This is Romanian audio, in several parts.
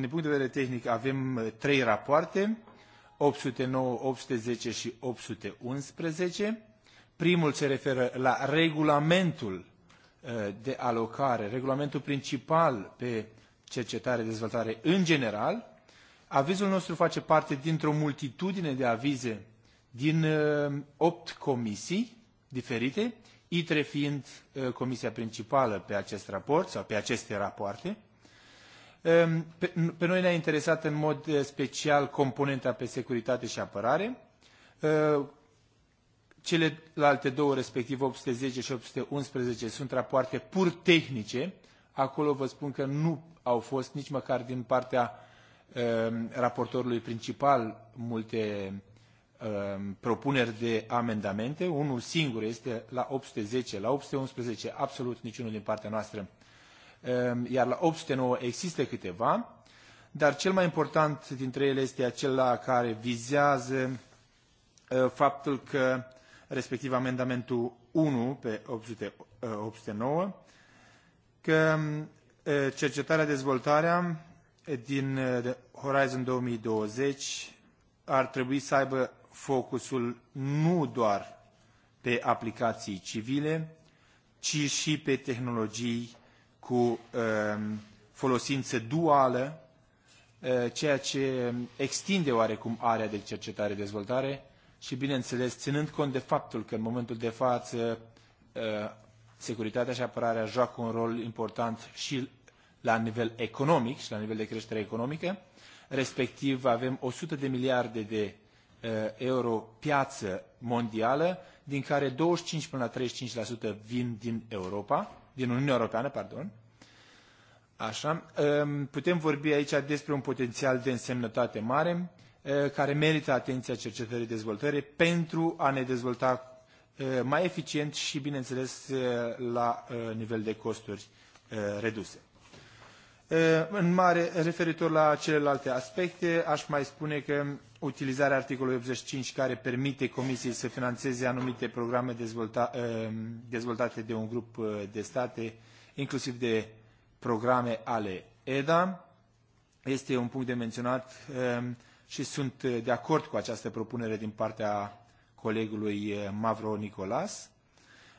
din punct de vedere tehnic avem uh, trei rapoarte, 809, 810 și 811. Primul se referă la regulamentul uh, de alocare, regulamentul principal pe cercetare, dezvoltare în general. Avizul nostru face parte dintr-o multitudine de avize din uh, opt comisii diferite, ITRE fiind comisia principală pe acest raport sau pe aceste rapoarte. Pe noi ne-a interesat în mod eh, special componenta pe securitate și apărare. Celelalte două, respectiv 810 și 811, sunt rapoarte pur tehnice. Acolo vă spun că nu au fost nici măcar din partea raportorului principal multe propuneri de amendamente. Unul singur este la 810, la 811, absolut niciunul din partea noastră Ehm, iar la 809 există câteva, dar cel mai important dintre ele este acela care vizează ă, faptul că respectiv amendamentul 1 pe 800, 809, ă, că ă, cercetarea, dezvoltarea din Horizon 2020 ar trebui să aibă focusul nu doar pe aplicații civile, ci și pe tehnologii cu ehm, folosințe duală, ceea ce extinde oarecum area de cercetare-dezvoltare și, bineînțeles, ținând cont de faptul că în momentul de față securitatea și apărarea joacă un rol important și la nivel economic și la nivel de creștere economică, respectiv avem 100 de miliarde de euro piață mondială, din care 25 până la 35% vin din Europa, din Uniunea Europeană, pardon. Așa, um, putem vorbi aici despre un potențial de însemnătate mare uh, care merită atenția cercetării dezvoltare pentru a ne dezvolta uh, mai eficient și, bineînțeles, uh, la nivel de costuri reduse. Ă, în mare, referitor la celelalte aspecte, aș mai spune că utilizarea articolului 85 care permite Comisiei să financeze anumite programe dezvolta, ă, dezvoltate de un grup ă, de state, inclusiv de programe ale EDA, este un punct de menționat și sunt de acord cu această propunere din partea colegului Mavro Nicolas.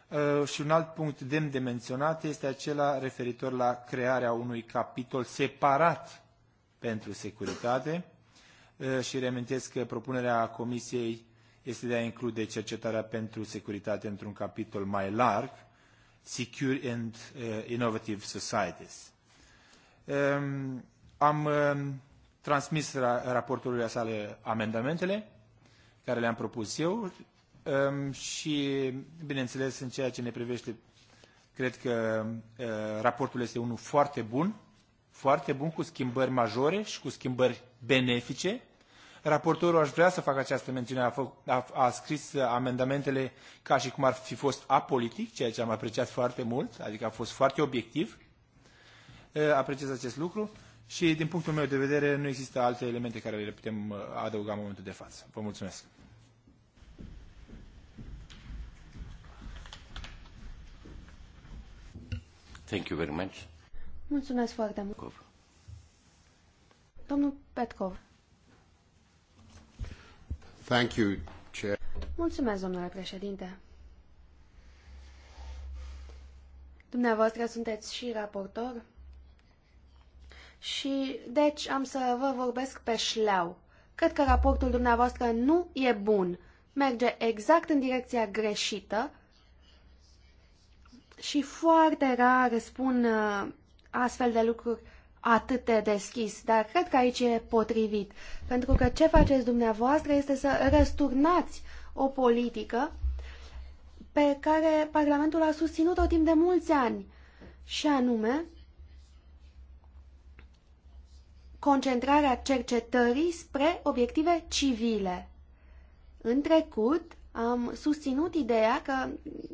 Uh, și un alt punct demn de menționat este acela referitor la crearea unui capitol separat pentru securitate uh, și reamintesc că propunerea Comisiei este de a include cercetarea pentru securitate într-un capitol mai larg, Secure and uh, Innovative Societies. Um, am um, transmis raportului sale amendamentele care le-am propus eu Ehm, și, bineînțeles, în ceea ce ne privește, cred că ehm, raportul este unul foarte bun, foarte bun, cu schimbări majore și cu schimbări benefice. Raportorul aș vrea să facă această mențiune, a, fă, a, a scris amendamentele ca și cum ar fi fost apolitic, ceea ce am apreciat foarte mult, adică a fost foarte obiectiv. Apreciez acest lucru și, din punctul meu de vedere, nu există alte elemente care le putem uh, adăuga în momentul de față. Vă mulțumesc. Thank you very much. Mulțumesc foarte mult. Petkov. Domnul Petkov. Thank you, Chair. Mulțumesc, domnule președinte. Dumneavoastră sunteți și raportor și deci am să vă vorbesc pe șleau. Cred că raportul dumneavoastră nu e bun. Merge exact în direcția greșită și foarte rar spun uh, astfel de lucruri atât de deschis, dar cred că aici e potrivit, pentru că ce faceți dumneavoastră este să răsturnați o politică pe care Parlamentul a susținut-o timp de mulți ani, și anume concentrarea cercetării spre obiective civile. În trecut, am susținut ideea că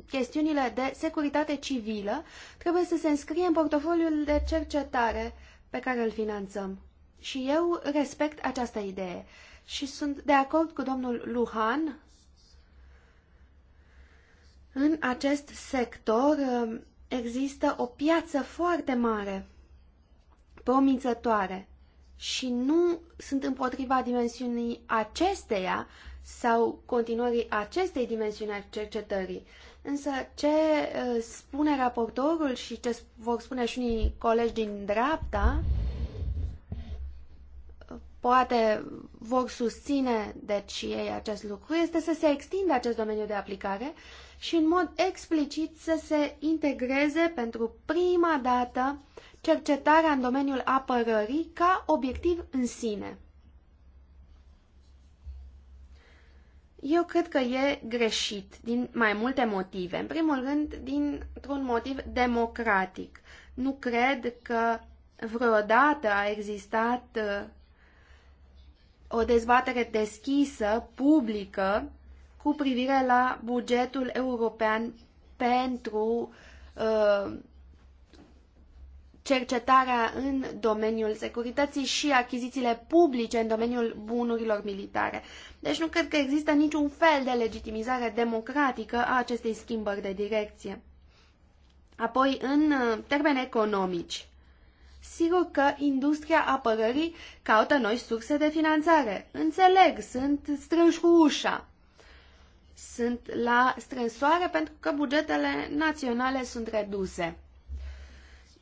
chestiunile de securitate civilă trebuie să se înscrie în portofoliul de cercetare pe care îl finanțăm. Și eu respect această idee și sunt de acord cu domnul Luhan în acest sector um, există o piață foarte mare, promițătoare și nu sunt împotriva dimensiunii acesteia sau continuării acestei dimensiuni a cercetării. Însă ce uh, spune raportorul și ce vor spune și unii colegi din dreapta, uh, poate vor susține deci și ei acest lucru, este să se extindă acest domeniu de aplicare și în mod explicit să se integreze pentru prima dată cercetarea în domeniul apărării ca obiectiv în sine. Eu cred că e greșit din mai multe motive. În primul rând, dintr-un motiv democratic. Nu cred că vreodată a existat uh, o dezbatere deschisă, publică, cu privire la bugetul european pentru uh, cercetarea în domeniul securității și achizițiile publice în domeniul bunurilor militare. Deci nu cred că există niciun fel de legitimizare democratică a acestei schimbări de direcție. Apoi, în uh, termeni economici, sigur că industria apărării caută noi surse de finanțare. Înțeleg, sunt strânși cu ușa. Sunt la strânsoare pentru că bugetele naționale sunt reduse.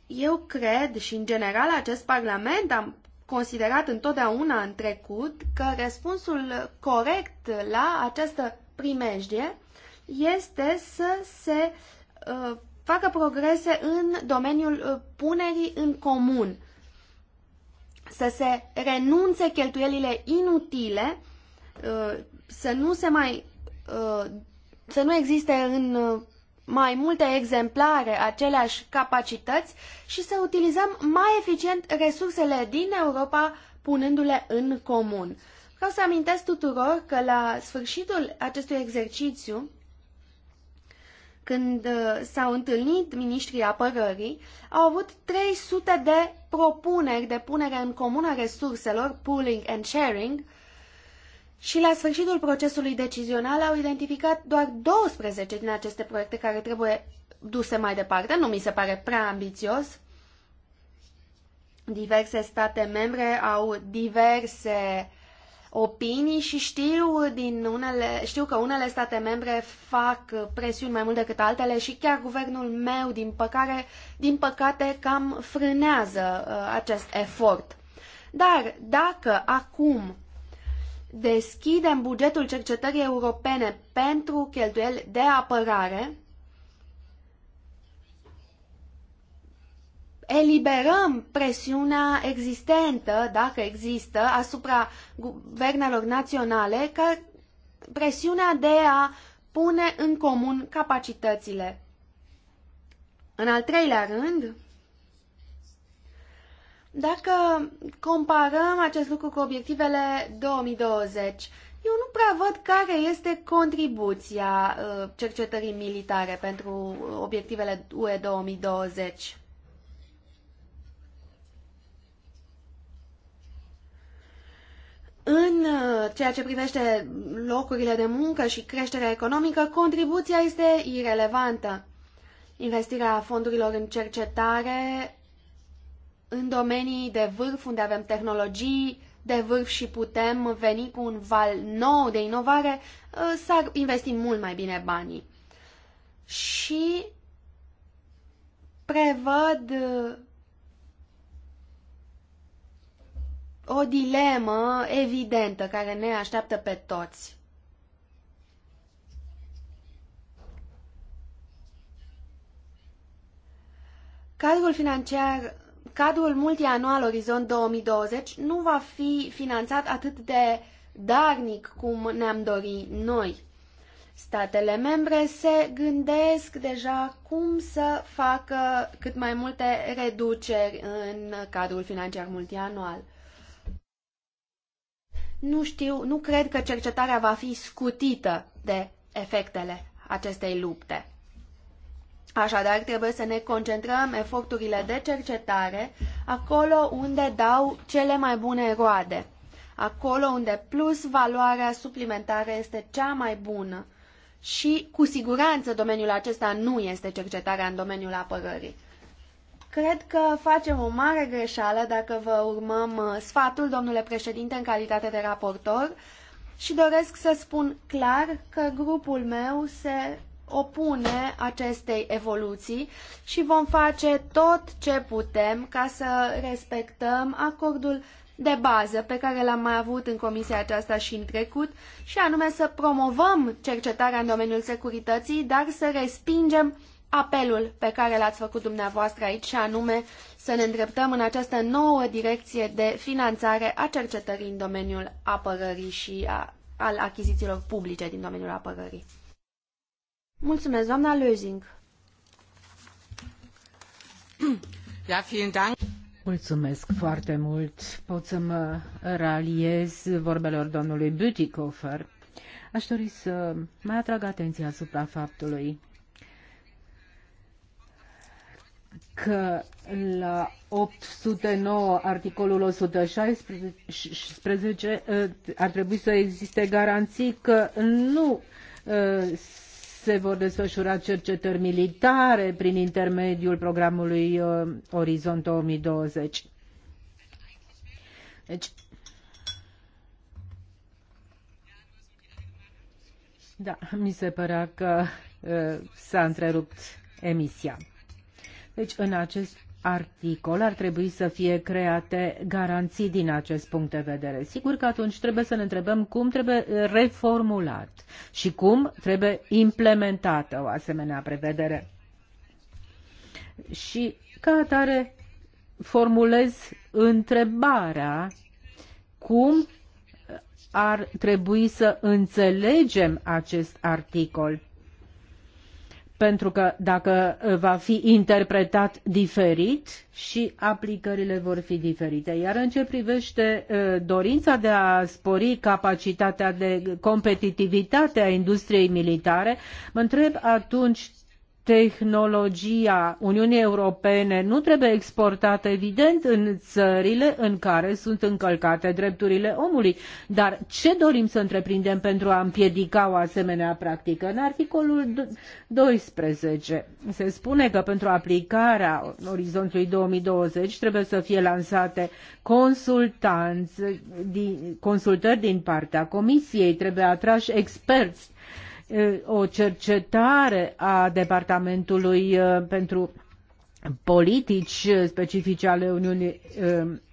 Eu cred și în general acest Parlament am considerat întotdeauna în trecut că răspunsul corect la această primejdie este să se uh, facă progrese în domeniul uh, punerii în comun, să se renunțe cheltuielile inutile, uh, să nu se mai uh, să nu existe în uh, mai multe exemplare, aceleași capacități și să utilizăm mai eficient resursele din Europa, punându-le în comun. Vreau să amintesc tuturor că la sfârșitul acestui exercițiu, când uh, s-au întâlnit ministrii apărării, au avut 300 de propuneri de punere în comună resurselor, pooling and sharing, și la sfârșitul procesului decizional au identificat doar 12 din aceste proiecte care trebuie duse mai departe. Nu mi se pare prea ambițios. Diverse state membre au diverse opinii și știu, din unele, știu că unele state membre fac presiuni mai mult decât altele și chiar guvernul meu, din, păcare, din păcate, cam frânează uh, acest efort. Dar dacă acum deschidem bugetul cercetării europene pentru cheltuieli de apărare, eliberăm presiunea existentă, dacă există, asupra guvernelor naționale, că presiunea de a pune în comun capacitățile. În al treilea rând, dacă comparăm acest lucru cu obiectivele 2020, eu nu prea văd care este contribuția uh, cercetării militare pentru uh, obiectivele UE 2020. În uh, ceea ce privește locurile de muncă și creșterea economică, contribuția este irelevantă. Investirea fondurilor în cercetare în domenii de vârf, unde avem tehnologii de vârf și putem veni cu un val nou de inovare, uh, s-ar investi mult mai bine banii. Și prevăd uh, o dilemă evidentă care ne așteaptă pe toți. Cadrul financiar cadrul multianual Orizont 2020 nu va fi finanțat atât de darnic cum ne-am dori noi. Statele membre se gândesc deja cum să facă cât mai multe reduceri în cadrul financiar multianual. Nu știu, nu cred că cercetarea va fi scutită de efectele acestei lupte. Așadar, trebuie să ne concentrăm eforturile de cercetare acolo unde dau cele mai bune roade, acolo unde plus valoarea suplimentară este cea mai bună. Și, cu siguranță, domeniul acesta nu este cercetarea în domeniul apărării. Cred că facem o mare greșeală dacă vă urmăm uh, sfatul, domnule președinte, în calitate de raportor și doresc să spun clar că grupul meu se opune acestei evoluții și vom face tot ce putem ca să respectăm acordul de bază pe care l-am mai avut în comisia aceasta și în trecut, și anume să promovăm cercetarea în domeniul securității, dar să respingem apelul pe care l-ați făcut dumneavoastră aici, și anume să ne îndreptăm în această nouă direcție de finanțare a cercetării în domeniul apărării și a, al achizițiilor publice din domeniul apărării. Mulțumesc, doamna Lözing. Ja, vielen Dank. Mulțumesc foarte mult. Pot să mă raliez vorbelor domnului Butikofer. Aș dori să mai atrag atenția asupra faptului că la 809, articolul 116, ar trebui să existe garanții că nu uh, se vor desfășura cercetări militare prin intermediul programului uh, Orizont 2020. Deci, da, mi se părea că uh, s-a întrerupt emisia. Deci, în acest articol ar trebui să fie create garanții din acest punct de vedere. Sigur că atunci trebuie să ne întrebăm cum trebuie uh, reformulat și cum trebuie implementată o asemenea prevedere. Și ca atare formulez întrebarea cum uh, ar trebui să înțelegem acest articol pentru că dacă uh, va fi interpretat diferit și aplicările vor fi diferite. Iar în ce privește uh, dorința de a spori capacitatea de competitivitate a industriei militare, mă întreb atunci tehnologia Uniunii Europene nu trebuie exportată, evident, în țările în care sunt încălcate drepturile omului. Dar ce dorim să întreprindem pentru a împiedica o asemenea practică? În articolul 12 se spune că pentru aplicarea orizontului 2020 trebuie să fie lansate consultanți, consultări din partea Comisiei, trebuie atrași experți o cercetare a Departamentului pentru politici specifice ale Uniunii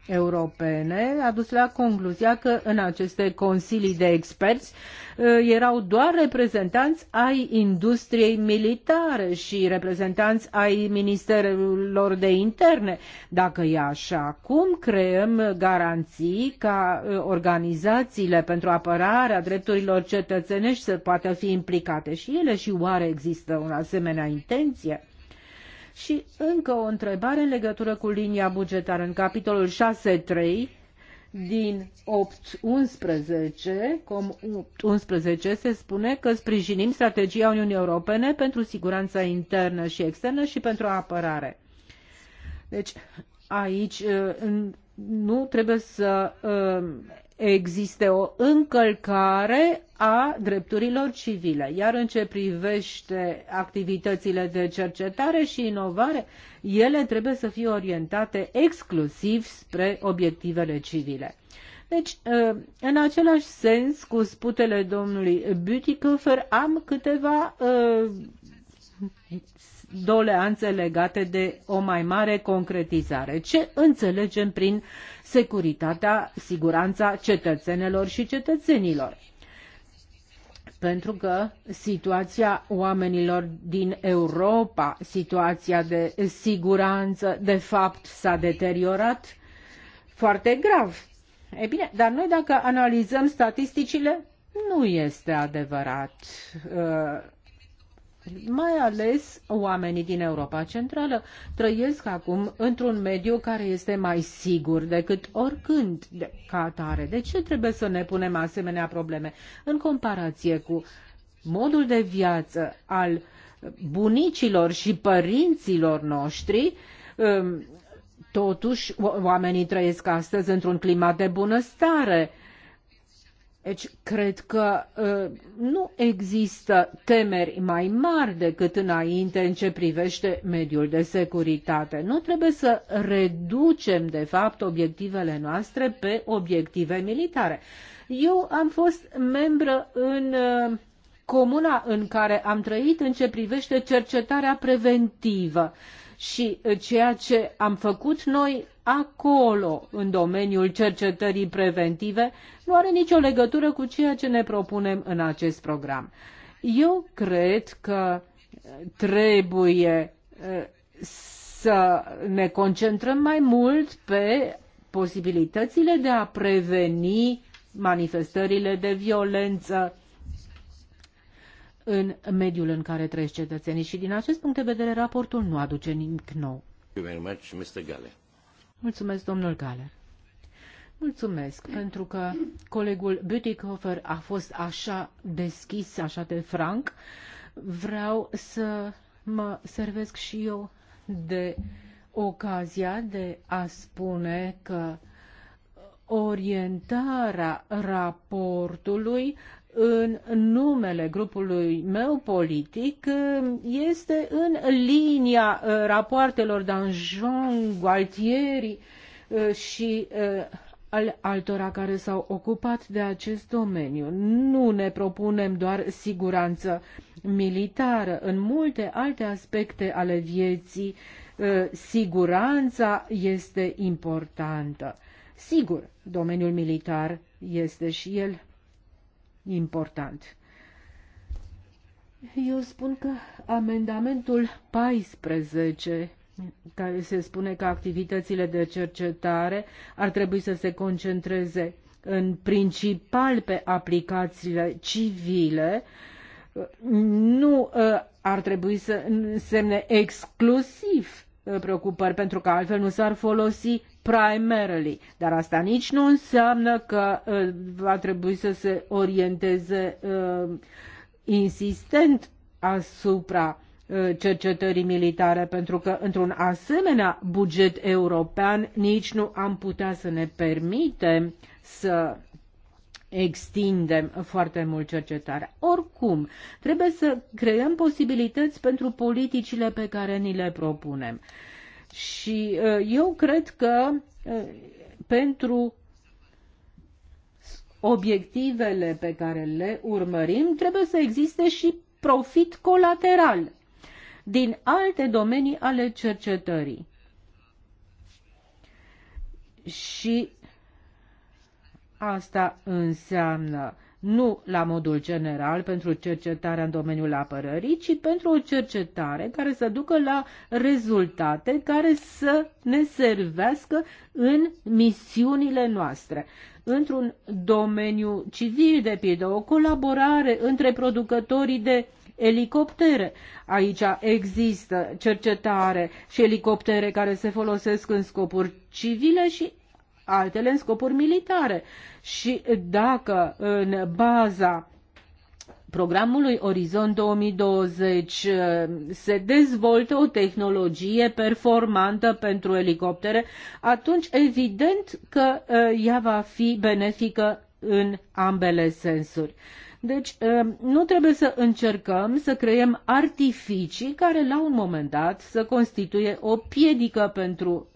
europene a dus la concluzia că în aceste consilii de experți uh, erau doar reprezentanți ai industriei militare și reprezentanți ai ministerelor de interne. Dacă e așa, cum creăm garanții ca uh, organizațiile pentru apărarea drepturilor cetățenești să poată fi implicate și ele și oare există o asemenea intenție? Și încă o întrebare în legătură cu linia bugetară. În capitolul 6.3 din 8.11, com 8.11, se spune că sprijinim strategia Uniunii Europene pentru siguranța internă și externă și pentru apărare. Deci aici uh, nu trebuie să uh, existe o încălcare a drepturilor civile. Iar în ce privește activitățile de cercetare și inovare, ele trebuie să fie orientate exclusiv spre obiectivele civile. Deci, ă, în același sens, cu sputele domnului Bütikofer, am câteva ă, doleanțe legate de o mai mare concretizare. Ce înțelegem prin securitatea, siguranța cetățenelor și cetățenilor? pentru că situația oamenilor din Europa, situația de siguranță, de fapt s-a deteriorat foarte grav. E bine, dar noi dacă analizăm statisticile, nu este adevărat. Uh, mai ales oamenii din Europa Centrală, trăiesc acum într-un mediu care este mai sigur decât oricând de, ca atare. De ce trebuie să ne punem asemenea probleme în comparație cu modul de viață al bunicilor și părinților noștri? Um, totuși, oamenii trăiesc astăzi într-un climat de bunăstare deci, cred că ă, nu există temeri mai mari decât înainte în ce privește mediul de securitate. Nu trebuie să reducem, de fapt, obiectivele noastre pe obiective militare. Eu am fost membră în ă, comuna în care am trăit în ce privește cercetarea preventivă. Uh, și uh, ceea ce am făcut noi acolo, în domeniul cercetării preventive, nu are nicio legătură cu ceea ce ne propunem în acest program. Eu cred că uh, trebuie uh, să ne concentrăm mai mult pe posibilitățile de a preveni manifestările de violență în mediul în care trăiesc cetățenii și din acest punct de vedere raportul nu aduce nimic nou. Mulțumesc, domnul Galer. Mulțumesc pentru că colegul Bütikofer a fost așa deschis, așa de franc. Vreau să mă servesc și eu de ocazia de a spune că orientarea raportului în numele grupului meu politic eh, este în linia eh, rapoartelor d'Anjon, Gualtieri eh, și al altora care s-au ocupat de acest domeniu. Nu ne propunem doar siguranță militară. În multe alte aspecte ale vieții, siguranța este importantă. Sigur, domeniul militar este și el important. Eu spun că amendamentul 14 care se spune că activitățile de cercetare ar trebui să se concentreze în principal pe aplicațiile civile, nu ă, ar trebui să însemne exclusiv ă, preocupări, pentru că altfel nu s-ar folosi primarily. Dar asta nici nu înseamnă că uh, va trebui să se orienteze uh, insistent asupra uh, cercetării militare, pentru că într-un asemenea buget european nici nu am putea să ne permitem să extindem foarte mult cercetarea. Oricum, trebuie să creăm posibilități pentru politicile pe care ni le propunem. Și uh, eu cred că uh, pentru obiectivele pe care le urmărim trebuie să existe și profit colateral din alte domenii ale cercetării. Și asta înseamnă nu la modul general pentru cercetarea în domeniul apărării, ci pentru o cercetare care să ducă la rezultate care să ne servească în misiunile noastre. Într-un domeniu civil, de pildă, o colaborare între producătorii de elicoptere. Aici există cercetare și elicoptere care se folosesc în scopuri civile și altele în scopuri militare. Și dacă în baza programului Orizont 2020 uh, se dezvoltă o tehnologie performantă pentru elicoptere, atunci evident că uh, ea va fi benefică în ambele sensuri. Deci uh, nu trebuie să încercăm să creăm artificii care la un moment dat să constituie o piedică pentru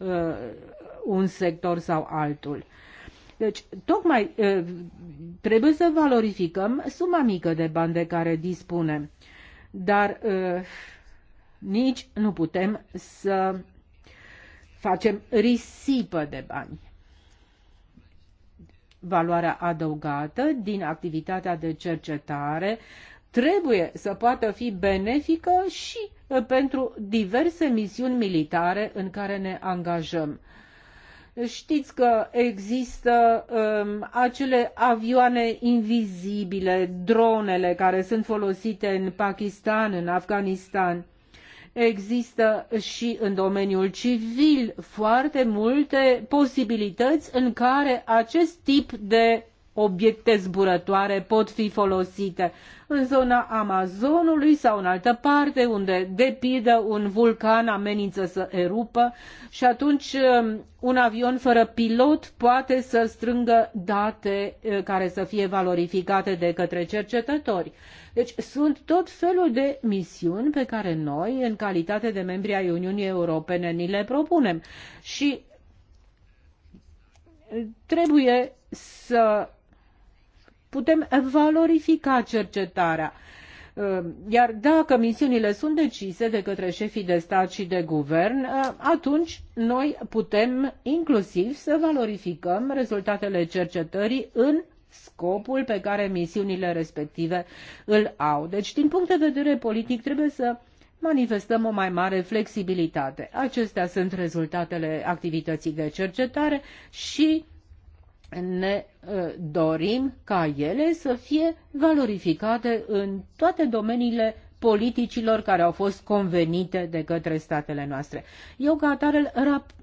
un sector sau altul. Deci, tocmai trebuie să valorificăm suma mică de bani de care dispunem, dar nici nu putem să facem risipă de bani. Valoarea adăugată din activitatea de cercetare trebuie să poată fi benefică și pentru diverse misiuni militare în care ne angajăm. Știți că există um, acele avioane invizibile, dronele care sunt folosite în Pakistan, în Afganistan. Există și în domeniul civil foarte multe posibilități în care acest tip de obiecte zburătoare pot fi folosite în zona Amazonului sau în altă parte, unde, depidă un vulcan amenință să erupă și atunci um, un avion fără pilot poate să strângă date uh, care să fie valorificate de către cercetători. Deci sunt tot felul de misiuni pe care noi, în calitate de membri ai Uniunii Europene, ni le propunem. Și uh, trebuie să putem valorifica cercetarea. Uh, iar dacă misiunile sunt decise de către șefii de stat și de guvern, uh, atunci noi putem inclusiv să valorificăm rezultatele cercetării în scopul pe care misiunile respective îl au. Deci, din punct de vedere politic, trebuie să manifestăm o mai mare flexibilitate. Acestea sunt rezultatele activității de cercetare și ne dorim ca ele să fie valorificate în toate domeniile politicilor care au fost convenite de către statele noastre. Eu, ca atare,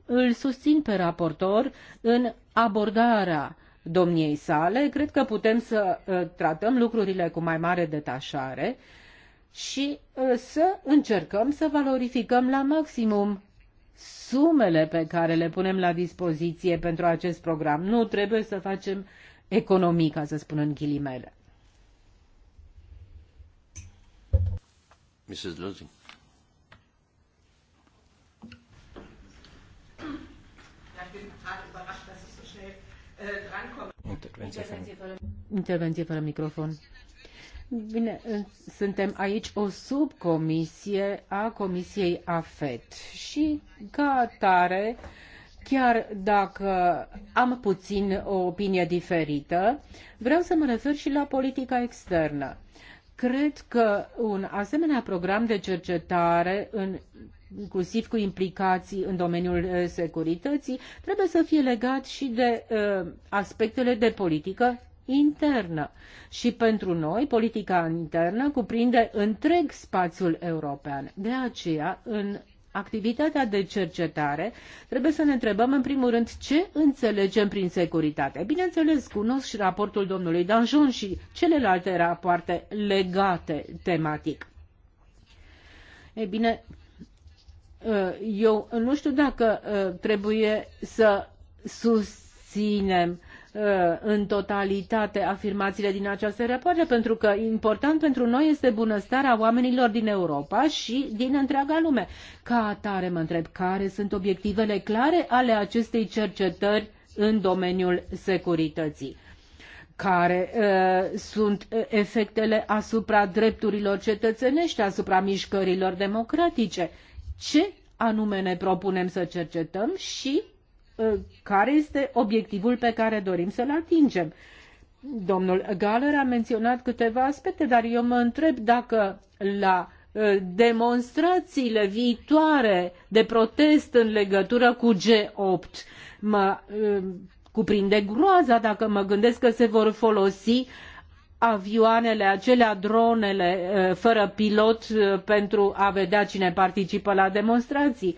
îl, susțin pe raportor în abordarea domniei sale. Cred că putem să tratăm lucrurile cu mai mare detașare și să încercăm să valorificăm la maximum sumele pe care le punem la dispoziție pentru acest program. Nu trebuie să facem economii, ca să spun în ghilimele. Mrs. Lozing. Intervenție fără microfon. Bine, suntem aici o subcomisie a Comisiei AFET și ca atare, chiar dacă am puțin o opinie diferită, vreau să mă refer și la politica externă. Cred că un asemenea program de cercetare în inclusiv cu implicații în domeniul uh, securității, trebuie să fie legat și de uh, aspectele de politică internă. Și pentru noi, politica internă cuprinde întreg spațiul european. De aceea, în activitatea de cercetare, trebuie să ne întrebăm în primul rând ce înțelegem prin securitate. Bineînțeles, cunosc și raportul domnului Danjon și celelalte rapoarte legate tematic. E bine, uh, eu nu știu dacă uh, trebuie să susținem Uh, în totalitate afirmațiile din această rapoarte, pentru că important pentru noi este bunăstarea oamenilor din Europa și din întreaga lume. Ca atare mă întreb care sunt obiectivele clare ale acestei cercetări în domeniul securității care uh, sunt uh, efectele asupra drepturilor cetățenești, asupra mișcărilor democratice. Ce anume ne propunem să cercetăm și Uh, care este obiectivul pe care dorim să-l atingem. Domnul Galler a menționat câteva aspecte, dar eu mă întreb dacă la uh, demonstrațiile viitoare de protest în legătură cu G8 mă uh, cuprinde groaza dacă mă gândesc că se vor folosi avioanele acelea, dronele fără pilot pentru a vedea cine participă la demonstrații.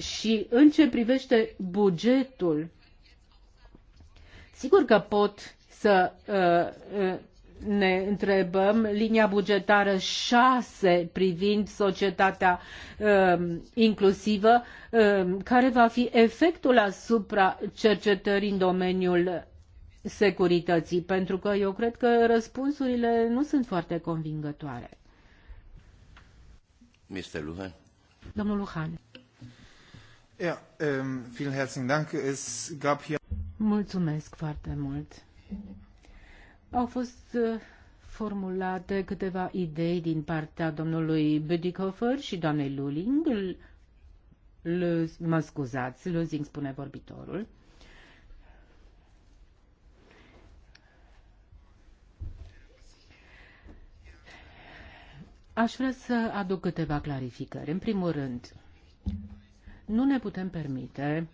Și în ce privește bugetul, sigur că pot să ne întrebăm linia bugetară 6 privind societatea inclusivă, care va fi efectul asupra cercetării în domeniul securității, pentru că eu cred că răspunsurile nu sunt foarte convingătoare. Mr. Luhan. Domnul Luhan. Ähm, Mulțumesc foarte mult. Au fost uh, formulate câteva idei din partea domnului Bödikofer și doamnei Luling. Mă scuzați, Luzing spune vorbitorul. Aș vrea să aduc câteva clarificări. În primul rând, nu ne putem permite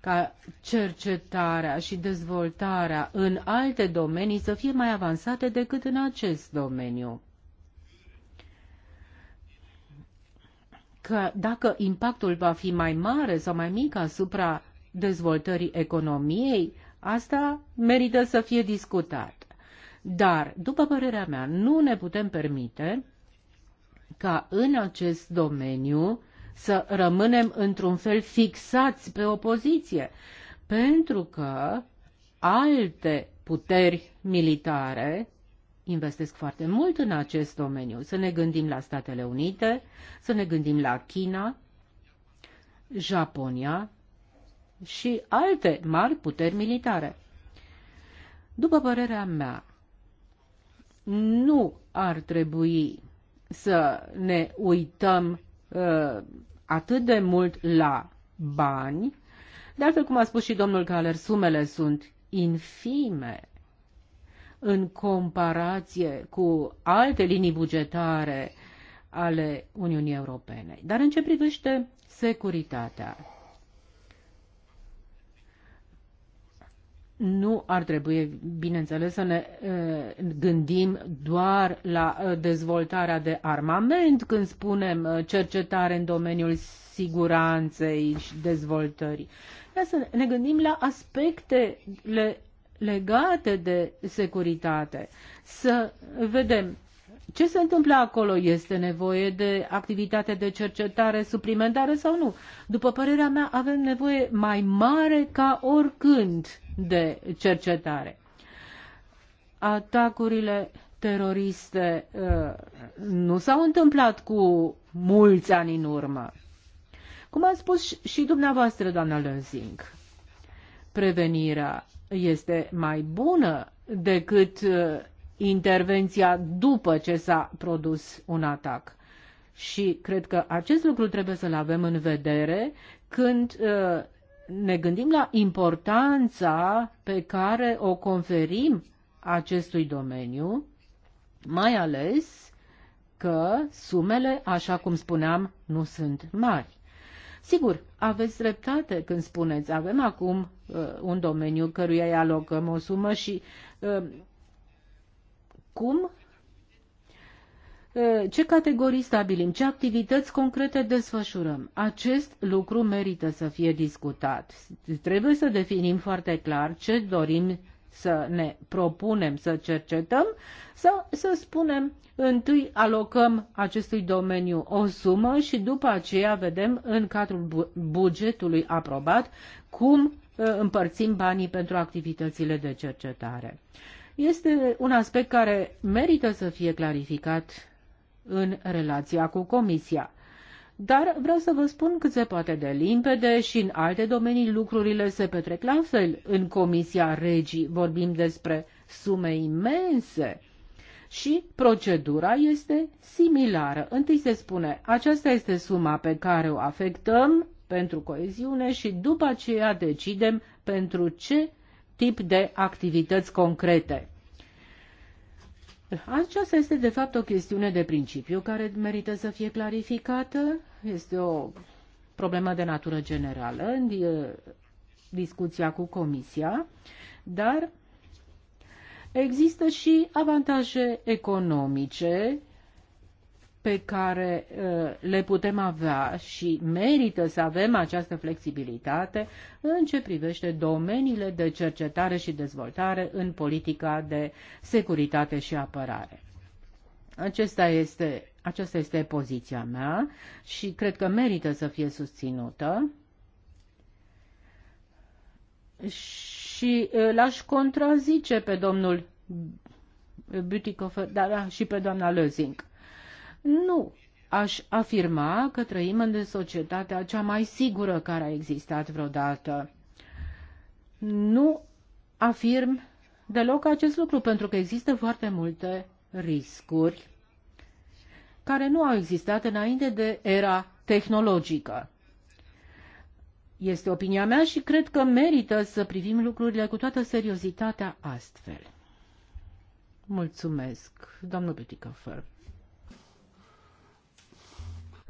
ca cercetarea și dezvoltarea în alte domenii să fie mai avansate decât în acest domeniu. Că dacă impactul va fi mai mare sau mai mic asupra dezvoltării economiei, asta merită să fie discutat. Dar, după părerea mea, nu ne putem permite ca în acest domeniu să rămânem într-un fel fixați pe opoziție, pentru că alte puteri militare investesc foarte mult în acest domeniu. Să ne gândim la Statele Unite, să ne gândim la China, Japonia și alte mari puteri militare. După părerea mea, nu ar trebui să ne uităm Uh, atât de mult la bani. De altfel, cum a spus și domnul Galer, sumele sunt infime în comparație cu alte linii bugetare ale Uniunii Europene. Dar în ce privește securitatea, nu ar trebui, bineînțeles, să ne gândim doar la dezvoltarea de armament când spunem cercetare în domeniul siguranței și dezvoltării. Ia să ne gândim la aspecte legate de securitate. Să vedem ce se întâmplă acolo? Este nevoie de activitate de cercetare suplimentare sau nu? După părerea mea, avem nevoie mai mare ca oricând de cercetare. Atacurile teroriste uh, nu s-au întâmplat cu mulți ani în urmă. Cum a spus și dumneavoastră, doamna Lenzing, prevenirea este mai bună decât uh, intervenția după ce s-a produs un atac. Și cred că acest lucru trebuie să-l avem în vedere când uh, ne gândim la importanța pe care o conferim acestui domeniu, mai ales că sumele, așa cum spuneam, nu sunt mari. Sigur, aveți dreptate când spuneți, avem acum uh, un domeniu căruia îi alocăm o sumă și uh, cum uh, ce categorii stabilim, ce activități concrete desfășurăm. Acest lucru merită să fie discutat. Trebuie să definim foarte clar ce dorim să ne propunem să cercetăm sau să spunem întâi alocăm acestui domeniu o sumă și după aceea vedem în cadrul bugetului aprobat cum uh, împărțim banii pentru activitățile de cercetare. Este un aspect care merită să fie clarificat în relația cu Comisia. Dar vreau să vă spun cât se poate de limpede și în alte domenii lucrurile se petrec la fel. În Comisia Regii vorbim despre sume imense și procedura este similară. Întâi se spune, aceasta este suma pe care o afectăm pentru coeziune și după aceea decidem pentru ce tip de activități concrete. Aceasta este, de fapt, o chestiune de principiu care merită să fie clarificată. Este o problemă de natură generală în uh, discuția cu Comisia, dar există și avantaje economice pe care uh, le putem avea și merită să avem această flexibilitate în ce privește domeniile de cercetare și dezvoltare în politica de securitate și apărare. Acesta este, aceasta este poziția mea și cred că merită să fie susținută. Și uh, l-aș contrazice pe domnul Butikofer, dar uh, și pe doamna Lözing nu aș afirma că trăim în societatea cea mai sigură care a existat vreodată. Nu afirm deloc acest lucru, pentru că există foarte multe riscuri care nu au existat înainte de era tehnologică. Este opinia mea și cred că merită să privim lucrurile cu toată seriozitatea astfel. Mulțumesc, domnul Petitcofer.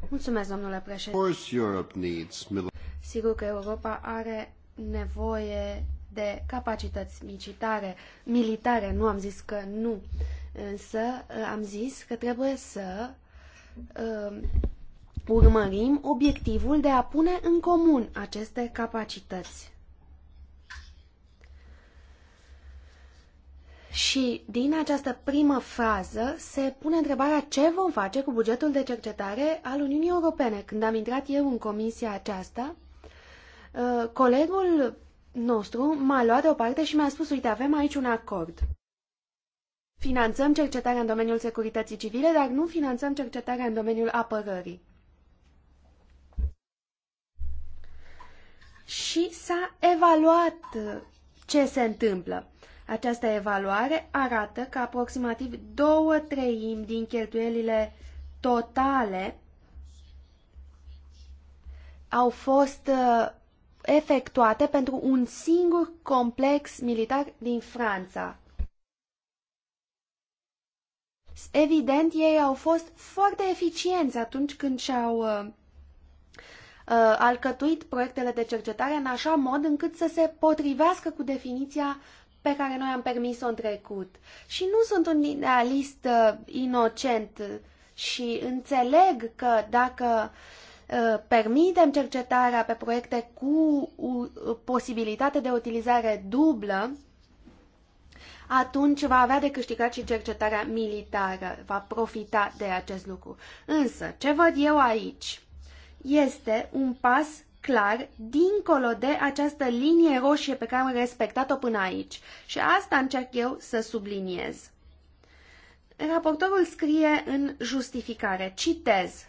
Mulțumesc, domnule președinte. Sigur că Europa are nevoie de capacități militare, militare, nu am zis că nu, însă uh, am zis că trebuie să uh, urmărim obiectivul de a pune în comun aceste capacități. Și din această primă frază se pune întrebarea ce vom face cu bugetul de cercetare al Uniunii Europene. Când am intrat eu în comisia aceasta, uh, colegul nostru m-a luat deoparte și mi-a spus, uite, avem aici un acord. Finanțăm cercetarea în domeniul securității civile, dar nu finanțăm cercetarea în domeniul apărării. Și s-a evaluat ce se întâmplă. Această evaluare arată că aproximativ două treimi din cheltuielile totale au fost uh, efectuate pentru un singur complex militar din Franța. Evident, ei au fost foarte eficienți atunci când și-au uh, uh alcătuit proiectele de cercetare în așa mod încât să se potrivească cu definiția pe care noi am permis-o în trecut. Și nu sunt un idealist uh, inocent și înțeleg că dacă uh, permitem cercetarea pe proiecte cu posibilitate de utilizare dublă, atunci va avea de câștigat și cercetarea militară, va profita de acest lucru. Însă, ce văd eu aici este un pas clar dincolo de această linie roșie pe care am respectat-o până aici. Și asta încerc eu să subliniez. Raportorul scrie în justificare, citez.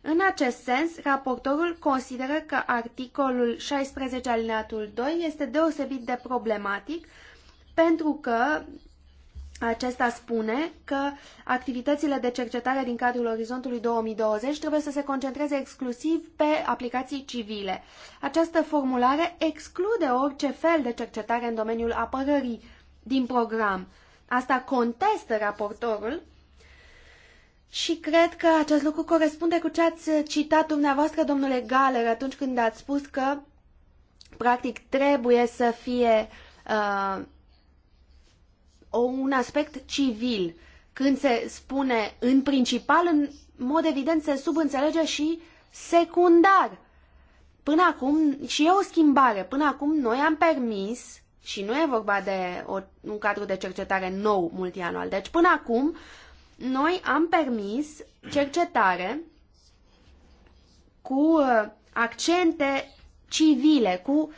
În acest sens, raportorul consideră că articolul 16 alineatul 2 este deosebit de problematic pentru că acesta spune că activitățile de cercetare din cadrul Orizontului 2020 trebuie să se concentreze exclusiv pe aplicații civile. Această formulare exclude orice fel de cercetare în domeniul apărării din program. Asta contestă raportorul și cred că acest lucru corespunde cu ce ați citat dumneavoastră, domnule Galer, atunci când ați spus că practic trebuie să fie uh, un aspect civil. Când se spune în principal, în mod evident se subînțelege și secundar. Până acum, și e o schimbare, până acum noi am permis, și nu e vorba de o, un cadru de cercetare nou multianual, deci până acum noi am permis cercetare cu uh, accente civile, cu uh,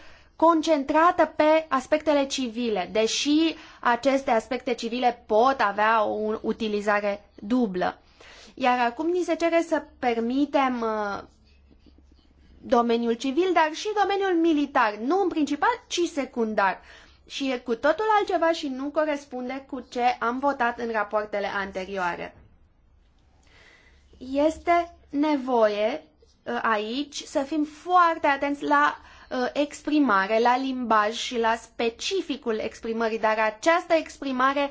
concentrată pe aspectele civile, deși aceste aspecte civile pot avea o utilizare dublă. Iar acum ni se cere să permitem uh, domeniul civil, dar și domeniul militar, nu în principal, ci secundar. Și e cu totul altceva și nu corespunde cu ce am votat în rapoartele anterioare. Este nevoie uh, aici să fim foarte atenți la Uh, exprimare, la limbaj și la specificul exprimării, dar această exprimare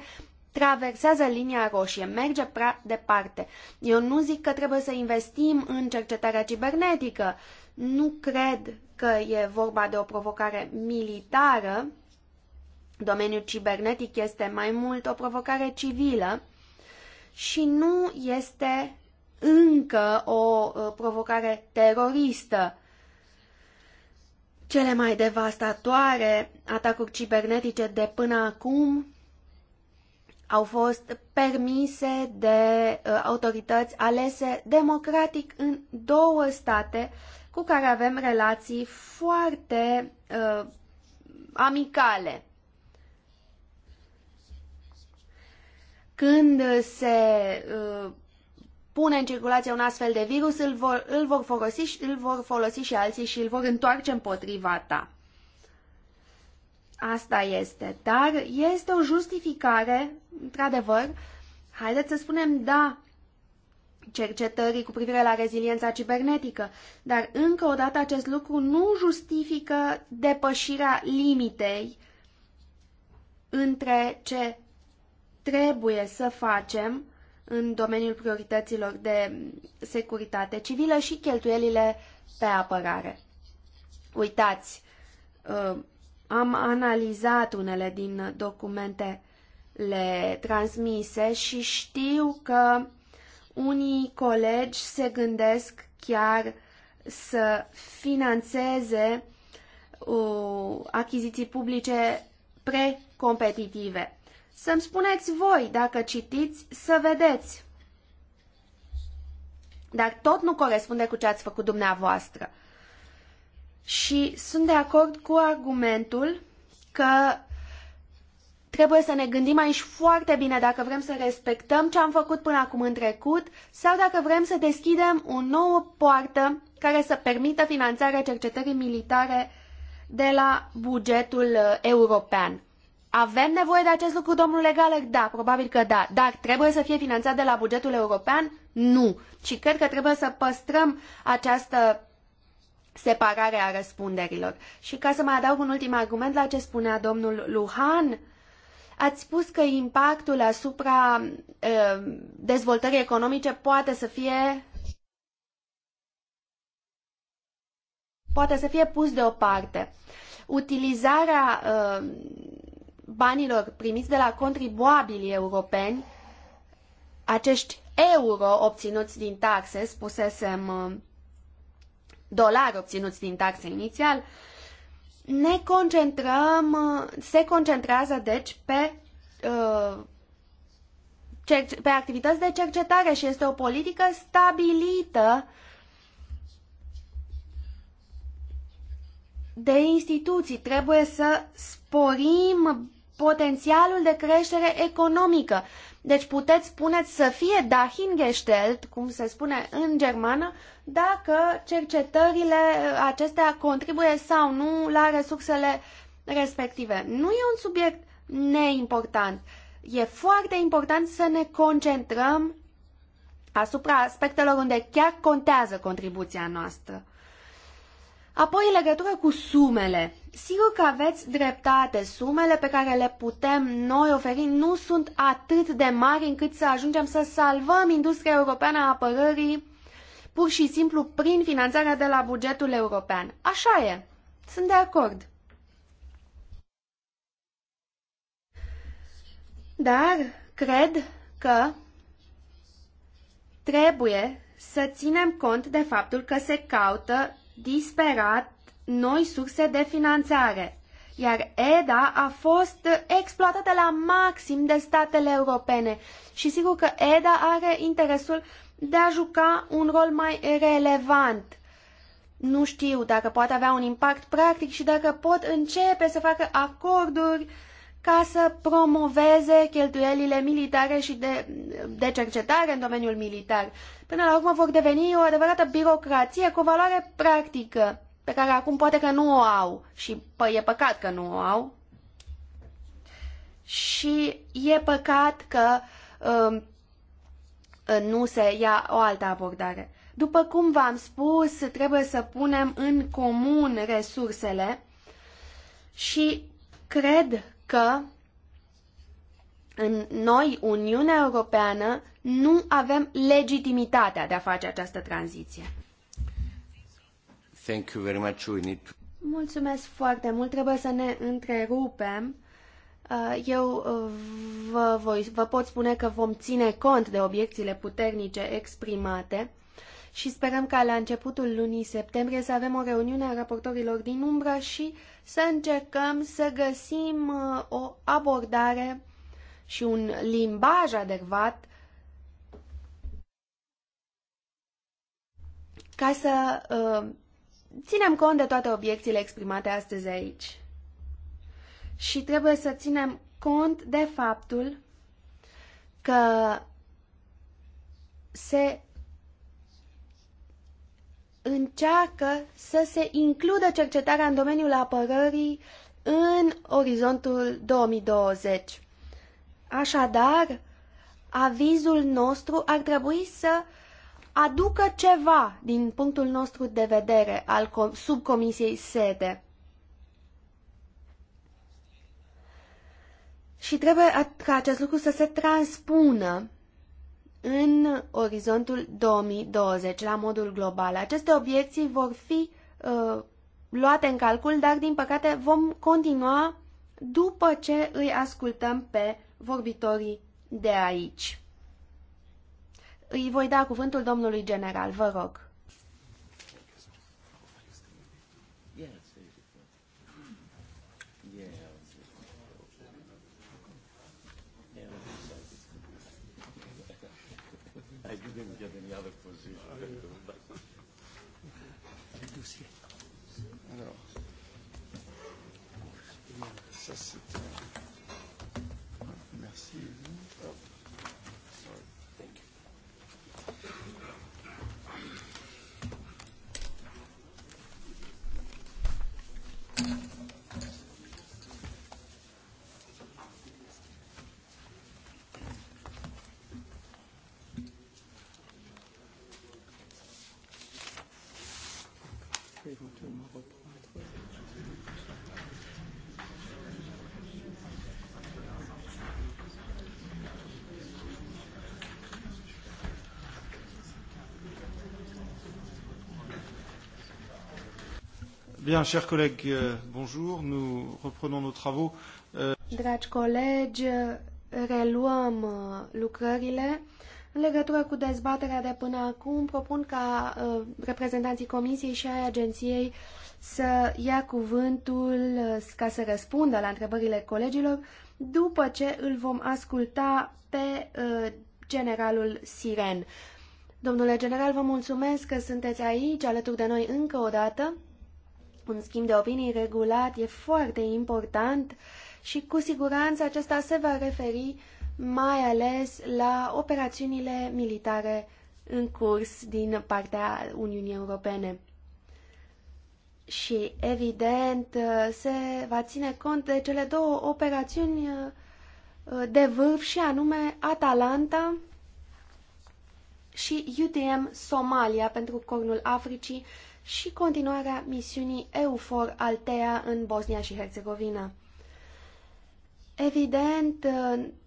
traversează linia roșie, merge prea departe. Eu nu zic că trebuie să investim în cercetarea cibernetică. Nu cred că e vorba de o provocare militară. Domeniul cibernetic este mai mult o provocare civilă și nu este încă o uh, provocare teroristă. Cele mai devastatoare atacuri cibernetice de până acum au fost permise de uh, autorități alese democratic în două state cu care avem relații foarte uh, amicale. Când se uh, pune în circulație un astfel de virus, îl vor, îl vor, folosi, îl vor folosi și alții și îl vor întoarce împotriva ta. Asta este. Dar este o justificare, într-adevăr, haideți să spunem da cercetării cu privire la reziliența cibernetică, dar încă o dată acest lucru nu justifică depășirea limitei între ce trebuie să facem în domeniul priorităților de securitate civilă și cheltuielile pe apărare. Uitați, uh, am analizat unele din documentele transmise și știu că unii colegi se gândesc chiar să financeze uh, achiziții publice precompetitive. Să-mi spuneți voi, dacă citiți, să vedeți. Dar tot nu corespunde cu ce ați făcut dumneavoastră. Și sunt de acord cu argumentul că trebuie să ne gândim aici foarte bine dacă vrem să respectăm ce am făcut până acum în trecut sau dacă vrem să deschidem o nouă poartă care să permită finanțarea cercetării militare de la bugetul uh, european. Avem nevoie de acest lucru, domnule Galer? Da, probabil că da. Dar trebuie să fie finanțat de la bugetul european? Nu. Și cred că trebuie să păstrăm această separare a răspunderilor. Și ca să mai adaug un ultim argument la ce spunea domnul Luhan, ați spus că impactul asupra e, eh, dezvoltării economice poate să fie poate să fie pus deoparte. Utilizarea eh, banilor primiți de la contribuabilii europeni, acești euro obținuți din taxe, spusesem uh, dolari obținuți din taxe inițial, ne concentrăm, uh, se concentrează deci pe, uh, pe activități de cercetare și este o politică stabilită de instituții. Trebuie să sporim potențialul de creștere economică. Deci puteți spuneți să fie dahingestelt, cum se spune în germană, dacă cercetările acestea contribuie sau nu la resursele respective. Nu e un subiect neimportant. E foarte important să ne concentrăm asupra aspectelor unde chiar contează contribuția noastră. Apoi, în legătură cu sumele. Sigur că aveți dreptate. Sumele pe care le putem noi oferi nu sunt atât de mari încât să ajungem să salvăm industria europeană a apărării pur și simplu prin finanțarea de la bugetul european. Așa e. Sunt de acord. Dar cred că trebuie să ținem cont de faptul că se caută disperat noi surse de finanțare, iar EDA a fost exploatată la maxim de statele europene și sigur că EDA are interesul de a juca un rol mai relevant. Nu știu dacă poate avea un impact practic și dacă pot începe să facă acorduri ca să promoveze cheltuielile militare și de, de cercetare în domeniul militar. Până la urmă vor deveni o adevărată birocrație cu o valoare practică, pe care acum poate că nu o au și pă, e păcat că nu o au. Și e păcat că um, nu se ia o altă abordare. După cum v-am spus, trebuie să punem în comun resursele și cred că în noi, Uniunea Europeană, nu avem legitimitatea de a face această tranziție. Thank you very much. We need to... Mulțumesc foarte mult. Trebuie să ne întrerupem. Uh, eu uh, vă, voi, vă pot spune că vom ține cont de obiecțiile puternice exprimate și sperăm ca la începutul lunii septembrie să avem o reuniune a raportorilor din umbră și să încercăm să găsim uh, o abordare și un limbaj adecvat ca să uh, ținem cont de toate obiecțiile exprimate astăzi aici. Și trebuie să ținem cont de faptul că se încearcă să se includă cercetarea în domeniul apărării în orizontul 2020. Așadar, avizul nostru ar trebui să aducă ceva din punctul nostru de vedere al subcomisiei sede. Și trebuie ca acest lucru să se transpună în orizontul 2020 la modul global. Aceste obiecții vor fi uh, luate în calcul, dar din păcate vom continua după ce îi ascultăm pe vorbitorii de aici. Îi voi da cuvântul domnului general, vă rog. Bien, chers collègues, euh, bonjour. Nous reprenons nos travaux. Euh, Dragi colegi, reluăm uh, lucrările. În legătură cu dezbaterea de până acum, propun ca uh, reprezentanții Comisiei și ai agenției să ia cuvântul uh, ca să răspundă la întrebările colegilor după ce îl vom asculta pe uh, generalul Siren. Domnule general, vă mulțumesc că sunteți aici alături de noi încă o dată un schimb de opinii regulat e foarte important și cu siguranță acesta se va referi mai ales la operațiunile militare în curs din partea Uniunii Europene. Și, evident, se va ține cont de cele două operațiuni uh, de vârf și anume Atalanta și UTM Somalia pentru Cornul Africii și continuarea misiunii EUFOR Altea în Bosnia și Herțegovina. Evident,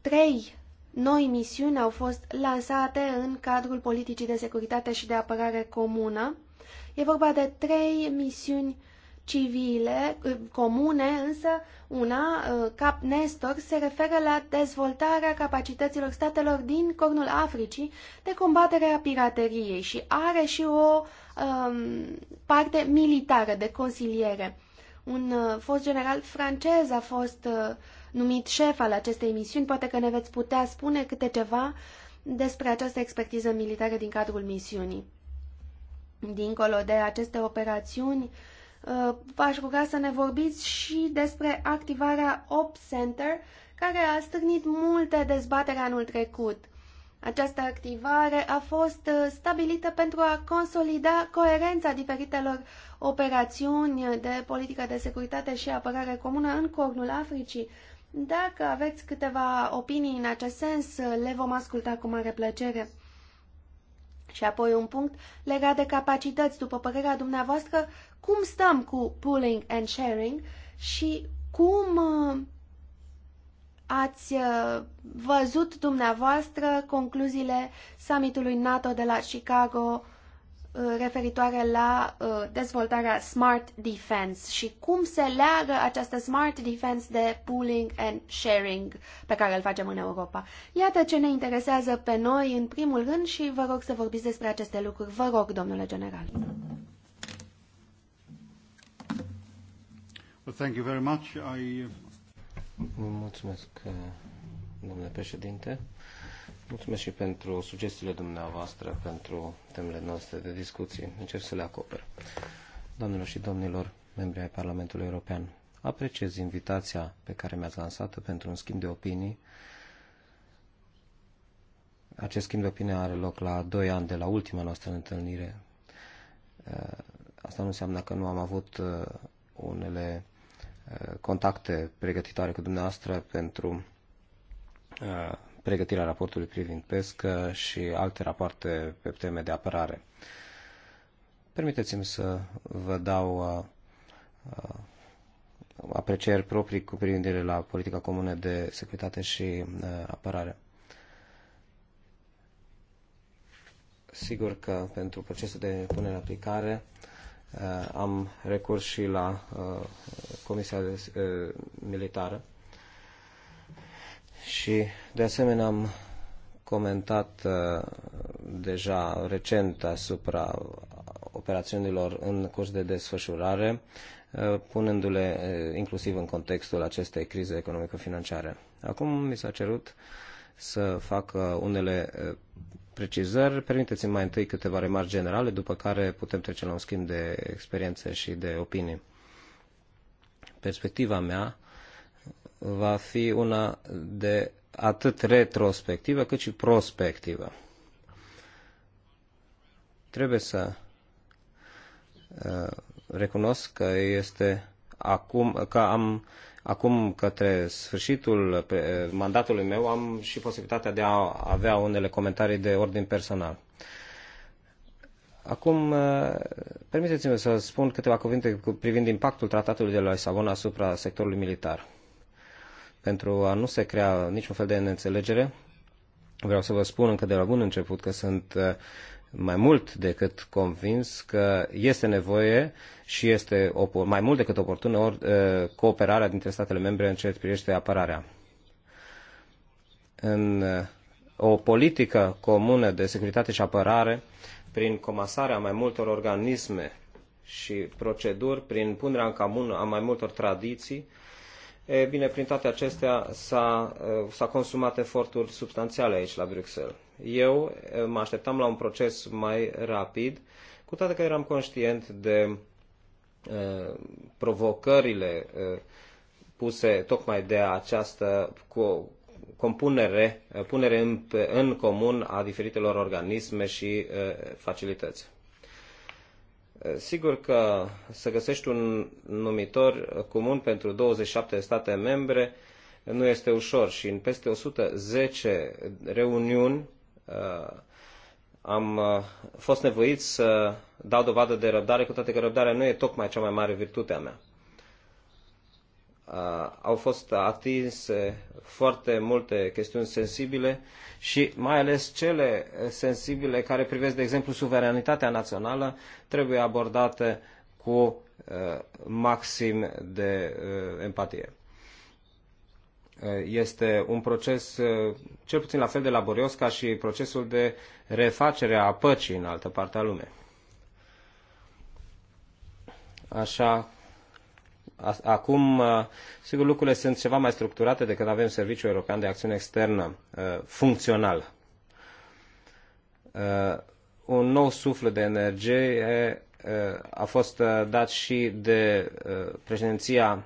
trei noi misiuni au fost lansate în cadrul politicii de securitate și de apărare comună. E vorba de trei misiuni civile, eh, comune, însă una, eh, Cap Nestor, se referă la dezvoltarea capacităților statelor din Cornul Africii de combatere a pirateriei și are și o um, parte militară de consiliere. Un uh, fost general francez a fost uh, numit șef al acestei misiuni. Poate că ne veți putea spune câte ceva despre această expertiză militară din cadrul misiunii. Dincolo de aceste operațiuni, uh, v-aș ruga să ne vorbiți și despre activarea Op Center, care a stârnit multe dezbatere anul trecut. Această activare a fost uh, stabilită pentru a consolida coerența diferitelor operațiuni de politică de securitate și apărare comună în cornul Africii. Dacă aveți câteva opinii în acest sens, uh, le vom asculta cu mare plăcere. Și apoi un punct legat de capacități, după părerea dumneavoastră, cum stăm cu pooling and sharing și cum uh, ați uh, văzut dumneavoastră concluziile summitului NATO de la Chicago uh, referitoare la uh, dezvoltarea Smart Defense și cum se leagă această Smart Defense de pooling and sharing pe care îl facem în Europa. Iată ce ne interesează pe noi în primul rând și vă rog să vorbiți despre aceste lucruri. Vă rog, domnule general. Well, thank you very much. I Mulțumesc, uh, domnule președinte. Mulțumesc și pentru sugestiile dumneavoastră, pentru temele noastre de discuții. Încerc să le acoper. Doamnelor și domnilor, membri ai Parlamentului European, apreciez invitația pe care mi-ați lansat-o pentru un schimb de opinii. Acest schimb de opinie are loc la doi ani de la ultima noastră întâlnire. Uh, asta nu înseamnă că nu am avut uh, unele contacte pregătitoare cu dumneavoastră pentru uh, pregătirea raportului privind pescă uh, și alte rapoarte pe teme de apărare. Permiteți-mi să vă dau uh, aprecieri proprii cu privire la politica comună de securitate și apărare. Sigur că pentru procesul de punere în aplicare uh, Uh, am recurs și la uh, Comisia uh, Militară și de asemenea am comentat deja recent asupra operațiunilor în curs de desfășurare, punându-le inclusiv în contextul acestei crize economico-financiare. Acum mi s-a cerut să fac unele precizări. Permiteți-mi mai întâi câteva remarci generale, după care putem trece la un schimb de experiențe și de opinii. Perspectiva mea va fi una de atât retrospectivă cât și prospectivă. Trebuie să uh, recunosc că este acum, că am acum către sfârșitul mandatului meu am și posibilitatea de a avea unele comentarii de ordin personal. Acum, eh, permiteți-mi să spun câteva cuvinte privind impactul tratatului de la Lisabona asupra sectorului militar. Pentru a nu se crea niciun fel de neînțelegere, vreau să vă spun încă de la bun început că sunt eh, mai mult decât convins că este nevoie și este mai mult decât oportună ori, uh, cooperarea dintre statele membre în ceea ce privește apărarea. În uh, o politică comună de securitate și apărare, prin comasarea mai multor organisme și proceduri, prin punerea în comun a mai multor tradiții, e bine, prin toate acestea s-a uh, consumat eforturi substanțiale aici la Bruxelles eu eh, mă așteptam la un proces mai rapid, cu toate că eram conștient de uh, provocările uh, puse tocmai de această compunere, punere în, în comun a diferitelor organisme și facilități. Sigur că să găsești un numitor comun pentru 27 de state membre nu este ușor și în peste 110 reuniuni Uh, am uh, fost nevoit să dau dovadă de răbdare, cu toate că răbdarea nu e tocmai cea mai mare virtute a mea. Uh, au fost atinse foarte multe chestiuni sensibile și mai ales cele sensibile care privesc, de exemplu, suveranitatea națională, trebuie abordate cu maxim de empatie. Eh, este un proces eh, cel puțin la fel de laborios ca și procesul de refacere a păcii în altă parte a lumii. Așa, acum, eh, sigur, lucrurile sunt ceva mai structurate decât avem Serviciul European de Acțiune Externă funcțional. Un nou suflu de energie a fost dat și de președinția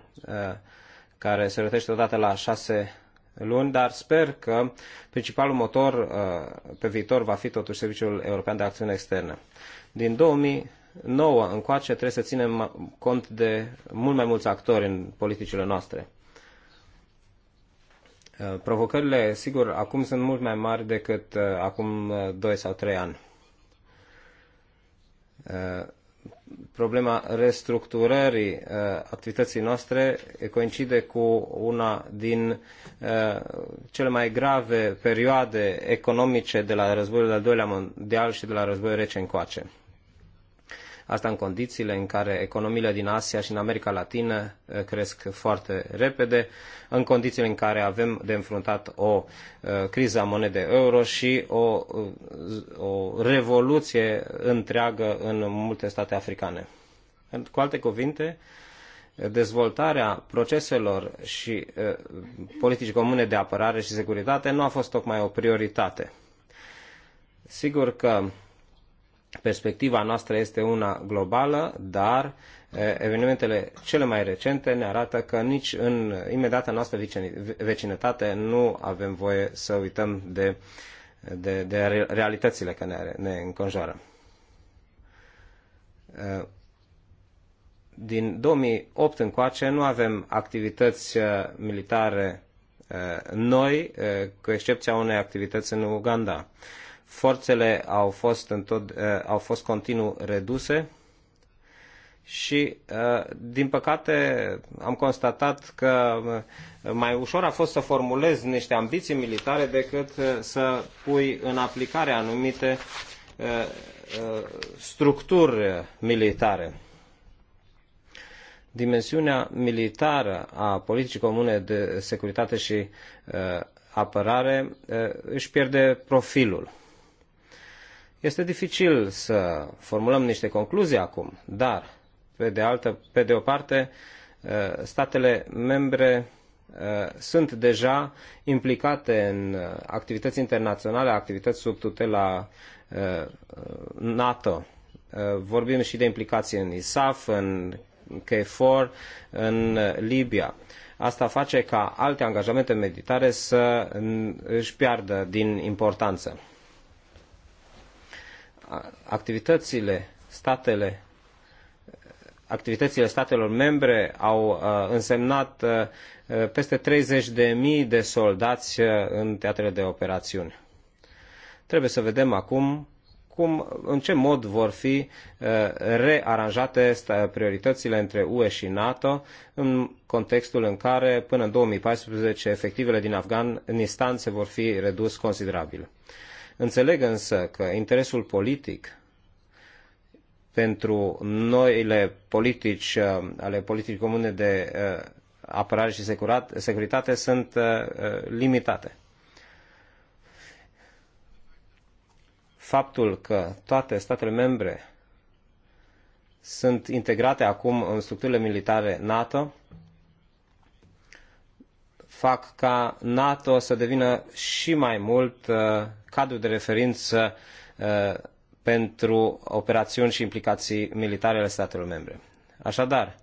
care se rătește odată la șase luni, dar sper că principalul motor uh, pe viitor va fi totuși Serviciul European de Acțiune Externă. Din 2009 încoace trebuie să ținem cont de mult mai mulți actori în politicile noastre. Uh, provocările, sigur, acum sunt mult mai mari decât uh, acum 2 sau 3 ani problema restructurării uh, activității noastre coincide cu una din uh, cele mai grave perioade economice de la războiul de al doilea mondial și de la războiul rece încoace. Asta în condițiile în care economiile din Asia și în America Latină uh, cresc foarte repede, în condițiile în care avem de înfruntat o uh, criză a monedei euro și o, uh, o revoluție întreagă în multe state africane. Cu alte cuvinte, dezvoltarea proceselor și politici comune de apărare și securitate nu a fost tocmai o prioritate. Sigur că Perspectiva noastră este una globală, dar evenimentele cele mai recente ne arată că nici în imediata noastră vecinătate nu avem voie să uităm de, de, de realitățile care ne, ne înconjoară. Din 2008 încoace nu avem activități militare noi, cu excepția unei activități în Uganda forțele au fost, uh, au fost continuu reduse și, eh, din păcate, am constatat că eh, mai ușor a fost să formulez niște ambiții militare decât să pui în aplicare anumite structuri militare. Dimensiunea militară a politicii comune de securitate și apărare își pierde profilul. Este dificil să formulăm niște concluzii acum, dar, pe de, altă, pe de o parte, uh, statele membre uh, sunt deja implicate în uh, activități internaționale, activități sub tutela NATO. Vorbim și de implicații în ISAF, în KFOR, în Libia. Asta face ca alte angajamente militare să mm, își piardă din importanță activitățile statele activitățile statelor membre au uh, însemnat uh, uh, peste 30 de mii de soldați în teatrele de operațiuni. Trebuie să vedem acum cum, în ce mod vor fi rearanjate prioritățile între UE și NATO în contextul în care până în 2014 efectivele din Afganistan se vor fi redus considerabil. Înțeleg însă că interesul politic pentru noile politici uh, ale politicii comune de uh, apărare și securitate sunt uh, limitate. Faptul că toate statele membre sunt integrate acum în structurile militare NATO fac ca NATO să devină și mai mult uh, cadru de referință uh, pentru operațiuni și implicații militare ale statelor membre. Așadar,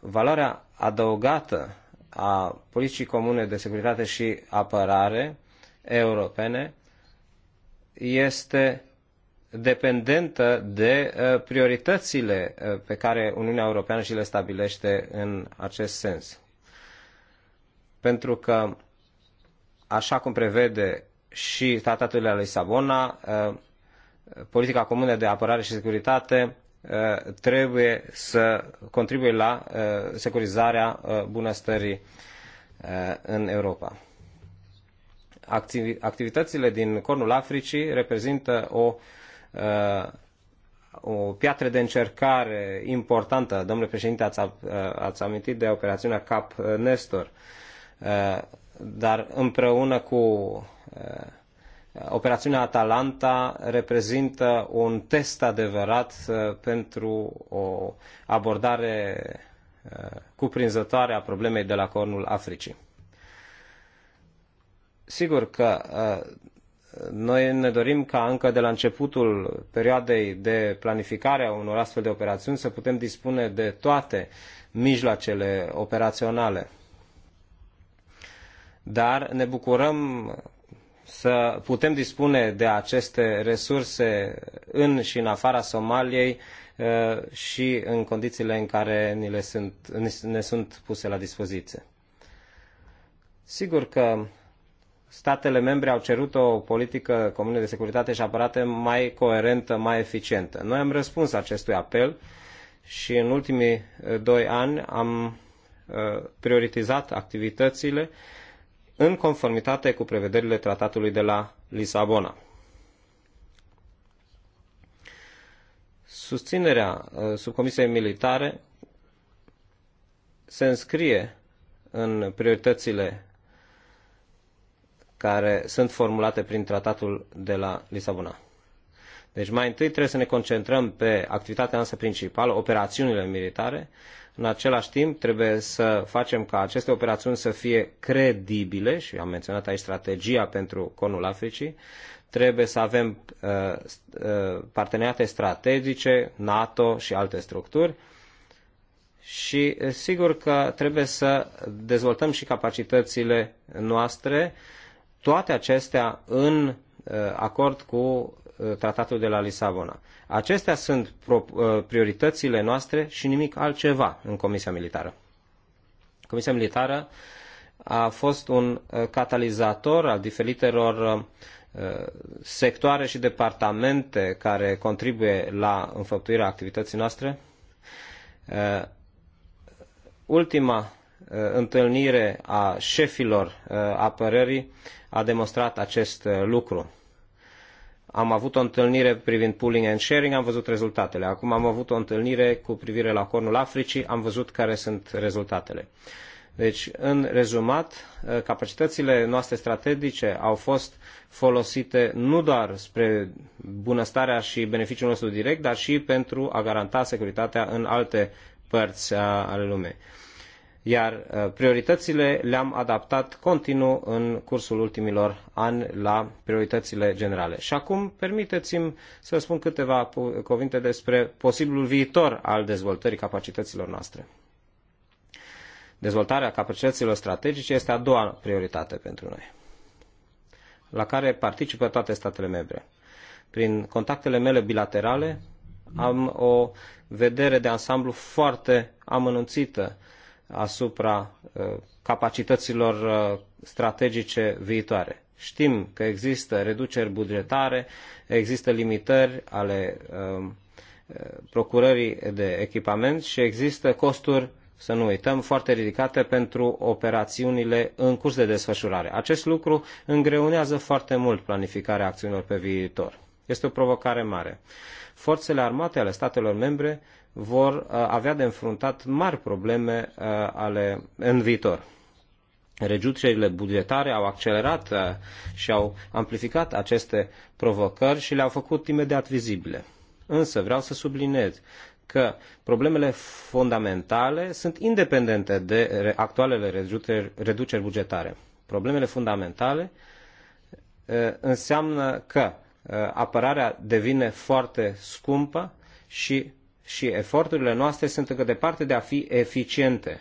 valoarea adăugată a politicii comune de securitate și apărare europene este dependentă de uh, prioritățile pe care Uniunea Europeană și le stabilește în acest sens pentru că, așa cum prevede și tratatul de la Lisabona, uh, politica comună de apărare și securitate uh, trebuie să contribuie la uh, securizarea bunăstării în Europa. Activitățile din Cornul Africii reprezintă o, o piatră de încercare importantă. Domnule președinte, ați, ați amintit de operațiunea Cap Nestor. Uh, Eh, dar împreună cu eh, operațiunea Atalanta reprezintă un test adevărat eh, pentru o abordare cuprinzătoare a problemei de la cornul Africii. Sigur că noi ne dorim ca încă de la începutul perioadei de planificare a unor astfel de operațiuni să putem dispune de toate mijloacele operaționale dar ne bucurăm să putem dispune de aceste resurse în și în afara Somaliei uh, și în condițiile în care ni le sunt, ne sunt puse la dispoziție. Sigur că statele membre au cerut o politică comună de securitate și apărate mai coerentă, mai eficientă. Noi am răspuns acestui apel și în ultimii uh, doi ani am uh, prioritizat activitățile uh, în conformitate cu prevederile tratatului de la Lisabona. Susținerea uh, subcomisiei militare se înscrie în prioritățile care sunt formulate prin tratatul de la Lisabona. Deci mai întâi trebuie să ne concentrăm pe activitatea noastră principală, operațiunile militare, în același timp, trebuie să facem ca aceste operațiuni să fie credibile și am menționat aici strategia pentru conul Africii. Trebuie să avem uh, uh, parteneriate strategice, NATO și alte structuri. Și uh, sigur că trebuie să dezvoltăm și capacitățile noastre, toate acestea în uh, acord cu Uh, tratatul de la Lisabona. Acestea sunt uh, prioritățile noastre și nimic altceva în Comisia Militară. Comisia Militară a fost un uh, catalizator al diferitelor sectoare și departamente care contribuie la înfăptuirea activității noastre. Ultima întâlnire a șefilor apărării a demonstrat acest lucru. Am avut o întâlnire privind pooling and sharing, am văzut rezultatele. Acum am avut o întâlnire cu privire la Cornul Africii, am văzut care sunt rezultatele. Deci, în rezumat, eh, capacitățile noastre strategice au fost folosite nu doar spre bunăstarea și beneficiul nostru direct, dar și pentru a garanta securitatea în alte părți ale lumei iar uh, prioritățile le-am adaptat continuu în cursul ultimilor ani la prioritățile generale. Și acum permiteți-mi să spun câteva cuvinte despre posibilul viitor al dezvoltării capacităților noastre. Dezvoltarea capacităților strategice este a doua prioritate pentru noi, la care participă toate statele membre. Prin contactele mele bilaterale am o vedere de ansamblu foarte amănunțită asupra uh, capacităților uh, strategice viitoare. Știm că există reduceri bugetare, există limitări ale um, uh, procurării de echipament și există costuri, să nu uităm, foarte ridicate pentru operațiunile în curs de desfășurare. Acest lucru îngreunează foarte mult planificarea acțiunilor pe viitor. Este o provocare mare. Forțele armate ale statelor membre vor uh, avea de înfruntat mari probleme uh, ale, în viitor. Reducerile bugetare au accelerat uh, și au amplificat aceste provocări și le-au făcut imediat vizibile. Însă vreau să subliniez că problemele fundamentale sunt independente de actualele reduceri, reduceri bugetare. Problemele fundamentale înseamnă că apărarea devine foarte scumpă și și eforturile noastre sunt încă departe de a fi eficiente.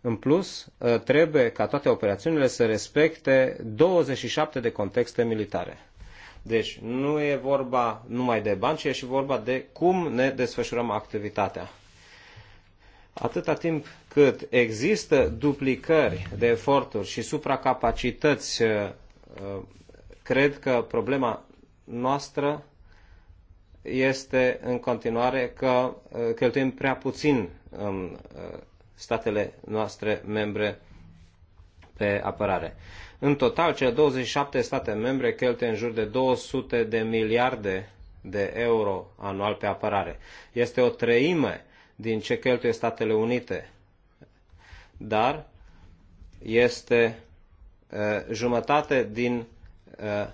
În plus, ă, trebuie ca toate operațiunile să respecte 27 de contexte militare. Deci nu e vorba numai de bani, ci e și vorba de cum ne desfășurăm activitatea. Atâta timp cât există duplicări de eforturi și supracapacități, ă, ă, cred că problema noastră este în continuare că uh, cheltuim prea puțin în um, uh, statele noastre membre pe apărare. În total, cele 27 state membre cheltuie în jur de 200 de miliarde de euro anual pe apărare. Este o treime din ce cheltuie Statele Unite, dar este uh, jumătate din uh,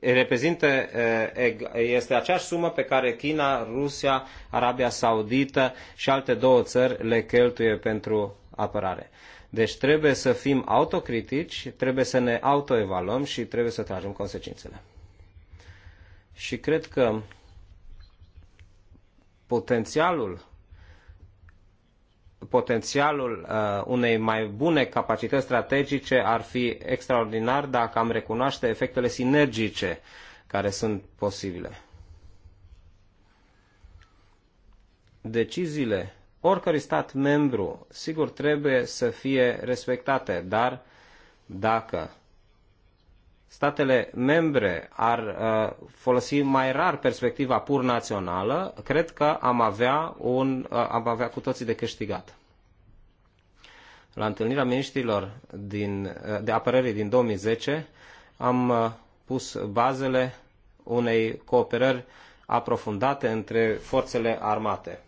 reprezintă, eh, este aceeași sumă pe care China, Rusia, Arabia Saudită și alte două țări le cheltuie pentru apărare. Deci trebuie să fim autocritici, trebuie să ne autoevaluăm și trebuie să tragem consecințele. Și cred că potențialul potențialul uh, unei mai bune capacități strategice ar fi extraordinar dacă am recunoaște efectele sinergice care sunt posibile. Deciziile oricărui stat membru, sigur, trebuie să fie respectate, dar dacă statele membre ar uh, folosi mai rar perspectiva pur națională, cred că am avea, un, uh, am avea cu toții de câștigat. La întâlnirea miniștrilor din, uh, de apărării din 2010 am pus bazele unei cooperări aprofundate între forțele armate.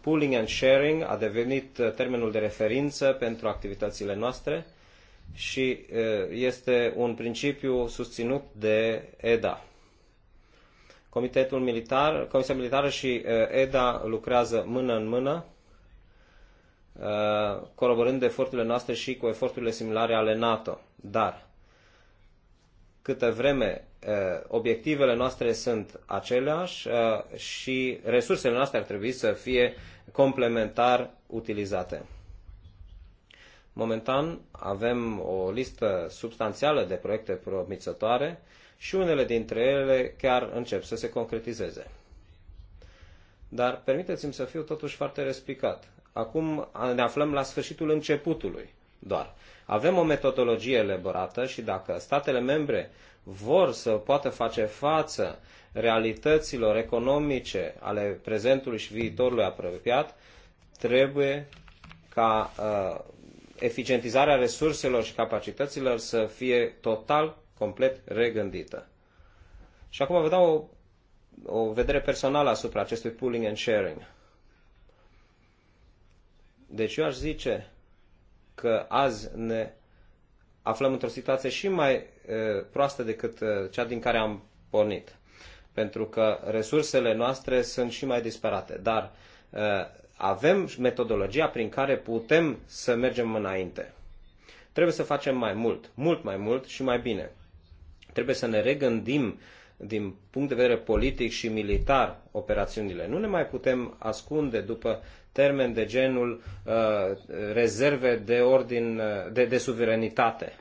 Pooling and sharing a devenit termenul de referință pentru activitățile noastre și este un principiu susținut de EDA. Comitetul Militar, Comisia Militară și EDA lucrează mână în mână, colaborând eforturile noastre și cu eforturile similare ale NATO. Dar, câtă vreme obiectivele noastre sunt aceleași și resursele noastre ar trebui să fie complementar utilizate. Momentan avem o listă substanțială de proiecte promițătoare și unele dintre ele chiar încep să se concretizeze. Dar permiteți-mi să fiu totuși foarte respicat. Acum ne aflăm la sfârșitul începutului doar. Avem o metodologie elaborată și dacă statele membre vor să poată face față realităților economice ale prezentului și viitorului apropiat, trebuie ca uh, eficientizarea resurselor și capacităților să fie total, complet regândită. Și acum vă dau o, o vedere personală asupra acestui pooling and sharing. Deci eu aș zice că azi ne aflăm într-o situație și mai e, proastă decât e, cea din care am pornit. Pentru că resursele noastre sunt și mai disperate. Dar e, avem metodologia prin care putem să mergem înainte. Trebuie să facem mai mult, mult mai mult și mai bine. Trebuie să ne regândim din punct de vedere politic și militar operațiunile. Nu ne mai putem ascunde după termen de genul uh, rezerve de ordin uh, de, de suveranitate.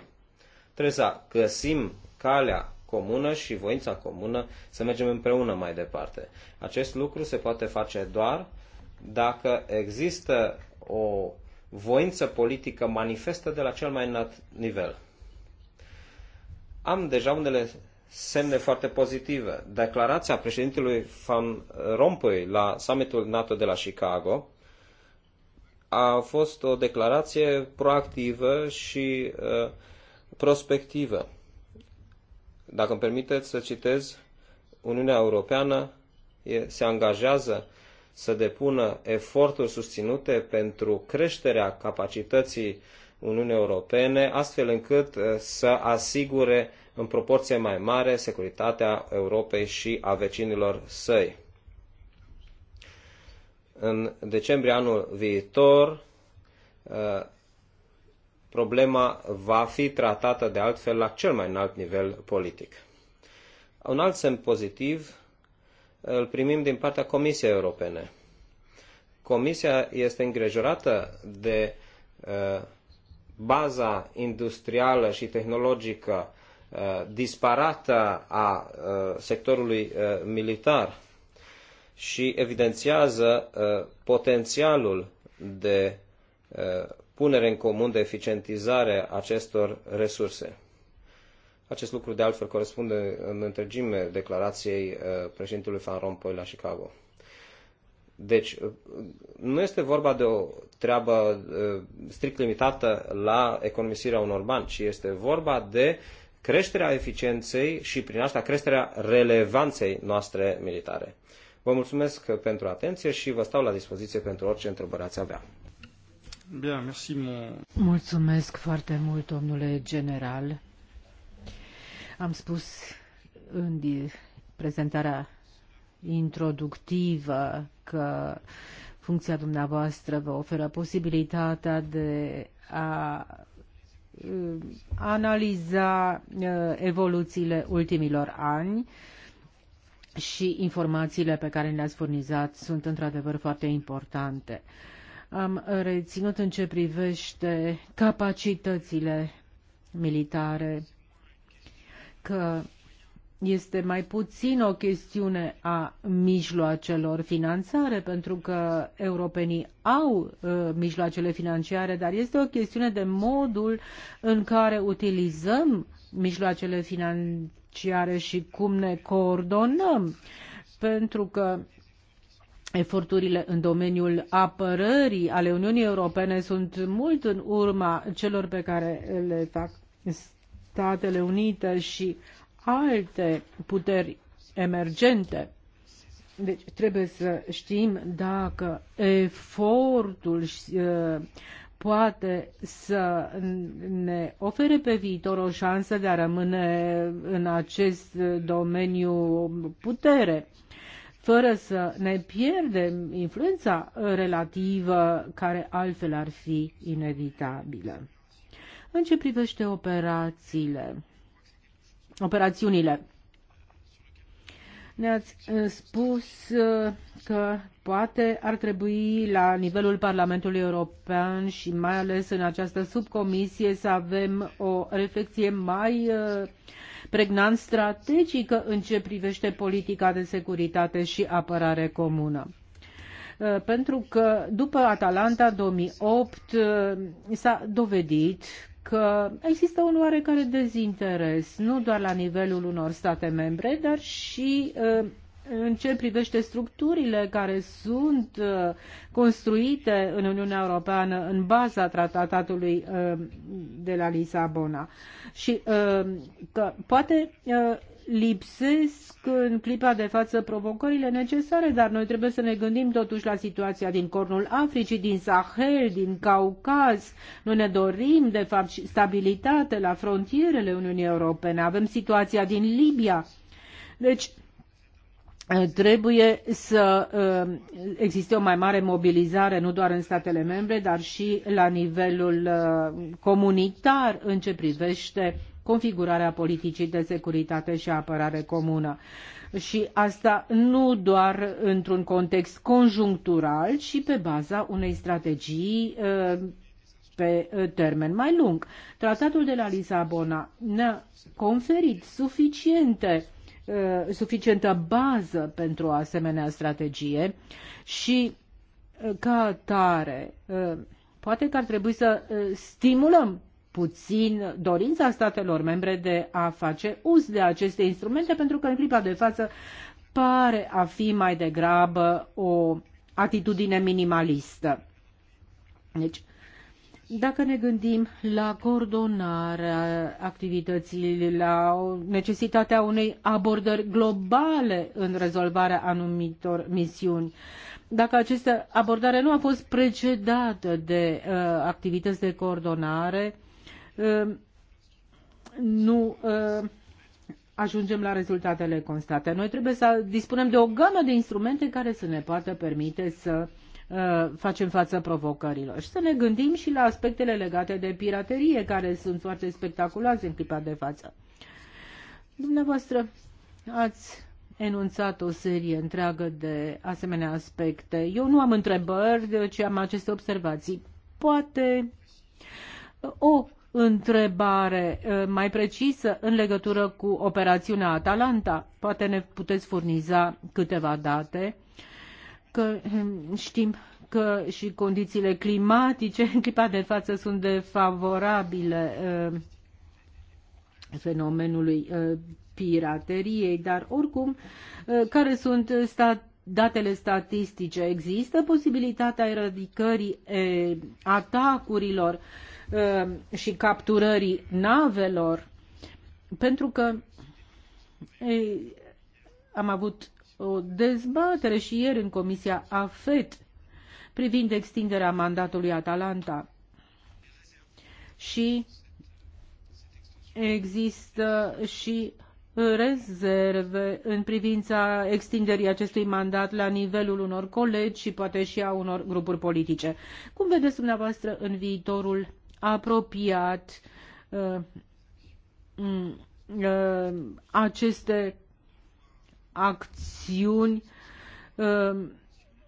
Trebuie să găsim calea comună și voința comună să mergem împreună mai departe. Acest lucru se poate face doar uh, dacă există o voință politică manifestă de la cel mai înalt nivel. Am deja unele semne foarte pozitive. Declarația președintelui Van Rompuy la summitul NATO de la Chicago a fost o declarație proactivă și uh, prospectivă. Dacă îmi permiteți să citez, Uniunea Europeană se angajează să depună eforturi susținute pentru creșterea capacității Uniunii Europene, astfel încât uh, să asigure în proporție mai mare securitatea Europei și a vecinilor săi. În decembrie anul viitor, uh, problema va fi tratată de altfel la cel mai înalt nivel politic. Un alt semn pozitiv îl primim din partea Comisiei Europene. Comisia este îngrijorată de uh, baza industrială și tehnologică uh, disparată a uh, sectorului militar și evidențiază potențialul de punere în comun, de eficientizare acestor resurse. Acest lucru de altfel corespunde în întregime declarației uh, președintelui Van Rompuy la Chicago. Deci, uh, nu este vorba de o treabă uh, strict limitată la economisirea unor bani, ci este vorba de creșterea eficienței și prin asta creșterea relevanței noastre militare. Vă mulțumesc pentru atenție și vă stau la dispoziție pentru orice întrebări ați avea. Bien, merci, mon... Mulțumesc foarte mult, domnule general. Am spus în prezentarea introductivă că funcția dumneavoastră vă oferă posibilitatea de a uh, analiza uh, evoluțiile ultimilor ani și informațiile pe care le-ați furnizat sunt într-adevăr foarte importante. Am reținut în ce privește capacitățile militare că este mai puțin o chestiune a mijloacelor finanțare, pentru că europenii au uh, mijloacele financiare, dar este o chestiune de modul în care utilizăm mijloacele financiare și cum ne coordonăm. Pentru că Eforturile în domeniul apărării ale Uniunii Europene sunt mult în urma celor pe care le fac Statele Unite și alte puteri emergente. Deci trebuie să știm dacă efortul uh, poate să ne ofere pe viitor o șansă de a rămâne în acest domeniu putere, fără să ne pierdem influența relativă care altfel ar fi inevitabilă. În ce privește operațiile, operațiunile, ne-ați eh, spus eh, că poate ar trebui la nivelul Parlamentului European și mai ales în această subcomisie să avem o reflexie mai eh, pregnant strategică în ce privește politica de securitate și apărare comună pentru că după Atalanta 2008 s-a dovedit că există un oarecare dezinteres, nu doar la nivelul unor state membre, dar și uh, în ce privește structurile care sunt uh, construite în Uniunea Europeană în baza tratatului uh, de la Lisabona. Și că poate lipsesc în clipa de față provocările necesare, dar noi trebuie să ne gândim totuși la situația din Cornul Africii, din Sahel, din Caucaz. Noi ne dorim, de fapt, stabilitate la frontierele Uniunii Europene. Avem situația din Libia. Deci, eh, trebuie să eh, existe o mai mare mobilizare nu doar în statele membre, dar și la nivelul eh, comunitar în ce privește configurarea politicii de securitate și apărare comună. Și asta nu doar într-un context conjunctural, ci pe baza unei strategii uh, pe uh, termen mai lung. Tratatul de la Lisabona ne-a conferit suficiente uh, suficientă bază pentru o asemenea strategie și ca atare poate că ar trebui să stimulăm puțin dorința statelor membre de a face uz de aceste instrumente, pentru că în clipa de față pare a fi mai degrabă o atitudine minimalistă. Deci, dacă ne gândim la coordonarea activității, la necesitatea unei abordări globale în rezolvarea anumitor misiuni, dacă această abordare nu a fost precedată de uh, activități de coordonare, Ehm, nu ehm, ajungem la rezultatele constate. Noi trebuie să dispunem de o gamă de instrumente care să ne poată permite să ehm, facem față provocărilor și să ne gândim și la aspectele legate de piraterie, care sunt foarte spectaculoase în clipa de față. Dumneavoastră, ați enunțat o serie întreagă de asemenea aspecte. Eu nu am întrebări, ci deci am aceste observații. Poate o întrebare uh, mai precisă în legătură cu operațiunea Atalanta. Poate ne puteți furniza câteva date, că um, știm că și condițiile climatice în clipa de față sunt defavorabile uh, fenomenului uh, pirateriei, dar oricum, care sunt stat, datele statistice? Există posibilitatea eradicării eh, atacurilor Uh, și capturării navelor, pentru că ei, am avut o dezbatere și ieri în Comisia AFET privind extinderea mandatului Atalanta. Și există și rezerve în privința extinderii acestui mandat la nivelul unor colegi și poate și a unor grupuri politice. Cum vedeți dumneavoastră în viitorul apropiat uh, mm, uh, aceste acțiuni uh,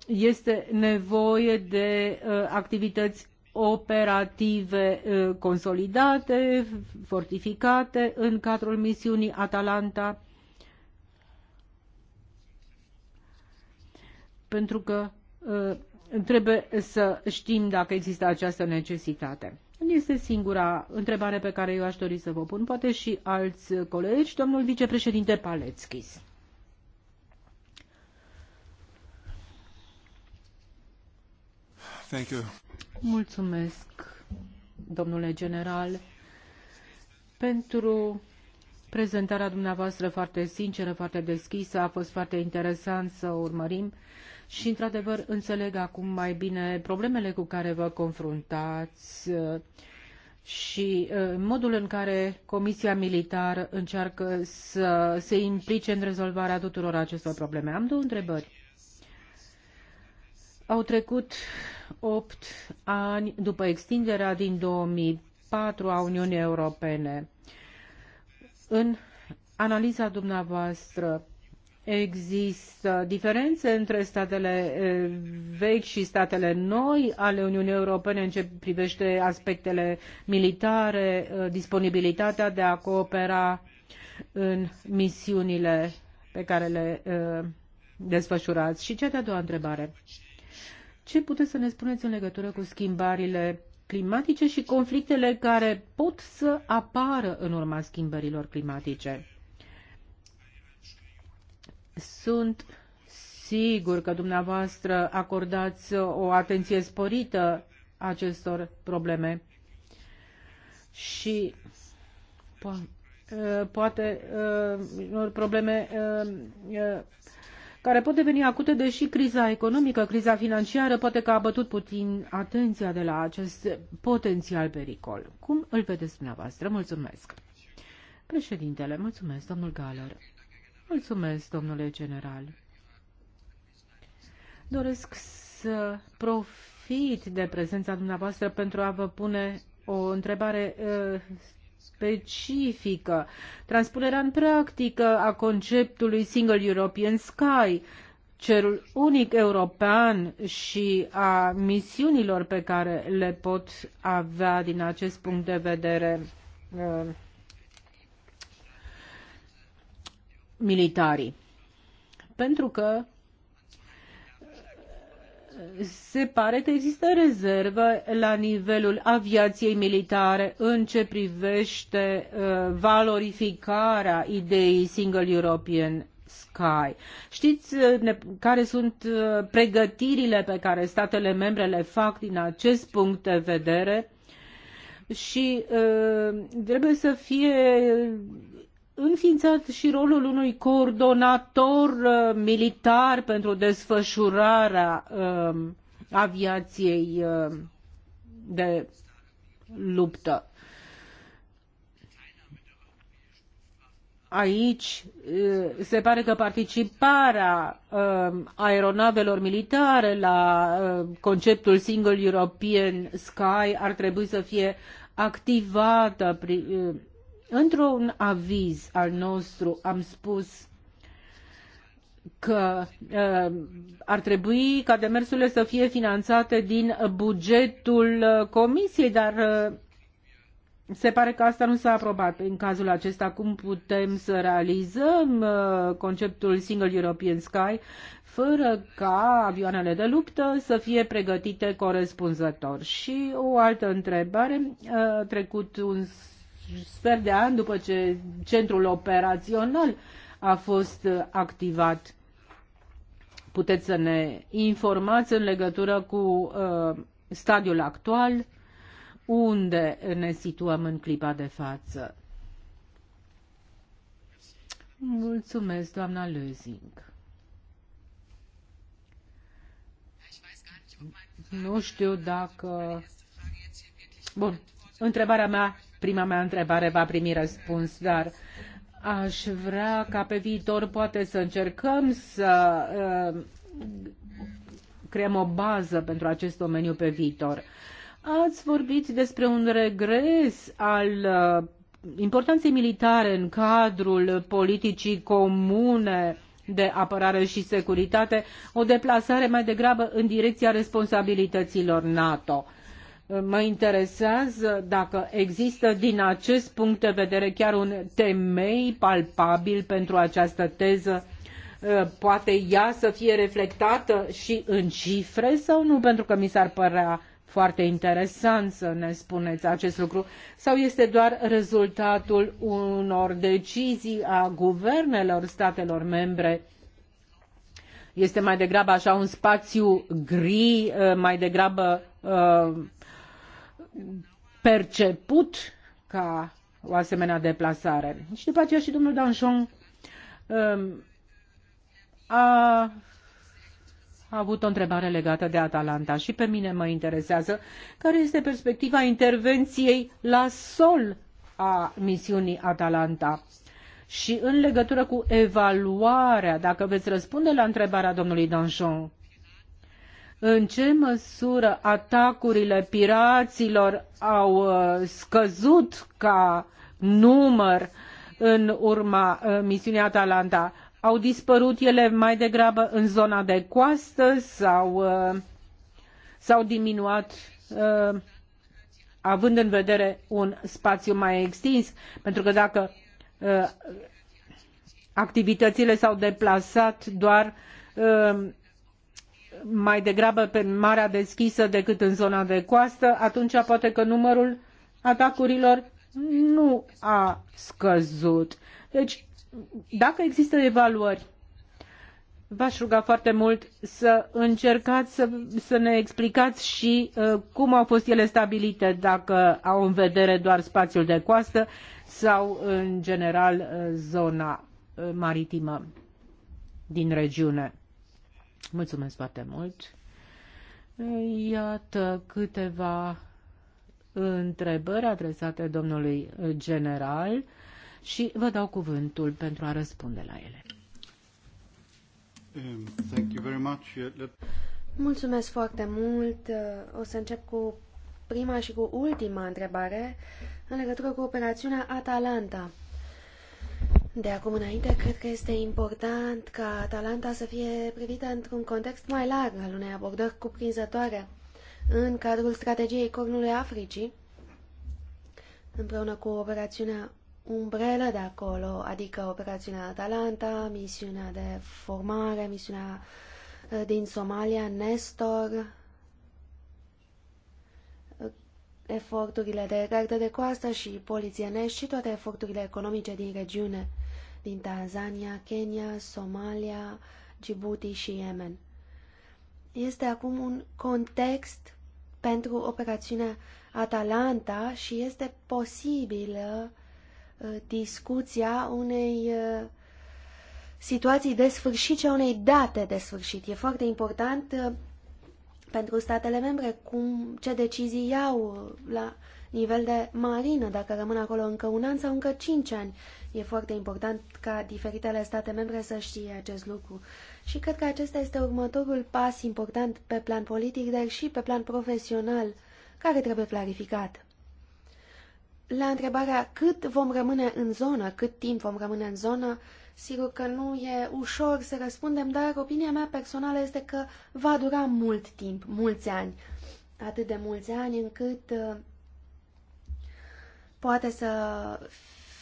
este nevoie de activități operative consolidate, fortificate în cadrul misiunii Atalanta. Pentru că trebuie să știm dacă există această necesitate. Nu Este singura întrebare pe care eu aș dori să vă pun, poate și alți colegi, domnul vicepreședinte Paleckis. Thank you. Mulțumesc, domnule general, pentru prezentarea dumneavoastră foarte sinceră, foarte deschisă. A fost foarte interesant să urmărim și, într-adevăr, înțeleg acum mai bine problemele cu care vă confruntați uh, și uh, modul în care Comisia Militară încearcă să se implice în rezolvarea tuturor acestor probleme. Am două întrebări. Au trecut opt ani după extinderea din 2004 a Uniunii Europene. În analiza dumneavoastră, Există diferențe între statele eh, vechi și statele noi ale Uniunii Europene în ce privește aspectele militare, eh, disponibilitatea de a coopera în misiunile pe care le eh, desfășurați. Și cea de-a doua întrebare. Ce puteți să ne spuneți în legătură cu schimbările climatice și conflictele care pot să apară în urma schimbărilor climatice? Sunt sigur că dumneavoastră acordați o atenție sporită acestor probleme și po eh, poate uh, probleme uh, care pot deveni acute, deși criza economică, criza financiară, poate că a bătut puțin atenția de la acest potențial pericol. Cum îl vedeți dumneavoastră? Mulțumesc. Președintele, mulțumesc, domnul Galer. Mulțumesc, domnule general. Doresc să profit de prezența dumneavoastră pentru a vă pune o întrebare uh, specifică. Transpunerea în practică a conceptului Single European Sky, cerul unic european și a misiunilor pe care le pot avea din acest punct de vedere uh, militarii. Pentru că se pare că există rezervă la nivelul aviației militare în ce privește uh, valorificarea ideii Single European Sky. Știți uh, care sunt uh, pregătirile pe care statele membre le fac din acest punct de vedere? Și trebuie să fie înființat și rolul unui coordonator uh, militar pentru desfășurarea um, aviației um, de luptă. Aici uh, se pare că participarea um, aeronavelor militare la uh, conceptul Single European Sky ar trebui să fie activată Într-un aviz al nostru am spus că uh, ar trebui ca demersurile să fie finanțate din bugetul uh, comisiei, dar uh, se pare că asta nu s-a aprobat. În cazul acesta, cum putem să realizăm conceptul Single European Sky fără ca avioanele de luptă să fie pregătite corespunzător? Și o altă întrebare, trecut un sper de ani după ce centrul operațional a fost uh, activat. Puteți să ne informați în legătură cu uh, stadiul actual, unde ne situăm în clipa de față. Mulțumesc, doamna Lezing. Nu știu dacă... Bun, întrebarea mea prima mea întrebare va primi răspuns, dar aș vrea ca pe viitor poate să încercăm să uh, creăm o bază pentru acest domeniu pe viitor. Ați vorbit despre un regres al uh, importanței militare în cadrul politicii comune de apărare și securitate, o deplasare mai degrabă în direcția responsabilităților NATO mă interesează dacă există din acest punct de vedere chiar un temei palpabil pentru această teză. Uh, poate ea să fie reflectată și în cifre sau nu, pentru că mi s-ar părea foarte interesant să ne spuneți acest lucru, sau este doar rezultatul unor decizii a guvernelor statelor membre este mai degrabă așa un spațiu gri, uh, mai degrabă uh, perceput ca o asemenea deplasare. Și după aceea și domnul Danjon um, a a avut o întrebare legată de Atalanta și pe mine mă interesează care este perspectiva intervenției la sol a misiunii Atalanta. Și în legătură cu evaluarea, dacă veți răspunde la întrebarea domnului Danjon, în ce măsură atacurile piraților au uh, scăzut ca număr în urma uh, misiunii Atalanta. Au dispărut ele mai degrabă în zona de coastă sau uh, s-au diminuat având în vedere un spațiu mai extins, pentru că dacă activitățile s-au deplasat doar mai degrabă pe marea deschisă decât în zona de coastă, atunci poate că numărul atacurilor nu a scăzut. Deci, dacă există evaluări, v-aș ruga foarte mult să încercați să, să ne explicați și uh, cum au fost ele stabilite, dacă au în vedere doar spațiul de coastă sau, în general, uh, zona uh, maritimă din regiune. Mulțumesc foarte mult. Iată câteva întrebări adresate domnului general și vă dau cuvântul pentru a răspunde la ele. Um, thank you very much. Mulțumesc foarte mult. O să încep cu prima și cu ultima întrebare în legătură cu operațiunea Atalanta. De acum înainte, cred că este important ca Atalanta să fie privită într-un context mai larg al unei abordări cuprinzătoare în cadrul strategiei Cornului Africii, împreună cu operațiunea umbrelă de acolo, adică operațiunea Atalanta, misiunea de formare, misiunea eh, din Somalia, Nestor, eh, eforturile de gardă de coastă și polițienești și toate eforturile economice din regiune din Tanzania, Kenya, Somalia, Djibouti și Yemen. Este acum un context pentru operațiunea Atalanta și este posibilă uh, discuția unei uh, situații de sfârșit și a unei date de sfârșit. E foarte important uh, pentru statele membre cum, ce decizii iau la nivel de marină, dacă rămân acolo încă un an sau încă cinci ani. E foarte important ca diferitele state membre să știe acest lucru. Și cred că acesta este următorul pas important pe plan politic, dar și pe plan profesional, care trebuie clarificat. La întrebarea cât vom rămâne în zonă, cât timp vom rămâne în zonă, sigur că nu e ușor să răspundem, dar opinia mea personală este că va dura mult timp, mulți ani. Atât de mulți ani încât uh, poate să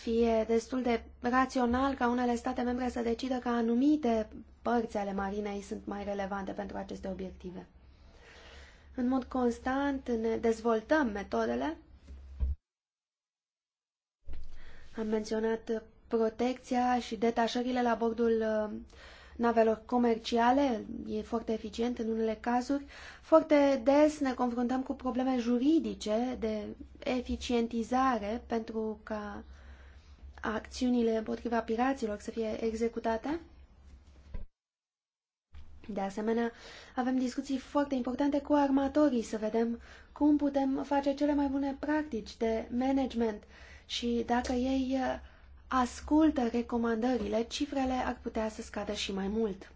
fie destul de rațional ca unele state membre să decidă că anumite părți ale marinei sunt mai relevante pentru aceste obiective. În mod constant ne dezvoltăm metodele. Am menționat protecția și detașările la bordul navelor comerciale, e foarte eficient în unele cazuri. Foarte des ne confruntăm cu probleme juridice de eficientizare pentru ca acțiunile împotriva piraților să fie executate. De asemenea, avem discuții foarte importante cu armatorii să vedem cum putem face cele mai bune practici de management și dacă ei ascultă recomandările, cifrele ar putea să scadă și mai mult.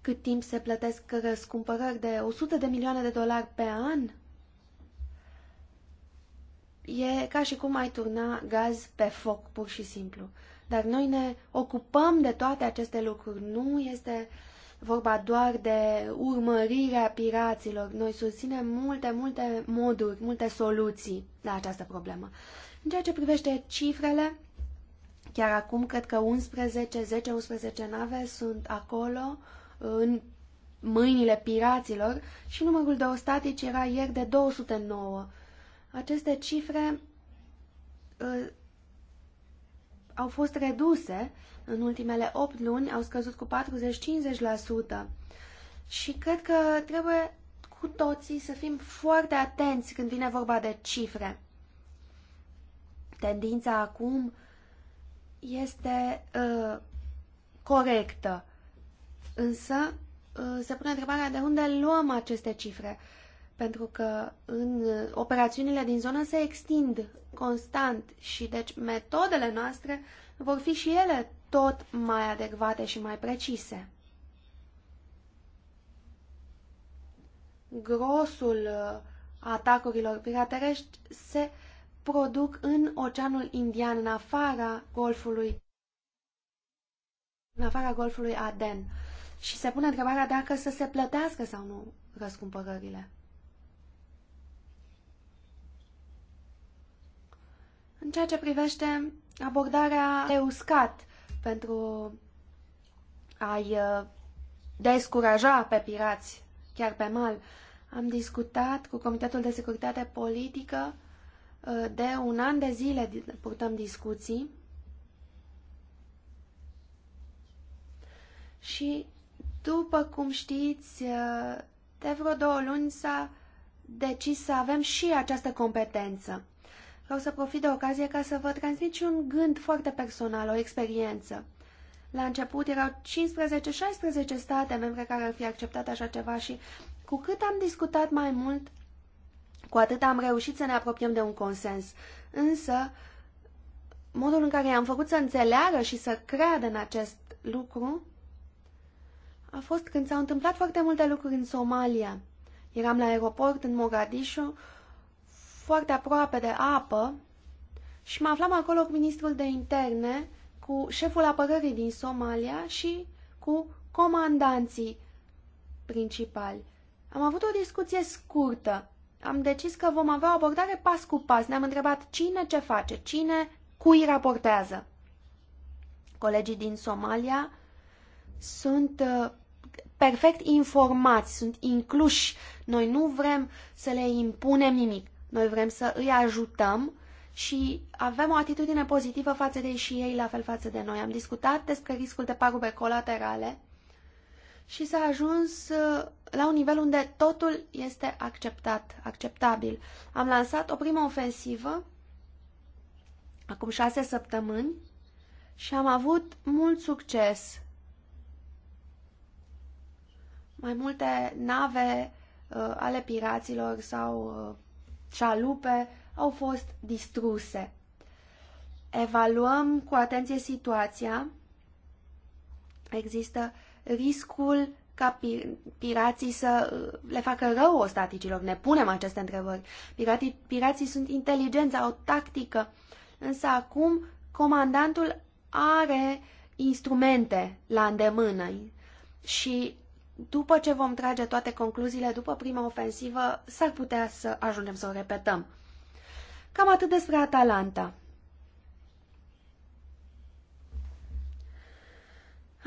Cât timp se plătesc răscumpărări de 100 de milioane de dolari pe an? E ca și cum ai turna gaz pe foc, pur și simplu. Dar noi ne ocupăm de toate aceste lucruri. Nu este vorba doar de urmărirea piraților. Noi susținem multe, multe moduri, multe soluții la această problemă. În ceea ce privește cifrele, chiar acum cred că 11, 10-11 nave sunt acolo în mâinile piraților și numărul de ostatici era ieri de 209. Aceste cifre uh, au fost reduse în ultimele 8 luni, au scăzut cu 40-50% și cred că trebuie cu toții să fim foarte atenți când vine vorba de cifre. Tendința acum este uh, corectă, însă uh, se pune întrebarea de unde luăm aceste cifre, pentru că în uh, operațiunile din zonă se extind constant și deci metodele noastre vor fi și ele tot mai adecvate și mai precise. Grosul uh, atacurilor piraterești se produc în Oceanul Indian, în afara Golfului, în afara Golfului Aden. Și se pune întrebarea dacă să se plătească sau nu răscumpărările. În ceea ce privește abordarea de uscat pentru a-i uh, descuraja pe pirați, chiar pe mal, am discutat cu Comitetul de Securitate Politică de un an de zile purtăm discuții și, după cum știți, uh, de vreo două luni s-a decis să avem și această competență. Vreau să profit de ocazie ca să vă transmit și un gând foarte personal, o experiență. La început erau 15-16 state membre care ar fi acceptat așa ceva și cu cât am discutat mai mult, cu atât am reușit să ne apropiem de un consens. Însă, modul în care i-am făcut să înțeleagă și să creadă în acest lucru a fost când s-au întâmplat foarte multe lucruri în Somalia. Eram la aeroport în Mogadishu, foarte aproape de apă, și mă aflam acolo cu ministrul de interne, cu șeful apărării din Somalia și cu comandanții principali. Am avut o discuție scurtă am decis că vom avea o abordare pas cu pas. Ne-am întrebat cine ce face, cine cui raportează. Colegii din Somalia sunt uh, perfect informați, sunt incluși. Noi nu vrem să le impunem nimic. Noi vrem să îi ajutăm și avem o atitudine pozitivă față de ei și ei, la fel față de noi. Am discutat despre riscul de pagube colaterale și s-a ajuns uh, la un nivel unde totul este acceptat, acceptabil. Am lansat o primă ofensivă acum șase săptămâni și am avut mult succes. Mai multe nave uh, ale piraților sau uh, cealupe au fost distruse. Evaluăm cu atenție situația. Există uh, riscul ca pir- pirații să uh, le facă rău ostaticilor? Ne punem aceste întrebări. Pirații, pirații sunt inteligenți, au tactică, însă acum comandantul are instrumente la îndemână și după ce vom trage toate concluziile după prima ofensivă, s-ar putea să ajungem să o repetăm. Cam atât despre Atalanta.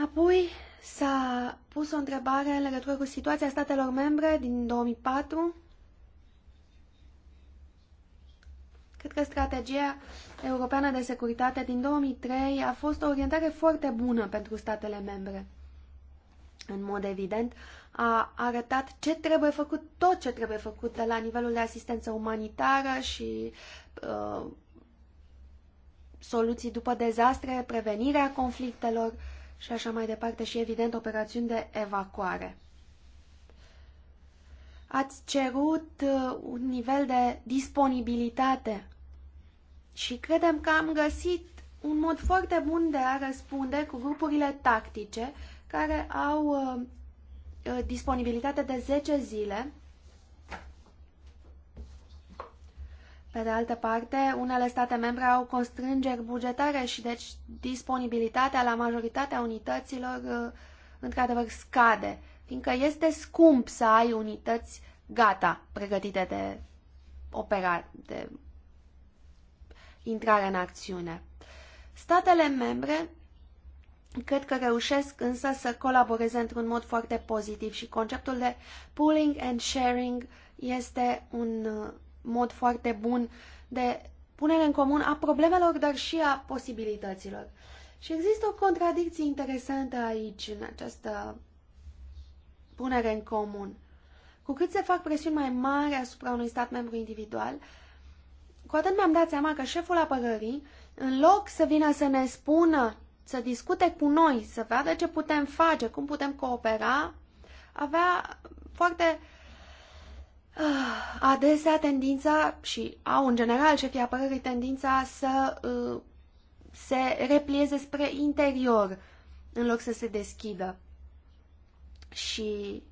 Apoi, S-a pus o întrebare în legătură cu situația statelor membre din 2004. Cred că strategia europeană de securitate din 2003 a fost o orientare foarte bună pentru statele membre. În mod evident, a arătat ce trebuie făcut, tot ce trebuie făcut de la nivelul de asistență umanitară și uh, soluții după dezastre, prevenirea conflictelor, uh, și așa mai departe și, evident, operațiuni de evacuare. Ați cerut uh, un nivel de disponibilitate și credem că am găsit un mod foarte bun de a răspunde cu grupurile tactice care au uh, uh, disponibilitate de 10 zile Pe de altă parte, unele state membre au constrângeri bugetare și deci disponibilitatea la majoritatea unităților uh, într-adevăr scade, fiindcă este scump să ai unități gata, pregătite de opera, de intrare în acțiune. Statele membre cred că reușesc însă să colaboreze într-un mod foarte pozitiv și conceptul de pooling and sharing este un uh, mod foarte bun de punere în comun a problemelor, dar și a posibilităților. Și există o contradicție interesantă aici, în această punere în comun. Cu cât se fac presiuni mai mari asupra unui stat membru individual, cu atât mi-am dat seama că șeful apărării, în loc să vină să ne spună, să discute cu noi, să vadă ce putem face, cum putem coopera, avea foarte uh, Ah, adesea tendința, și au în general șefii apărării tendința să uh, se replieze spre interior în loc să se deschidă. Și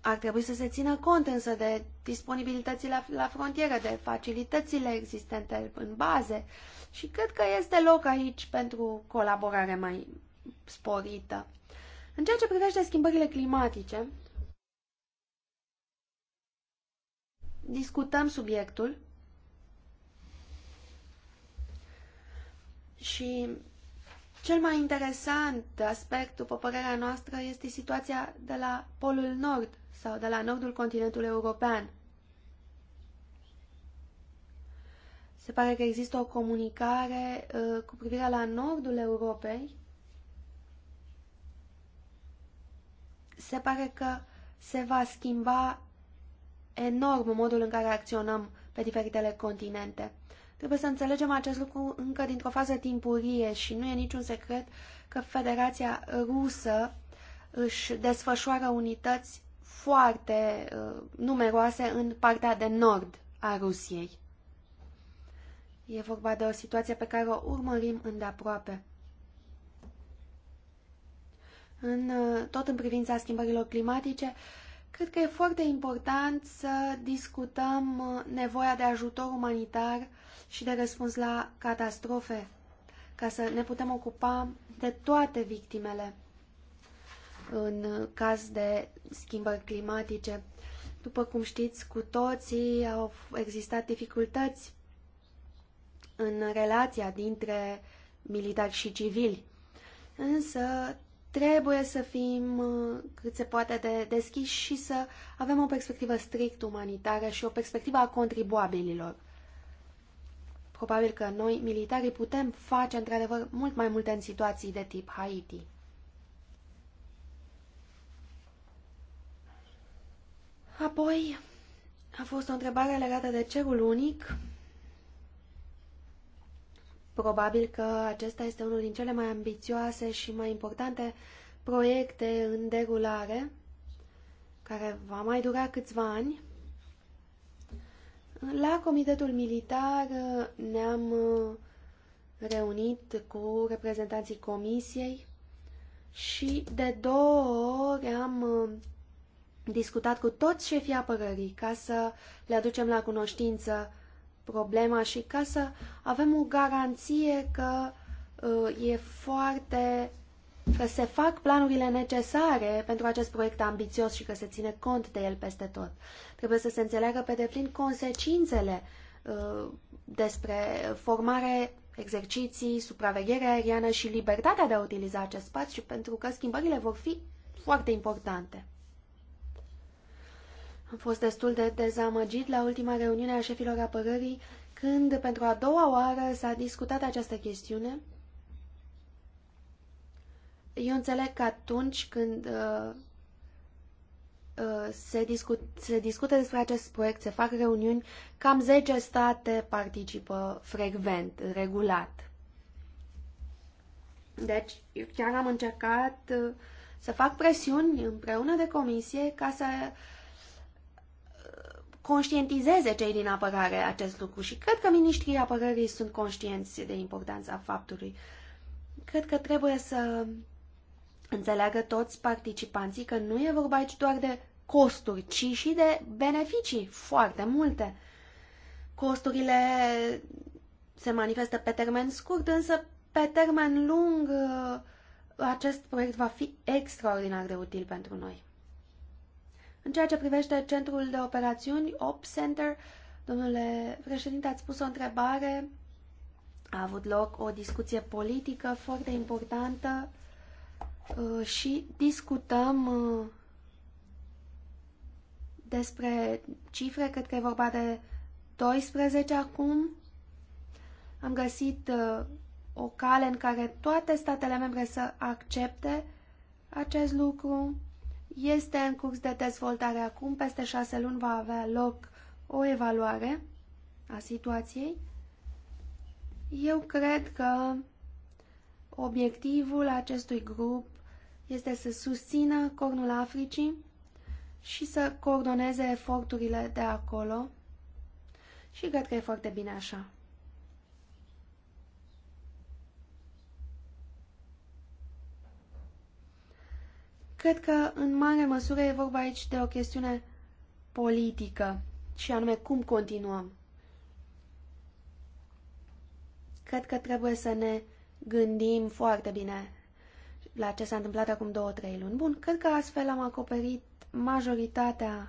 ar trebui să se țină cont însă de disponibilitățile la, la frontieră, de facilitățile existente în baze și cred că este loc aici pentru colaborare mai sporită. În ceea ce privește schimbările climatice, discutăm subiectul și cel mai interesant aspect, după părerea noastră, este situația de la Polul Nord sau de la nordul continentului european. Se pare că există o comunicare uh, cu privire la nordul Europei se pare că se va schimba enorm modul în care acționăm pe diferitele continente. Trebuie să înțelegem acest lucru încă dintr-o fază timpurie și nu e niciun secret că Federația Rusă își desfășoară unități foarte uh, numeroase în partea de nord a Rusiei. E vorba de o situație pe care o urmărim îndeaproape în, uh, tot în privința schimbărilor climatice, cred că e foarte important să discutăm uh, nevoia de ajutor umanitar și de răspuns la catastrofe, ca să ne putem ocupa de toate victimele în uh, caz de schimbări climatice. După cum știți, cu toții au existat dificultăți în relația dintre militari și civili. Însă Trebuie să fim uh, cât se poate de deschiși și să avem o perspectivă strict umanitară și o perspectivă a contribuabililor. Probabil că noi, militarii, putem face într-adevăr mult mai multe în situații de tip Haiti. Apoi, a fost o întrebare legată de cerul unic. Probabil că acesta este unul din cele mai ambițioase și mai importante proiecte în derulare, care va mai dura câțiva ani. La Comitetul Militar uh, ne-am uh, reunit cu reprezentanții Comisiei și de două ori am uh, discutat cu toți șefii apărării ca să le aducem la cunoștință problema și ca să avem o garanție că uh, e foarte că se fac planurile necesare pentru acest proiect ambițios și că se ține cont de el peste tot. Trebuie să se înțeleagă pe deplin consecințele uh, despre formare, exerciții, supraveghere aeriană și libertatea de a utiliza acest spațiu, pentru că schimbările vor fi foarte importante. Am fost destul de dezamăgit la ultima reuniune a șefilor apărării, când pentru a doua oară s-a discutat această chestiune. Eu înțeleg că atunci când uh, uh, se, discut, se discută despre acest proiect, se fac reuniuni, cam 10 state participă frecvent, regulat. Deci, eu chiar am încercat uh, să fac presiuni împreună de comisie ca să uh, conștientizeze cei din apărare acest lucru și cred că miniștrii apărării sunt conștienți de importanța faptului. Cred că trebuie să înțeleagă toți participanții că nu e vorba aici doar de costuri, ci și de beneficii foarte multe. Costurile se manifestă pe termen scurt, însă pe termen lung uh, acest proiect va fi extraordinar de util pentru noi. În ceea ce privește Centrul de Operațiuni, OP Center, domnule președinte, ați pus o întrebare. A avut loc o discuție politică foarte importantă uh, și discutăm uh, despre cifre, cred că e vorba de 12 acum. Am găsit uh, o cale în care toate statele membre să accepte acest lucru este în curs de dezvoltare acum, peste șase luni va avea loc o evaluare a situației. Eu cred că obiectivul acestui grup este să susțină Cornul Africii și să coordoneze eforturile de acolo și cred că e foarte bine așa. Cred că, în mare măsură, e vorba aici de o chestiune politică, și anume cum continuăm. Cred că trebuie să ne gândim foarte bine la ce s-a întâmplat acum două, trei luni. Bun, cred că astfel am acoperit majoritatea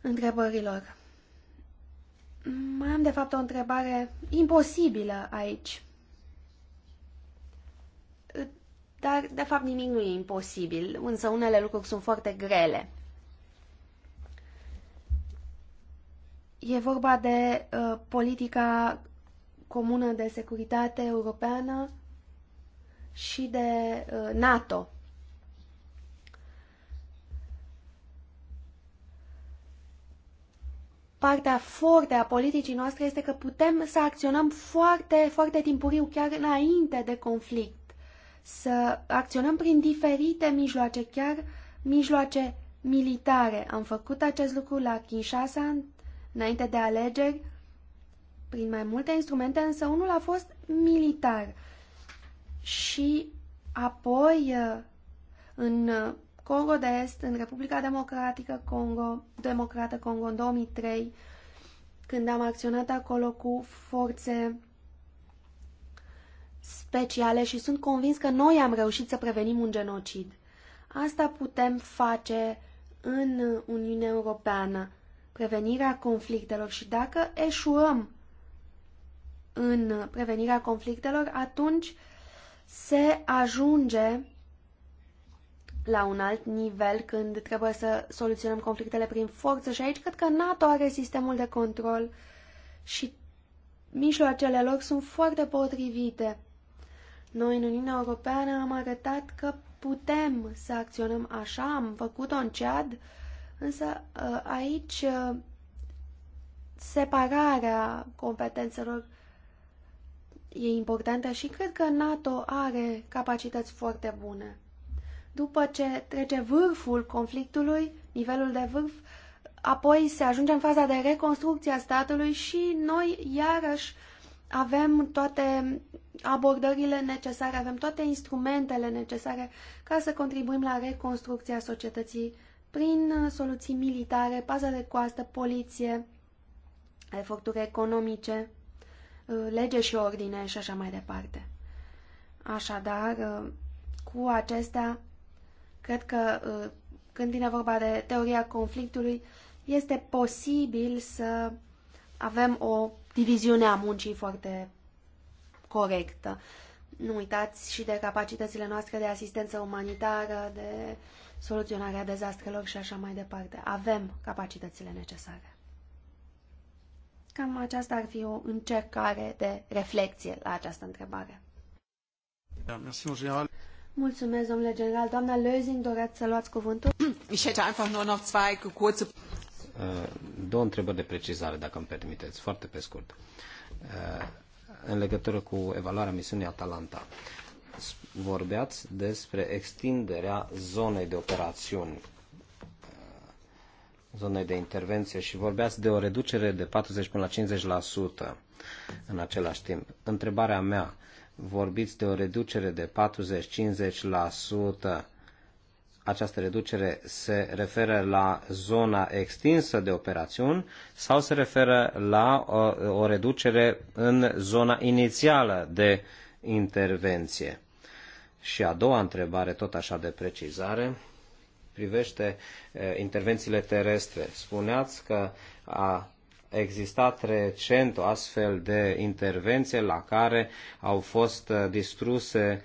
întrebărilor. Mai am, de fapt, o întrebare imposibilă aici. Dar, de fapt, nimic nu e imposibil, însă unele lucruri sunt foarte grele. E vorba de uh, politica comună de securitate europeană și de uh, NATO. Partea forte a politicii noastre este că putem să acționăm foarte, foarte timpuriu, chiar înainte de conflict să acționăm prin diferite mijloace, chiar mijloace militare. Am făcut acest lucru la Kinshasa înainte de alegeri, prin mai multe instrumente, însă unul a fost militar. Și apoi uh, în Congo de Est, în Republica Democratică Congo, Democrată Congo în 2003, când am acționat acolo cu forțe speciale și sunt convins că noi am reușit să prevenim un genocid. Asta putem face în Uniunea Europeană, prevenirea conflictelor și dacă eșuăm în prevenirea conflictelor, atunci se ajunge la un alt nivel când trebuie să soluționăm conflictele prin forță și aici cred că NATO are sistemul de control și mijloacele lor sunt foarte potrivite. Noi în Uniunea Europeană am arătat că putem să acționăm așa, am făcut-o în Cead, însă uh, aici uh, separarea competențelor e importantă și cred că NATO are capacități foarte bune. După ce trece vârful conflictului, nivelul de vârf, apoi se ajunge în faza de reconstrucție a statului și noi iarăși avem toate abordările necesare, avem toate instrumentele necesare ca să contribuim la reconstrucția societății prin soluții militare, pază de coastă, poliție, eforturi economice, lege și ordine și așa mai departe. Așadar, cu acestea, cred că când vine vorba de teoria conflictului, este posibil să avem o diviziune a muncii foarte corectă. Nu uitați și de capacitățile noastre de asistență umanitară, de soluționarea dezastrelor și așa mai departe. Avem capacitățile necesare. Cam aceasta ar fi o încercare de reflexie la această întrebare. Da, general. Mulțumesc, domnule general. Doamna Lözing, doreați să luați cuvântul? Ich hätte einfach nur noch zwei kurze... Două întrebări de precizare, dacă îmi permiteți, foarte pe scurt în legătură cu evaluarea misiunii Atalanta. Vorbeați despre extinderea zonei de operațiuni, eh, zonei de intervenție și vorbeați de o reducere de 40 până la 50% în același timp. Întrebarea mea, vorbiți de o reducere de 40-50% această reducere se referă la zona extinsă de operațiuni sau se referă la o, uh, o reducere în zona inițială de intervenție. Și a doua întrebare, tot așa de precizare, privește uh, intervențiile terestre. Spuneați că a existat recent o astfel de intervenție la care au fost uh, distruse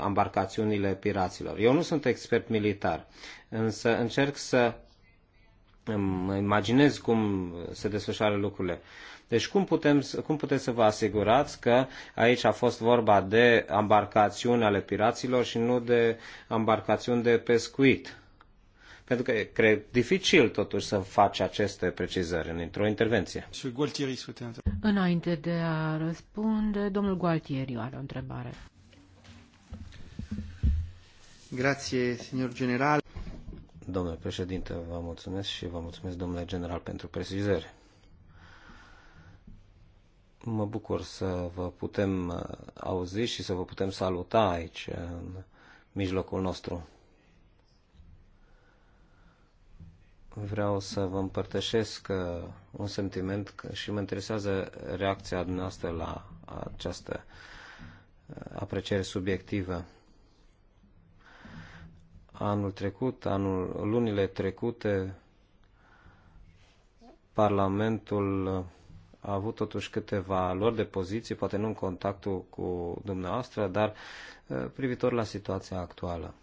ambarcațiunile uh, piraților. Eu nu sunt expert militar, însă încerc să îmi imaginez cum se desfășoară lucrurile. Deci cum, putem, cum puteți să vă asigurați că aici a fost vorba de ambarcațiuni ale piraților și nu de ambarcațiuni de pescuit? Pentru că cred dificil totuși să faci aceste precizări într-o intervenție. Înainte de a răspunde, domnul Gualtieri are o întrebare. Grazie, signor general. Domnule președinte, vă mulțumesc și vă mulțumesc, domnule general, pentru precizări. Mă bucur să vă putem uh, auzi și să vă putem saluta aici, în mijlocul nostru. Vreau să vă împărtășesc uh, un sentiment și mă interesează reacția dumneavoastră la această uh, apreciere subiectivă anul trecut, anul, lunile trecute, Parlamentul a avut totuși câteva lor de poziții, poate nu în contactul cu dumneavoastră, dar eh, privitor la situația actuală.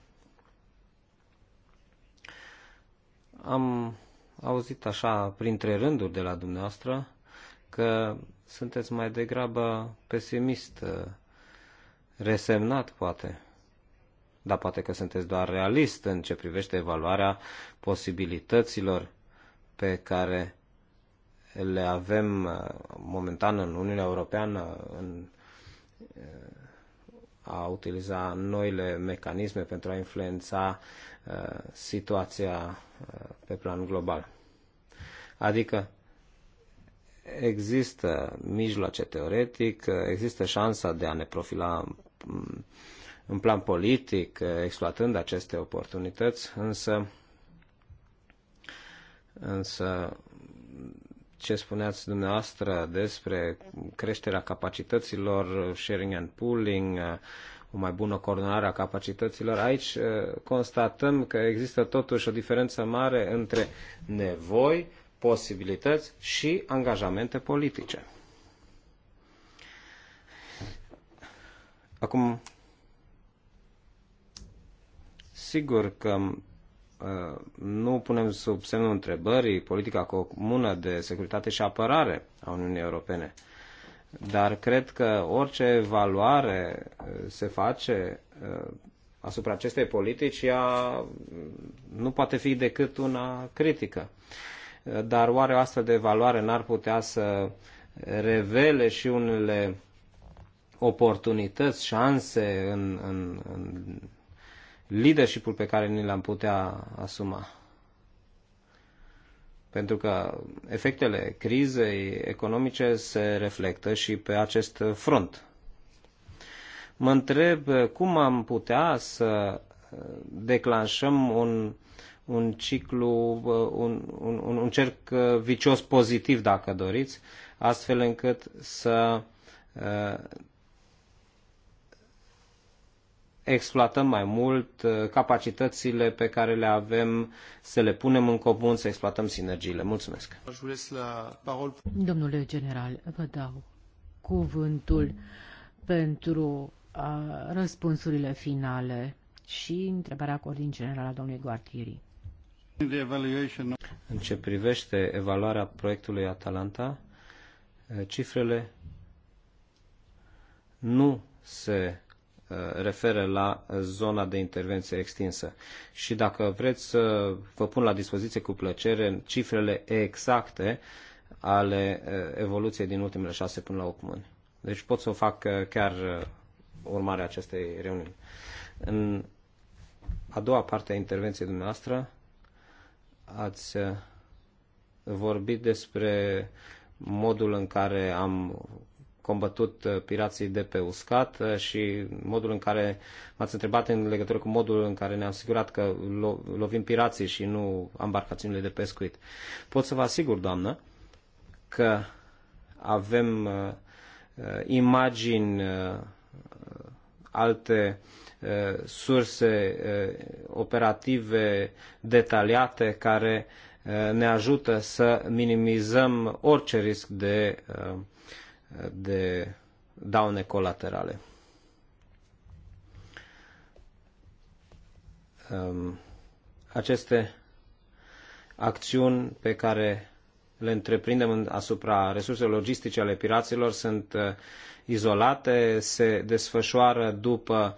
Am auzit așa, printre rânduri de la dumneavoastră, că sunteți mai degrabă pesimist, eh, resemnat poate, dar poate că sunteți doar realist în ce privește evaluarea posibilităților pe care le avem uh, momentan în Uniunea Europeană în uh, a utiliza noile mecanisme pentru a influența uh, situația pe plan global. Adică există mijloace teoretic, există șansa de a ne profila mm, în plan politic, eh, exploatând aceste oportunități, însă, însă ce spuneați dumneavoastră despre creșterea capacităților, sharing and pooling, eh, o mai bună coordonare a capacităților. Aici eh, constatăm că există totuși o diferență mare între nevoi, posibilități și angajamente politice. Acum, Sigur că uh, nu punem sub semnul întrebării politica comună de securitate și apărare a Uniunii Europene, dar cred că orice evaluare uh, se face uh, asupra acestei politici, ea mm, nu poate fi decât una critică. Dar oare o astfel de evaluare n-ar putea să revele și unele oportunități, șanse în, în, în leadership-ul pe care ni l-am putea asuma. Pentru că efectele crizei economice se reflectă și pe acest front. Mă întreb uh, cum am putea să uh, declanșăm un, un ciclu, uh, un, un, un cerc vicios pozitiv, dacă doriți, astfel încât să exploatăm mai mult uh, capacitățile pe care le avem, să le punem în comun, să exploatăm sinergiile. Mulțumesc! Domnule general, vă dau cuvântul pentru uh, răspunsurile finale și întrebarea cu ordin general a domnului Guartieri. În ce privește evaluarea proiectului Atalanta, uh, cifrele nu se Uh, referă la zona de intervenție extinsă. Și dacă vreți, vă pun la dispoziție cu plăcere cifrele exacte ale uh, evoluției din ultimele șase până la 8 luni. Deci pot să o fac uh, chiar urmarea acestei reuniuni. În a doua parte a intervenției dumneavoastră ați vorbit despre modul în care am combătut uh, pirații de pe uscat uh, și modul în care m-ați întrebat în legătură cu modul în care ne-am asigurat că lo- lovim pirații și nu embarcațiunile de pescuit. Pot să vă asigur, doamnă, că avem uh, imagini alte surse operative detaliate care ne ajută să minimizăm orice risc de de daune colaterale. Um, aceste acțiuni pe care le întreprindem asupra resurselor logistice ale piraților sunt uh, izolate, se desfășoară după,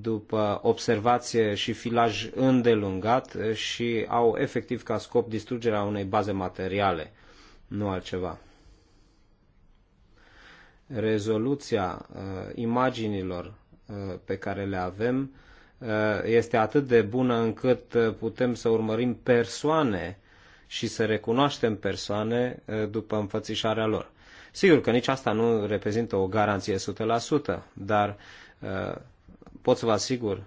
după observație și filaj îndelungat uh, și au efectiv ca scop distrugerea unei baze materiale, nu altceva rezoluția uh, imaginilor uh, pe care le avem uh, este atât de bună încât putem să urmărim persoane și să recunoaștem persoane după înfățișarea lor. Sigur că nici asta nu reprezintă o garanție 100%, dar pot să vă asigur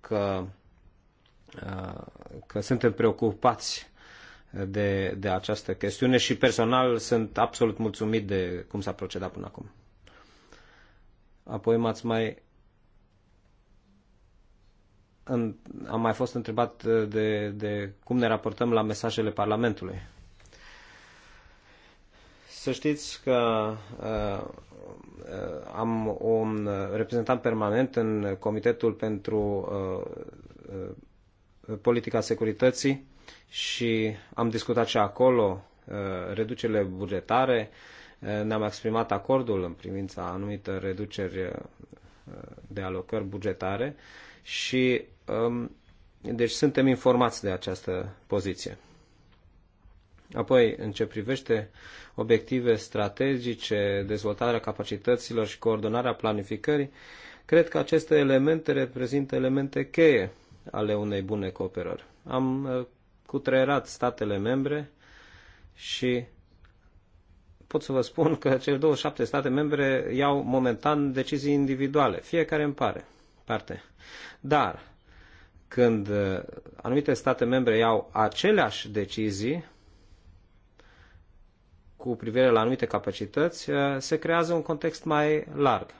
că, că suntem preocupați de, de această chestiune și personal sunt absolut mulțumit de cum s-a procedat până acum. Apoi m-ați mai în, am mai fost întrebat uh, de, de cum ne raportăm la mesajele Parlamentului. Să știți că uh, am un reprezentant permanent în Comitetul pentru uh, uh, Politica Securității și am discutat și acolo uh, reducerile bugetare, uh, ne-am exprimat acordul în privința anumită reduceri uh, de alocări bugetare și um, deci suntem informați de această poziție. Apoi, în ce privește obiective strategice, dezvoltarea capacităților și coordonarea planificării, cred că aceste elemente reprezintă elemente cheie ale unei bune cooperări. Am uh, cutreierat statele membre și pot să vă spun că cele 27 state membre iau momentan decizii individuale, fiecare în pare, parte. Dar când uh, anumite state membre iau aceleași decizii cu privire la anumite capacități, uh, se creează un context mai larg.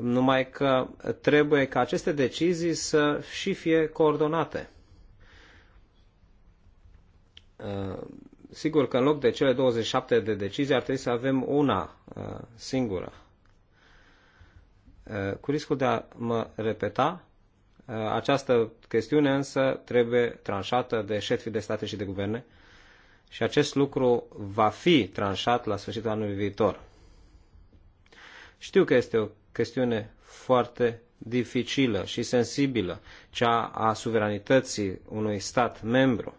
Numai că trebuie ca aceste decizii să și fie coordonate uh, sigur că în loc de cele 27 de decizii ar trebui să avem una uh, singură. Uh, cu riscul de a mă repeta, uh, această chestiune însă trebuie tranșată de șefii de state și de guverne și acest lucru va fi tranșat la sfârșitul anului viitor. Știu că este o chestiune foarte dificilă și sensibilă, cea a suveranității unui stat membru.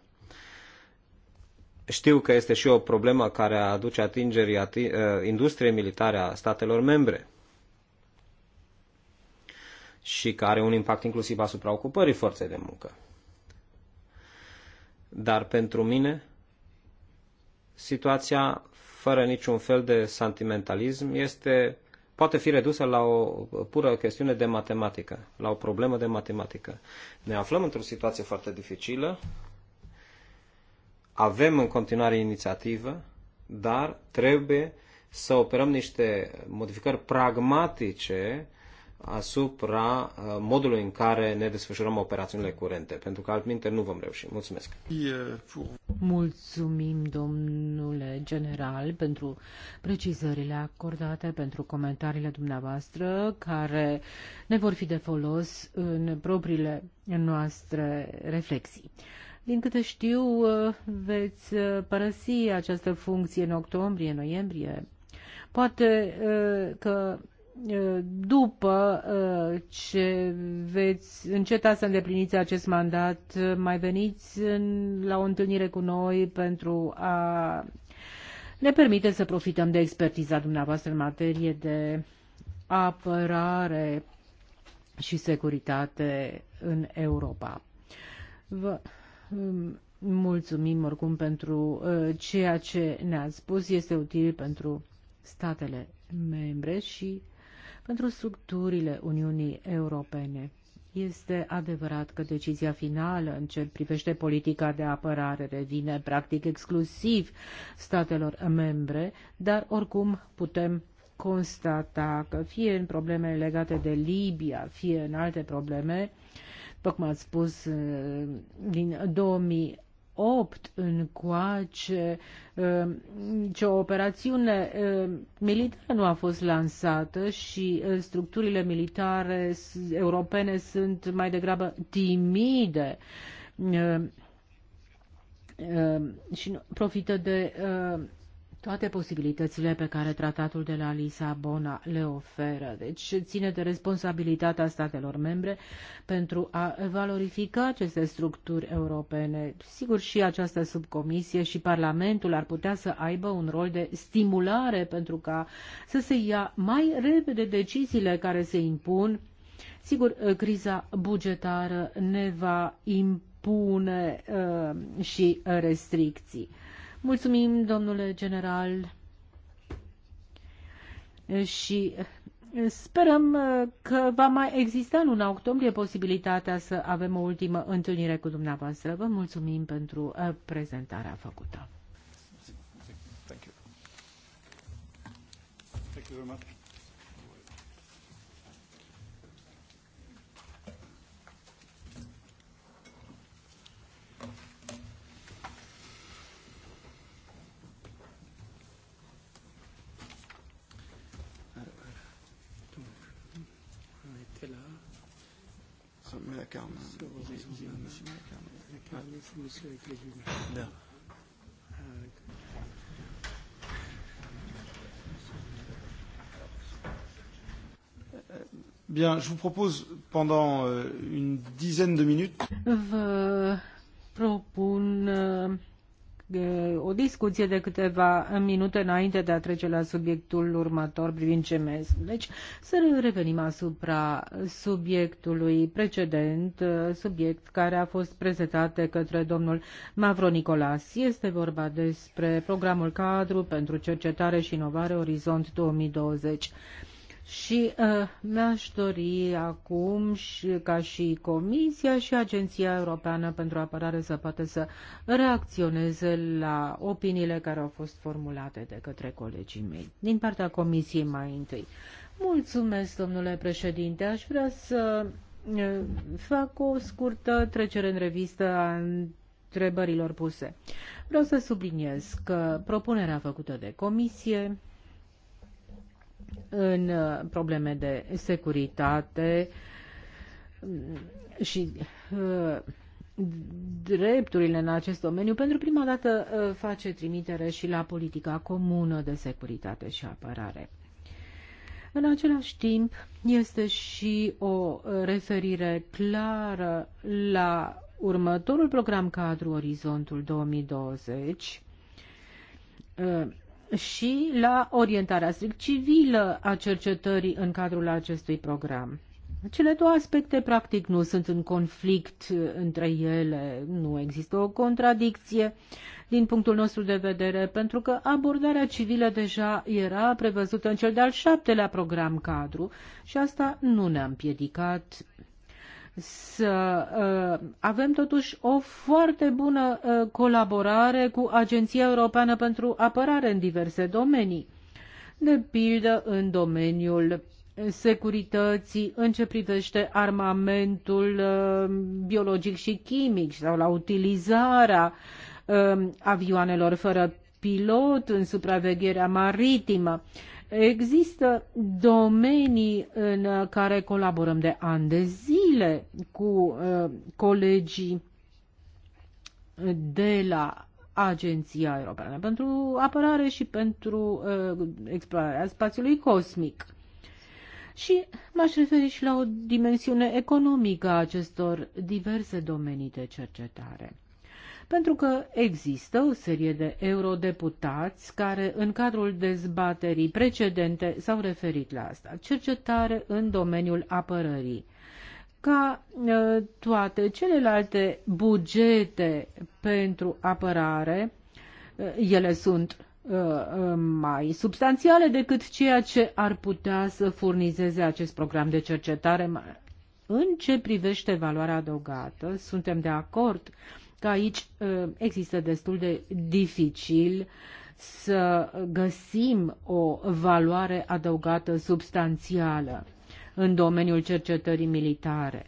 Știu că este și o problemă care aduce atingeri ati, uh, industriei militare a statelor membre și care are un impact inclusiv asupra ocupării forței de muncă. Dar pentru mine, situația, fără niciun fel de sentimentalism, este, poate fi redusă la o pură chestiune de matematică, la o problemă de matematică. Ne aflăm într-o situație foarte dificilă, avem în continuare inițiativă, dar trebuie să operăm niște modificări pragmatice asupra uh, modului în care ne desfășurăm operațiunile curente, pentru că altminte nu vom reuși. Mulțumesc! Mulțumim, domnule general, pentru precizările acordate, pentru comentariile dumneavoastră, care ne vor fi de folos în propriile noastre reflexii. Din câte știu, veți uh, părăsi această funcție în octombrie, noiembrie. Poate uh, că uh, după ce veți înceta să îndepliniți acest mandat, mai veniți în, la o întâlnire cu noi pentru a ne permite să profităm de expertiza dumneavoastră în materie de apărare și securitate în Europa. Vă Mulțumim oricum pentru uh, ceea ce ne-a spus. Este util pentru statele membre și pentru structurile Uniunii Europene. Este adevărat că decizia finală în ce privește politica de apărare revine practic exclusiv statelor membre, dar oricum putem constata că fie în probleme legate de Libia, fie în alte probleme, tocmai ați spus, uh, din în coace, uh, ce o operațiune uh, militară nu a fost lansată și structurile militare europene sunt mai degrabă timide și profită de toate posibilitățile pe care tratatul de la Lisabona le oferă. Deci ține de responsabilitatea statelor membre pentru a valorifica aceste structuri europene. Sigur și această subcomisie și Parlamentul ar putea să aibă un rol de stimulare pentru ca să se ia mai repede deciziile care se impun. Sigur, ă, criza bugetară ne va impune uh, și restricții Mulțumim, domnule general, și sperăm că va mai exista în luna octombrie posibilitatea să avem o ultimă întâlnire cu dumneavoastră. Vă mulțumim pentru uh, prezentarea făcută. Thank you very much. americano. Da. Euh, bien, je vous propose pendant euh, une dizaine de minutes. Vă propun euh, o discuție de câteva minute înainte de a trece la subiectul următor privind CMS. Deci să revenim asupra subiectului precedent, subiect care a fost prezentat de către domnul Mavro Nicolas. Este vorba despre programul cadru pentru cercetare și inovare Orizont 2020. Și uh, mi-aș dori acum și, ca și Comisia și Agenția Europeană pentru Apărare să poată să reacționeze la opiniile care au fost formulate de către colegii mei. Din partea Comisiei mai întâi. Mulțumesc, domnule președinte. Aș vrea să uh, fac o scurtă trecere în revistă a întrebărilor puse. Vreau să subliniez că propunerea făcută de Comisie în uh, probleme de securitate mm, și uh, drepturile în acest domeniu, pentru prima dată uh, face trimitere și la politica comună de securitate și apărare. În același timp, este și o referire clară la următorul program cadru Orizontul 2020, și la orientarea strict civilă a cercetării în cadrul acestui program. Cele două aspecte practic nu sunt în conflict între ele, nu există o contradicție din punctul nostru de vedere, pentru că abordarea civilă deja era prevăzută în cel de-al șaptelea program cadru și asta nu ne-a împiedicat să uh, avem totuși o foarte bună uh, colaborare cu Agenția Europeană pentru Apărare în diverse domenii. De pildă în domeniul securității în ce privește armamentul uh, biologic și chimic sau la utilizarea avioanelor fără pilot în supravegherea maritimă. Există domenii în care colaborăm de ani de zile cu uh, colegii de la Agenția Europeană pentru Apărare și pentru uh, explorarea spațiului cosmic. Și m-aș referi și la o dimensiune economică a acestor diverse domenii de cercetare. Pentru că există o serie de eurodeputați care, în cadrul dezbaterii precedente, s-au referit la asta. Cercetare în domeniul apărării ca ă, toate celelalte bugete pentru apărare, ă, ele sunt ă, mai substanțiale decât ceea ce ar putea să furnizeze acest program de cercetare. În ce privește valoarea adăugată, suntem de acord că aici ă, există destul de dificil să găsim o valoare adăugată substanțială în domeniul cercetării militare.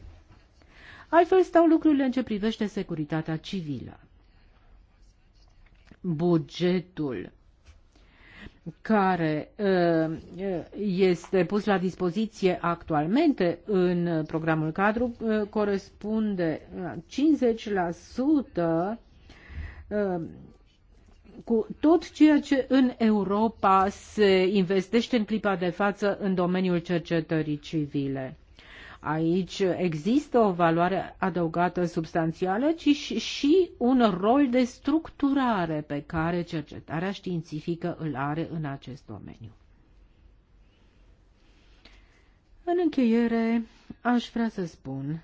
Altfel stau lucrurile în ce privește securitatea civilă. Bugetul care uh, uh, este pus la dispoziție actualmente în programul cadru uh, corespunde 50% cu tot ceea ce în Europa se investește în clipa de față în domeniul cercetării civile. Aici există o valoare adăugată substanțială, ci și un rol de structurare pe care cercetarea științifică îl are în acest domeniu. În încheiere, aș vrea să spun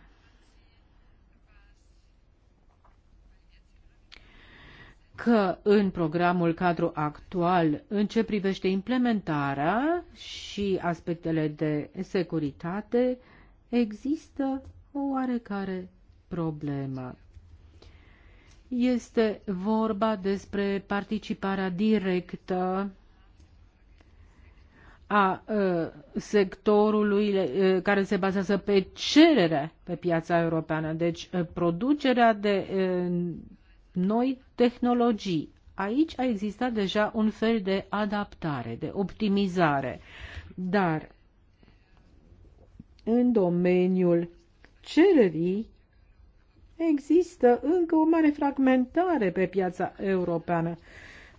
că în programul cadru actual, în ce privește implementarea și aspectele de securitate, există o oarecare problemă. Este vorba despre participarea directă a uh, sectorului uh, care se bazează pe cerere pe piața europeană, deci uh, producerea de noi tehnologii. Aici a existat deja un fel de adaptare, de optimizare, dar în domeniul cererii există încă o mare fragmentare pe piața europeană.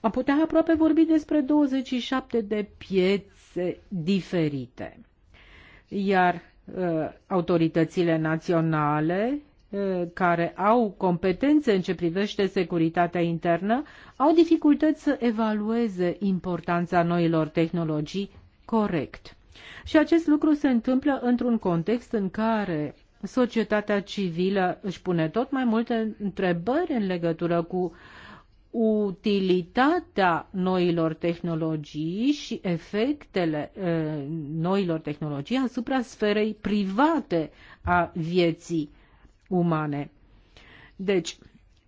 Am putea aproape vorbi despre 27 de piețe diferite. Iar uh, autoritățile naționale uh, care au competențe în ce privește securitatea internă au dificultăți să evalueze importanța noilor tehnologii corect. Și acest lucru se întâmplă într-un context în care societatea civilă își pune tot mai multe întrebări în legătură cu utilitatea noilor tehnologii și efectele uh, noilor tehnologii asupra sferei private a vieții umane. Deci,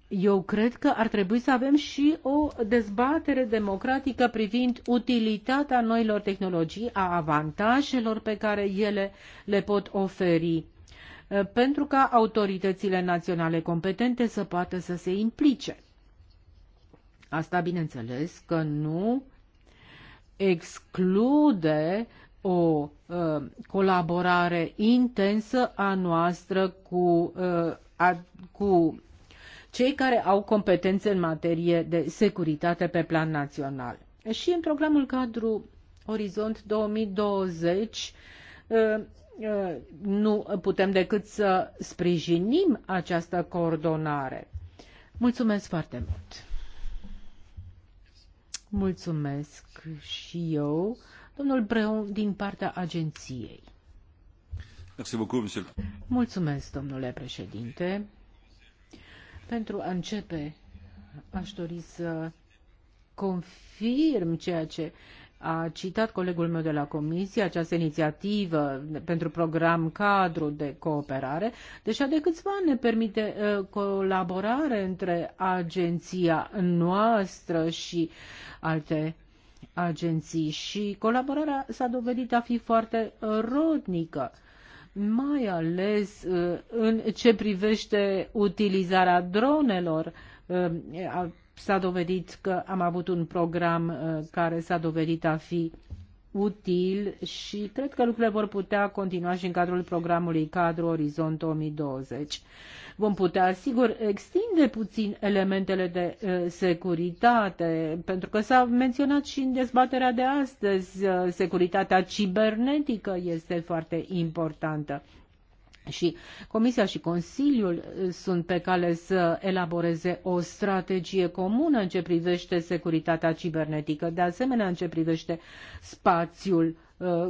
eu cred că ar trebui să avem și o dezbatere democratică privind utilitatea noilor tehnologii, a avantajelor pe care ele le pot oferi, eh, pentru ca autoritățile naționale competente să poată să se implice. Asta, bineînțeles, că nu exclude o uh, colaborare intensă a noastră cu, uh, a, cu cei care au competențe în materie de securitate pe plan național. Și în programul cadru Orizont 2020 ă, ă, nu putem decât să sprijinim această coordonare. Mulțumesc foarte mult! Mulțumesc și eu, domnul Breu, din partea agenției. Mulțumesc, domnule președinte. Pentru a începe, aș dori să confirm ceea ce a citat colegul meu de la Comisie această inițiativă pentru program cadru de cooperare. Deja deci, de câțiva ani ne permite ă, colaborare între agenția noastră și alte agenții și colaborarea s-a dovedit a fi foarte ă, rodnică mai ales uh, în ce privește utilizarea dronelor. Uh, s-a dovedit că am avut un program uh, care s-a dovedit a fi util și cred că lucrurile vor putea continua și în cadrul programului Cadru Orizont 2020. Vom putea, sigur, extinde puțin elementele de uh, securitate, pentru că s-a menționat și în dezbaterea de astăzi, uh, securitatea cibernetică este foarte importantă. Și Comisia și Consiliul uh, sunt pe cale să elaboreze o strategie comună în ce privește securitatea cibernetică, de asemenea în ce privește spațiul uh,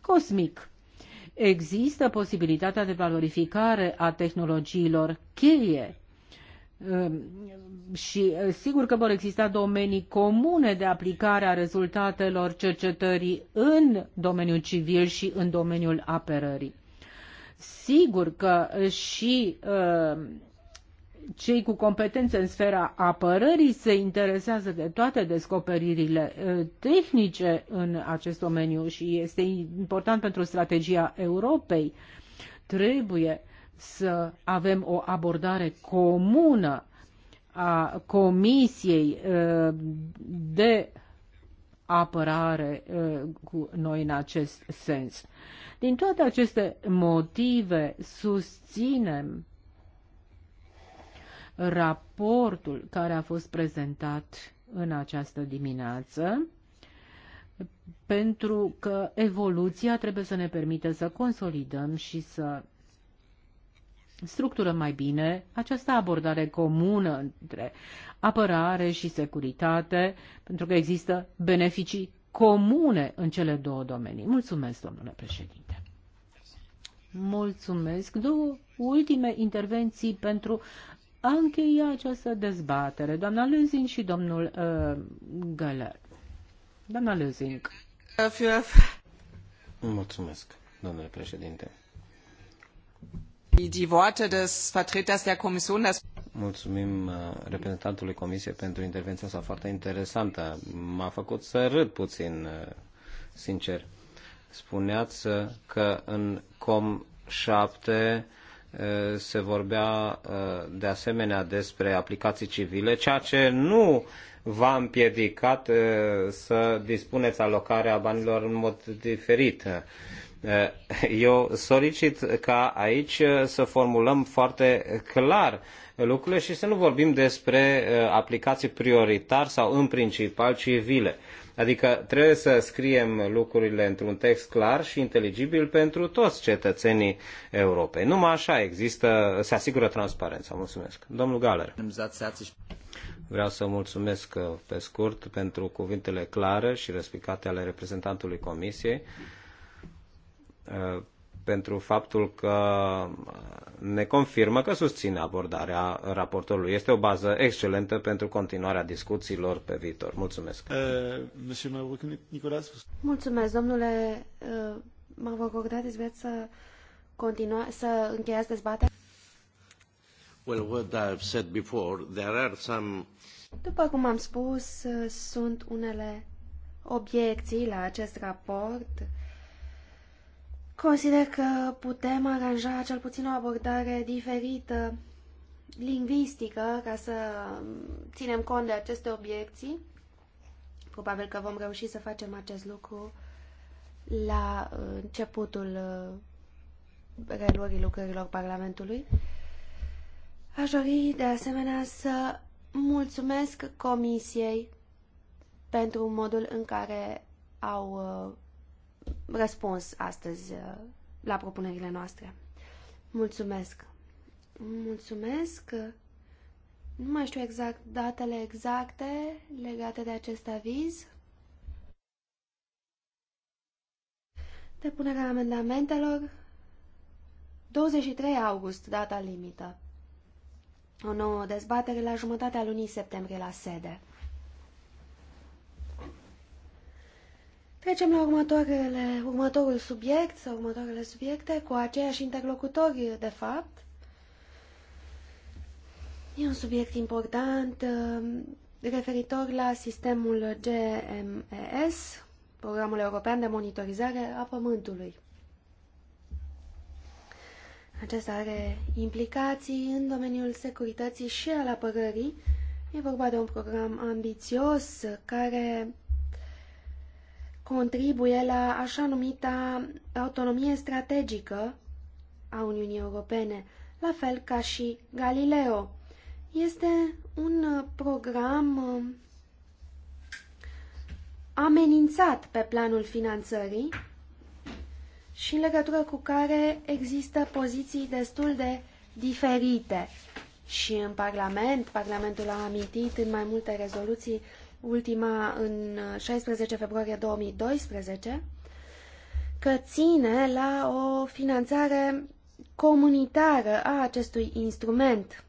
cosmic. Există posibilitatea de valorificare a tehnologiilor cheie um, și uh, sigur că vor exista domenii comune de aplicare a rezultatelor cercetării în domeniul civil și în domeniul apărării. Sigur că uh, și uh, cei cu competențe în sfera apărării se interesează de toate descoperirile uh, tehnice în acest domeniu și este important pentru strategia Europei. Trebuie să avem o abordare comună a Comisiei uh, de apărare uh, cu noi în acest sens. Din toate aceste motive susținem raportul care a fost prezentat în această dimineață, pentru că evoluția trebuie să ne permită să consolidăm și să structură mai bine această abordare comună între apărare și securitate, pentru că există beneficii comune în cele două domenii. Mulțumesc, domnule președinte. Mulțumesc. Două ultime intervenții pentru a încheia această dezbatere. Doamna Lăzin și domnul uh, Găler. Doamna Lăzin. Mulțumesc, domnule președinte. Die Worte des Vertreters der Kommission, das Mulțumim uh, reprezentantului Comisiei pentru intervenția sa foarte interesantă. M-a făcut să râd puțin, uh, sincer. Spuneați uh, că în COM7 se vorbea de asemenea despre aplicații civile, ceea ce nu v-a împiedicat să dispuneți alocarea banilor în mod diferit. Eh, eu solicit ca aici eh, să formulăm foarte clar lucrurile și să nu vorbim despre eh, aplicații prioritar sau în principal civile. Adică trebuie să scriem lucrurile într-un text clar și inteligibil pentru toți cetățenii Europei. Numai așa există, se asigură transparența. Mulțumesc. Domnul Galer. Vreau să mulțumesc pe scurt pentru cuvintele clare și răspicate ale reprezentantului Comisiei. Uh, pentru faptul că ne confirmă că susține abordarea raportorului. Este o bază excelentă pentru continuarea discuțiilor pe viitor. Mulțumesc. Uh, Mulțumesc, domnule uh, Mavrocordatis, vreți să continua, să încheiați dezbaterea? Well, what I've said before, there are some... După cum am spus, sunt unele obiecții la acest raport Consider că putem aranja cel puțin o abordare diferită lingvistică ca să ținem cont de aceste obiecții. Probabil că vom reuși să facem acest lucru la uh, începutul uh, reluării lucrărilor Parlamentului. Aș dori de asemenea să mulțumesc Comisiei pentru modul în care au uh, răspuns astăzi uh, la propunerile noastre. Mulțumesc! Mulțumesc! Nu mai știu exact datele exacte legate de acest aviz. Depunerea amendamentelor 23 august, data limită. O nouă dezbatere la jumătatea lunii septembrie la sede. Trecem la următoarele, următorul subiect sau următoarele subiecte cu aceiași interlocutori, de fapt. E un subiect important uh, referitor la sistemul GMES, Programul European de Monitorizare a Pământului. Acesta are implicații în domeniul securității și al apărării. E vorba de un program ambițios care contribuie la așa numita autonomie strategică a Uniunii Europene, la fel ca și Galileo. Este un program uh, amenințat pe planul finanțării și în legătură cu care există poziții destul de diferite. Și în Parlament, Parlamentul a amintit în mai multe rezoluții ultima în 16 februarie 2012, că ține la o finanțare comunitară a acestui instrument.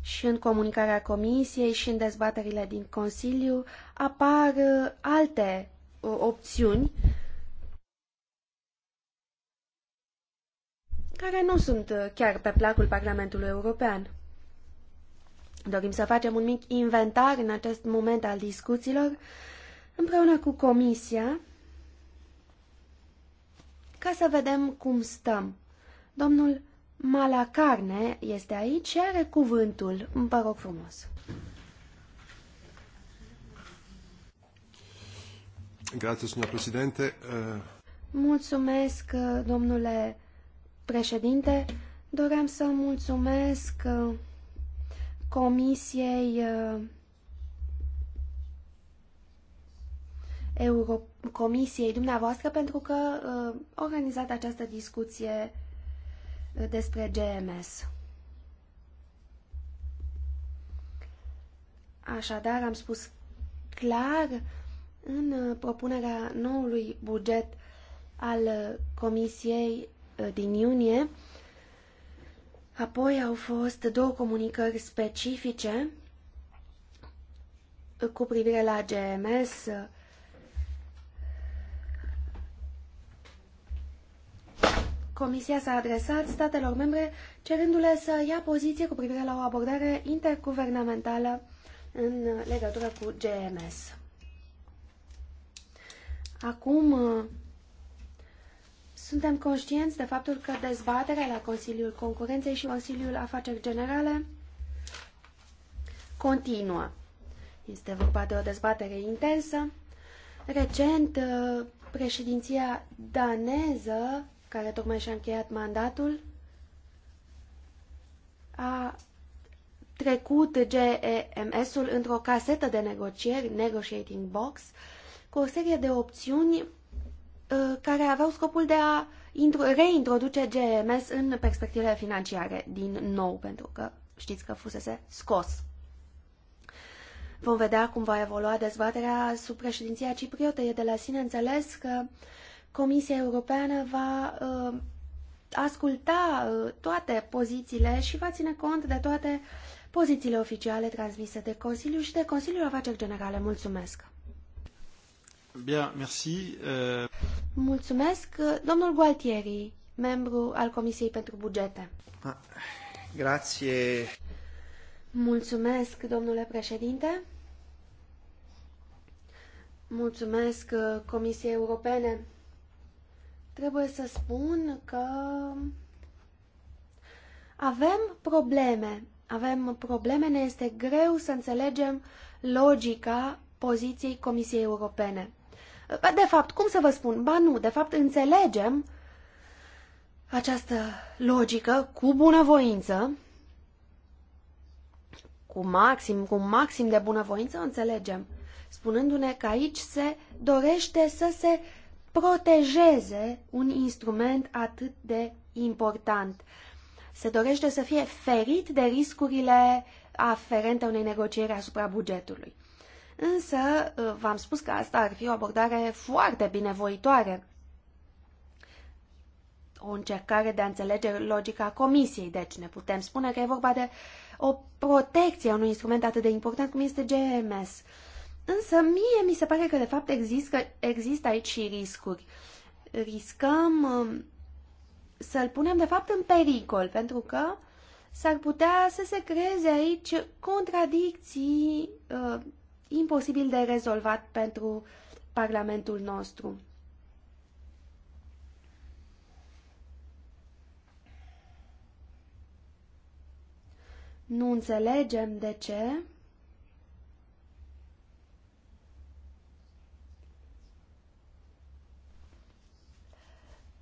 Și în comunicarea Comisiei și în dezbaterile din Consiliu apar uh, alte uh, opțiuni care nu sunt uh, chiar pe placul Parlamentului European. Dorim să facem un mic inventar în acest moment al discuțiilor împreună cu Comisia ca să vedem cum stăm. Domnul Malacarne este aici și are cuvântul. Îmi rog frumos. Grazie, signor Presidente. Mulțumesc, domnule președinte. Doream să mulțumesc Comisiei uh, Euro Comisiei dumneavoastră pentru că uh, organizat această discuție uh, despre GMS. Așadar, am spus clar în uh, propunerea noului buget al Comisiei din iunie Apoi au fost două comunicări specifice cu privire la GMS, Comisia s-a adresat statelor membre cerându-le să ia poziție cu privire la o abordare interguvernamentală în legătură cu GMS. Acum suntem conștienți de faptul că dezbaterea la Consiliul Concurenței și Consiliul Afaceri Generale continuă. Este vorba de o dezbatere intensă. Recent, uh, președinția daneză, care tocmai și-a încheiat mandatul, a trecut GEMS-ul într-o casetă de negocieri, Negotiating Box, cu o serie de opțiuni Uh, care aveau scopul de a reintroduce GMS în perspectivele financiare din nou, pentru că știți că fusese scos. Vom vedea cum va evolua dezbaterea sub președinția cipriotă. E de la sine înțeles că Comisia Europeană va uh, asculta uh, toate pozițiile și va ține cont de toate pozițiile oficiale transmise de Consiliu și de Consiliul Afaceri Generale. Mulțumesc! Bien, merci. Uh... Mulțumesc. Domnul Gualtieri, membru al Comisiei pentru Bugete. Ah, grație. Mulțumesc, domnule președinte. Mulțumesc uh, Comisiei Europene. Trebuie să spun că avem probleme. Avem probleme, ne este greu să înțelegem logica poziției Comisiei Europene. De fapt, cum să vă spun? Ba nu, de fapt înțelegem această logică cu bunăvoință, cu maxim, cu maxim de bunăvoință, înțelegem, spunându-ne că aici se dorește să se protejeze un instrument atât de important. Se dorește să fie ferit de riscurile aferente unei negocieri asupra bugetului însă ă, v-am spus că asta ar fi o abordare foarte binevoitoare, o încercare de a înțelege logica comisiei, deci ne putem spune că e vorba de o protecție a unui instrument atât de important cum este GMS. Însă mie mi se pare că de fapt există, există aici și riscuri. Riscăm ă, să-l punem de fapt în pericol, pentru că s-ar putea să se creeze aici contradicții uh, imposibil de rezolvat pentru Parlamentul nostru. Nu înțelegem de ce.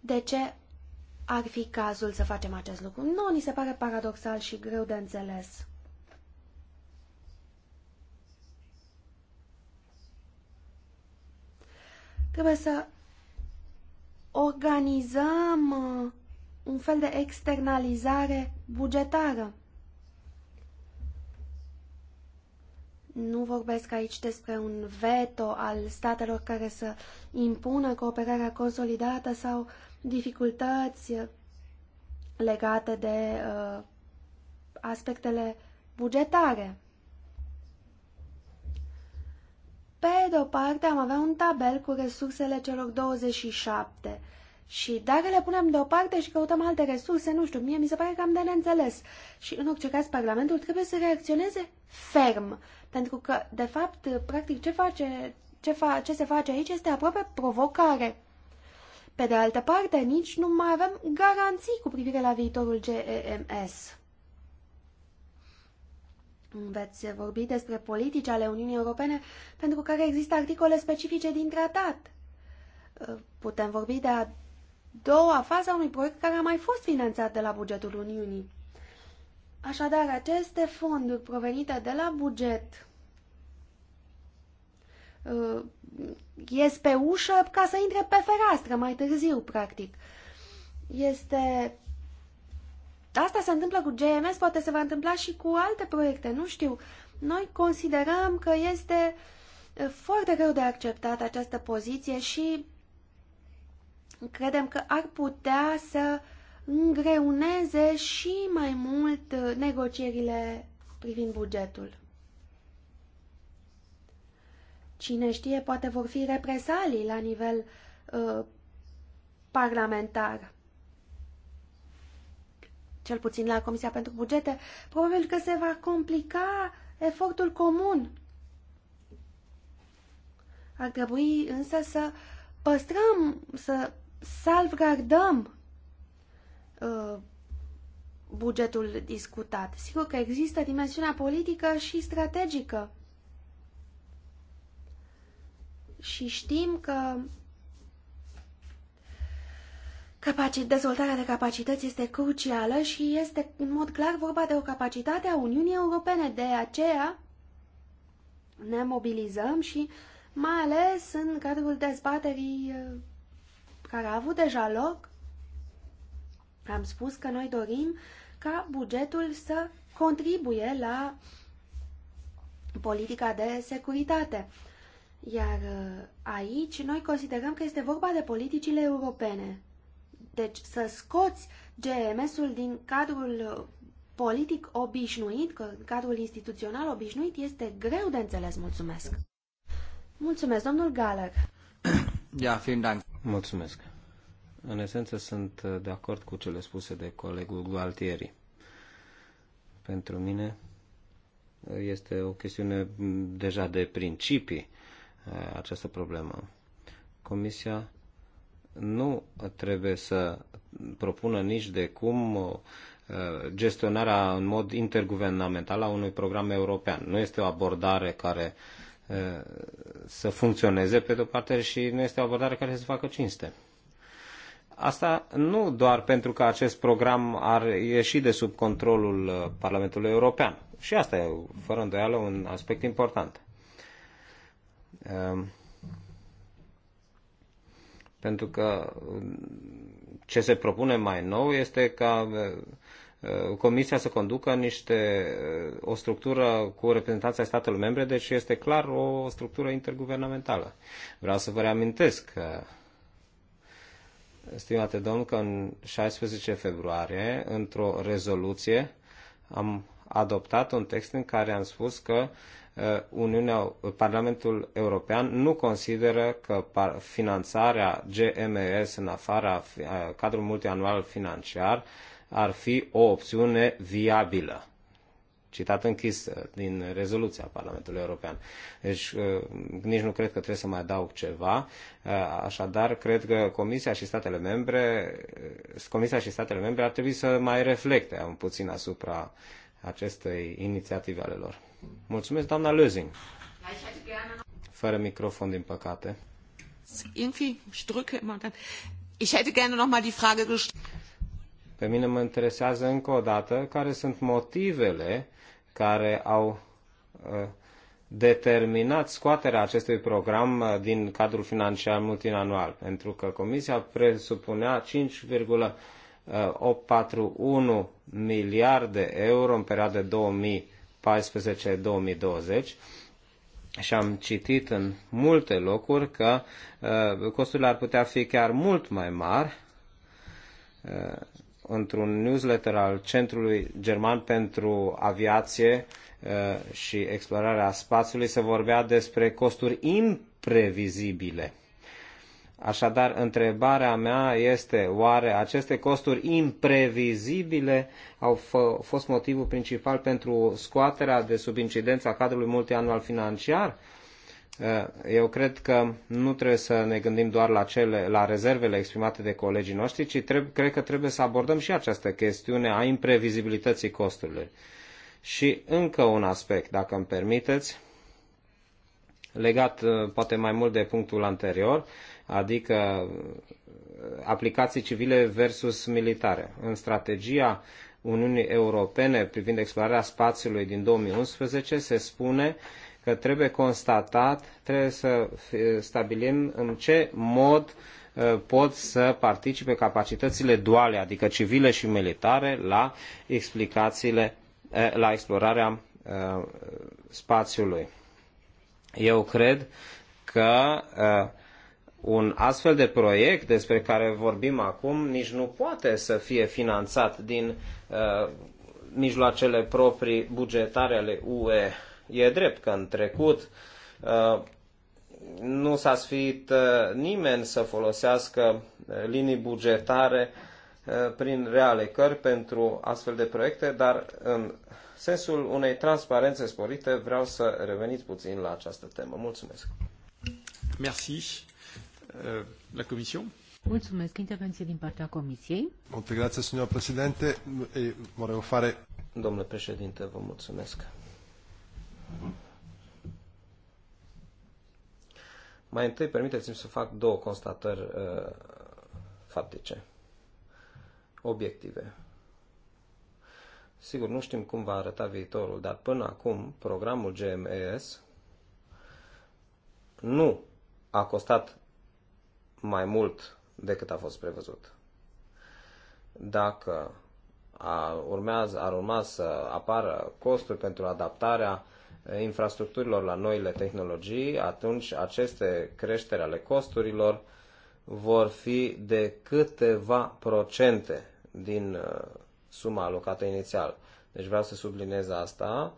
De ce ar fi cazul să facem acest lucru? Nu, ni se pare paradoxal și greu de înțeles. Trebuie să organizăm uh, un fel de externalizare bugetară. Nu vorbesc aici despre un veto al statelor care să impună cooperarea consolidată sau dificultăți legate de uh, aspectele bugetare. Pe de o parte am avea un tabel cu resursele celor 27 și dacă le punem deoparte și căutăm alte resurse, nu știu, mie mi se pare cam de neînțeles. Și în orice caz, Parlamentul trebuie să reacționeze ferm, pentru că, de fapt, practic ce, face, ce, fa, ce se face aici este aproape provocare. Pe de altă parte, nici nu mai avem garanții cu privire la viitorul GEMS. Veți vorbi despre politici ale Uniunii Europene pentru care există articole specifice din tratat. Putem vorbi de a doua fază a unui proiect care a mai fost finanțat de la bugetul Uniunii. Așadar, aceste fonduri provenite de la buget uh, ies pe ușă ca să intre pe fereastră mai târziu, practic. Este Asta se întâmplă cu GMS, poate se va întâmpla și cu alte proiecte, nu știu. Noi considerăm că este foarte greu de acceptat această poziție și credem că ar putea să îngreuneze și mai mult negocierile privind bugetul. Cine știe, poate vor fi represalii la nivel uh, parlamentar cel puțin la Comisia pentru Bugete, probabil că se va complica efortul comun. Ar trebui însă să păstrăm, să salvgardăm uh, bugetul discutat. Sigur că există dimensiunea politică și strategică. Și știm că Capaci dezvoltarea de capacități este crucială și este în mod clar vorba de o capacitate a Uniunii Europene. De aceea ne mobilizăm și mai ales în cadrul dezbaterii uh, care a avut deja loc, am spus că noi dorim ca bugetul să contribuie la politica de securitate. Iar uh, aici noi considerăm că este vorba de politicile europene. Deci să scoți GMS-ul din cadrul uh, politic obișnuit, cadrul instituțional obișnuit, este greu de înțeles. Mulțumesc! Mulțumesc, domnul Galer! Da, fiind Dank! Mulțumesc! În esență sunt uh, de acord cu cele spuse de colegul Gualtieri. Pentru mine uh, este o chestiune deja de principii această problemă. Comisia nu trebuie să propună nici de cum uh, gestionarea în mod interguvernamental a unui program european. Nu este o abordare care uh, să funcționeze pe de-o parte și nu este o abordare care să facă cinste. Asta nu doar pentru că acest program ar ieși de sub controlul uh, Parlamentului European. Și asta e, fără îndoială, un aspect important. Pentru că um, ce se propune mai nou este ca uh, uh, Comisia să conducă niște, uh, o structură cu reprezentanța statelor membre, deci este clar o structură interguvernamentală. Vreau să vă reamintesc că, stimate domn, că în 16 februarie, într-o rezoluție, am adoptat un text în care am spus că Uh, Uniunea, Parlamentul European nu consideră că finanțarea GMS în afara uh, cadrului multianual financiar ar fi o opțiune viabilă. Citat închis uh, din rezoluția Parlamentului European. Deci nici nu cred că trebuie să mai adaug ceva. Așadar, cred că Comisia și statele membre, Comisia și statele membre ar trebui să mai reflecte un puțin asupra acestei inițiative ale lor. Mulțumesc, doamna Fără microfon, din păcate. Pe mine mă interesează încă o dată care sunt motivele care au uh, determinat scoaterea acestui program uh, din cadrul financiar multianual, pentru că Comisia presupunea 5,841 uh, miliarde euro în perioada 2000 2020 și am citit în multe locuri că uh, costurile ar putea fi chiar mult mai mari. Uh, într-un newsletter al Centrului German pentru Aviație uh, și Explorarea Spațiului se vorbea despre costuri imprevizibile Așadar, întrebarea mea este, oare aceste costuri imprevizibile au fost motivul principal pentru scoaterea de sub incidența cadrului multianual financiar? Uh, eu cred că nu trebuie să ne gândim doar la, cele, la rezervele exprimate de colegii noștri, ci trebuie, cred că trebuie să abordăm și această chestiune a imprevizibilității costurilor. Și încă un aspect, dacă îmi permiteți, legat uh, poate mai mult de punctul anterior, adică uh, aplicații civile versus militare. În strategia Uniunii Europene privind explorarea spațiului din 2011 se spune că trebuie constatat, trebuie să stabilim în ce mod uh, pot să participe capacitățile duale, adică civile și militare, la explicațiile, uh, la explorarea spațiului. Eu cred că uh, un astfel de proiect despre care vorbim acum nici nu poate să fie finanțat din uh, mijloacele proprii bugetare ale UE. E drept că în trecut uh, nu s-a sfit uh, nimeni să folosească uh, linii bugetare uh, prin cări pentru astfel de proiecte, dar în sensul unei transparențe sporite vreau să reveniți puțin la această temă. Mulțumesc! Merci la Comisie. Mulțumesc. Intervenție din partea Comisiei. Molte grazie, signor Presidente. E volevo fare... Domnule președinte, vă mulțumesc. Mai întâi, permiteți-mi să fac două constatări uh, faptice, obiective. Sigur, nu știm cum va arăta viitorul, dar până acum programul GMES nu a costat mai mult decât a fost prevăzut. Dacă a urmează, ar urma să apară costuri pentru adaptarea infrastructurilor la noile tehnologii, atunci aceste creșteri ale costurilor vor fi de câteva procente din uh, suma alocată inițial. Deci vreau să subliniez asta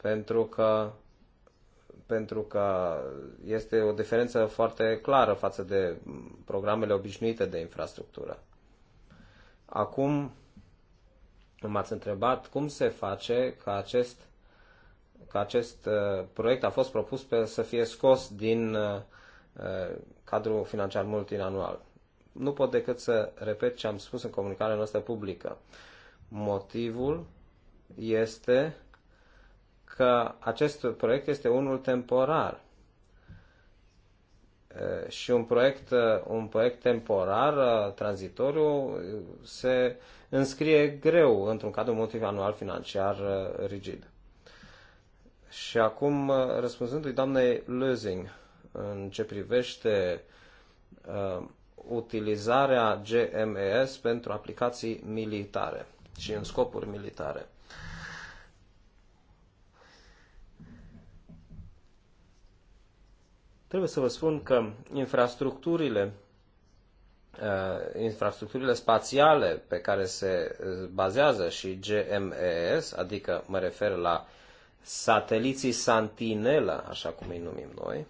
pentru că pentru că este o diferență foarte clară față de programele obișnuite de infrastructură. Acum m-ați întrebat cum se face ca acest, că acest uh, proiect a fost propus pe, să fie scos din uh, uh, cadrul financiar multianual. Nu pot decât să repet ce am spus în comunicarea noastră publică. Motivul este că acest proiect este unul temporar. Și un proiect, un proiect temporar, tranzitoriu, se înscrie greu într-un cadru multianual financiar rigid. Și acum, răspunzându-i doamnei Lusing, în ce privește uh, utilizarea GMES pentru aplicații militare și în scopuri militare. Trebuie să vă spun că infrastructurile uh, infrastructurile spațiale pe care se uh, bazează și GMES, adică mă refer la sateliții Santinela, așa cum îi numim noi,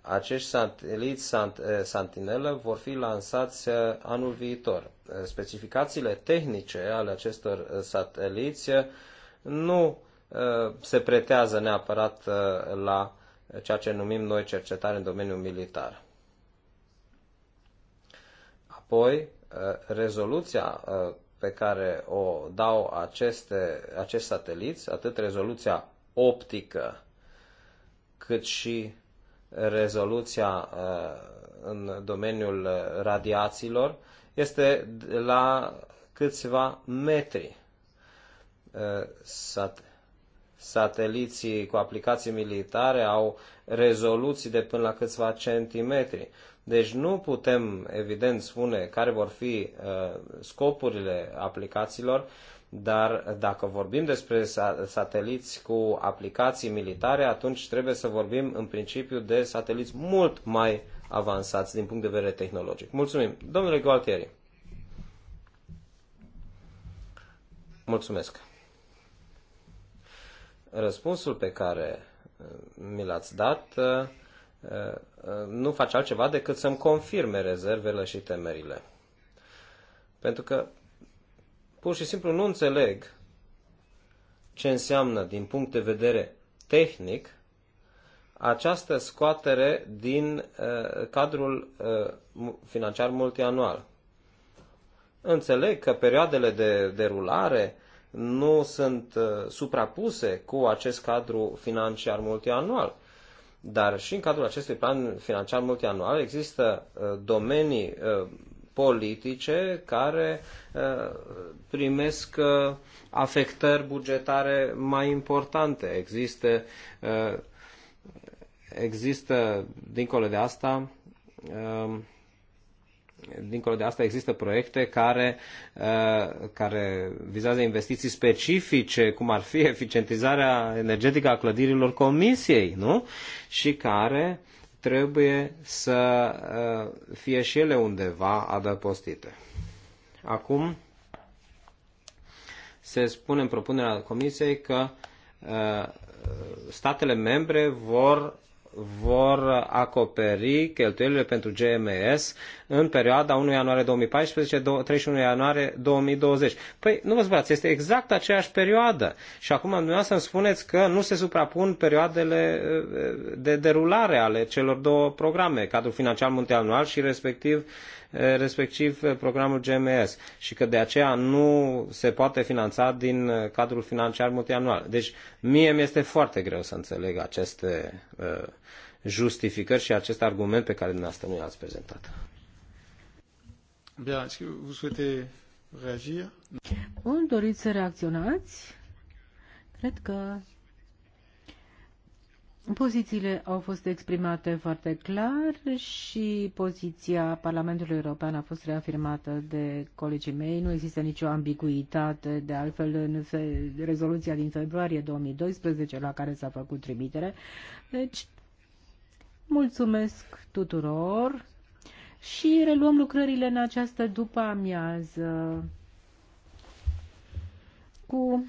acești sateliți SantiNela uh, vor fi lansați anul viitor. Specificațiile tehnice ale acestor sateliți nu se pretează neapărat la ceea ce numim noi cercetare în domeniul militar. Apoi, uh, rezoluția uh, pe care o dau aceste, acești sateliți, atât rezoluția optică, cât și rezoluția uh, în domeniul radiațiilor, este la câțiva metri. Sat- sateliții cu aplicații militare au rezoluții de până la câțiva centimetri. Deci nu putem, evident, spune care vor fi uh, scopurile aplicațiilor, dar dacă vorbim despre sateliți cu aplicații militare, atunci trebuie să vorbim în principiu de sateliți mult mai avansați din punct de vedere tehnologic. Mulțumim. Domnule Gualtieri. Mulțumesc răspunsul pe care uh, mi l-ați dat uh, uh, nu face altceva decât să-mi confirme rezervele și temerile. Pentru că pur și simplu nu înțeleg ce înseamnă din punct de vedere tehnic această scoatere din cadrul financiar multianual. Înțeleg că perioadele de derulare nu sunt uh, suprapuse cu acest cadru financiar multianual. Dar și în cadrul acestui plan financiar multianual există uh, domenii uh, politice care primesc afectări bugetare mai importante. Există, există dincolo de asta, dincolo de asta există proiecte care, uh, care vizează investiții specifice, cum ar fi eficientizarea energetică a clădirilor comisiei, nu? Și care trebuie să uh, fie și ele undeva adăpostite. Acum se spune în propunerea comisiei că uh, statele membre vor vor acoperi cheltuielile pentru GMS în perioada 1 ianuarie 2014 31 ianuarie 2020. Păi nu vă zbați, este exact aceeași perioadă. Și acum dumneavoastră îmi spuneți că nu se suprapun perioadele eh, de derulare ale celor două programe, cadrul financiar multianual și respectiv Eh, respectiv eh, programul GMS și că de aceea nu se poate finanța din eh, cadrul financiar multianual. Deci mie mi-este foarte greu să înțeleg aceste justificări și acest argument pe care dumneavoastră nu l-ați prezentat. Bien, souhaitez Bun, doriți să reacționați? Cred că Pozițiile au fost exprimate foarte clar și poziția Parlamentului European a fost reafirmată de colegii mei. Nu există nicio ambiguitate, de altfel, în rezoluția din februarie 2012 la care s-a făcut trimitere. Deci, mulțumesc tuturor și reluăm lucrările în această după amiază cu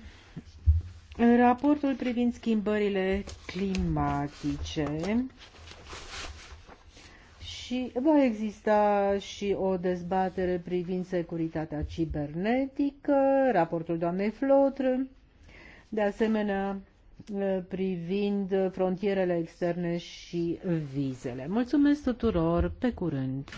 Raportul privind schimbările climatice și va exista și o dezbatere privind securitatea cibernetică, raportul doamnei Flotr, de asemenea eh, privind frontierele externe și vizele. Mulțumesc tuturor, pe curând!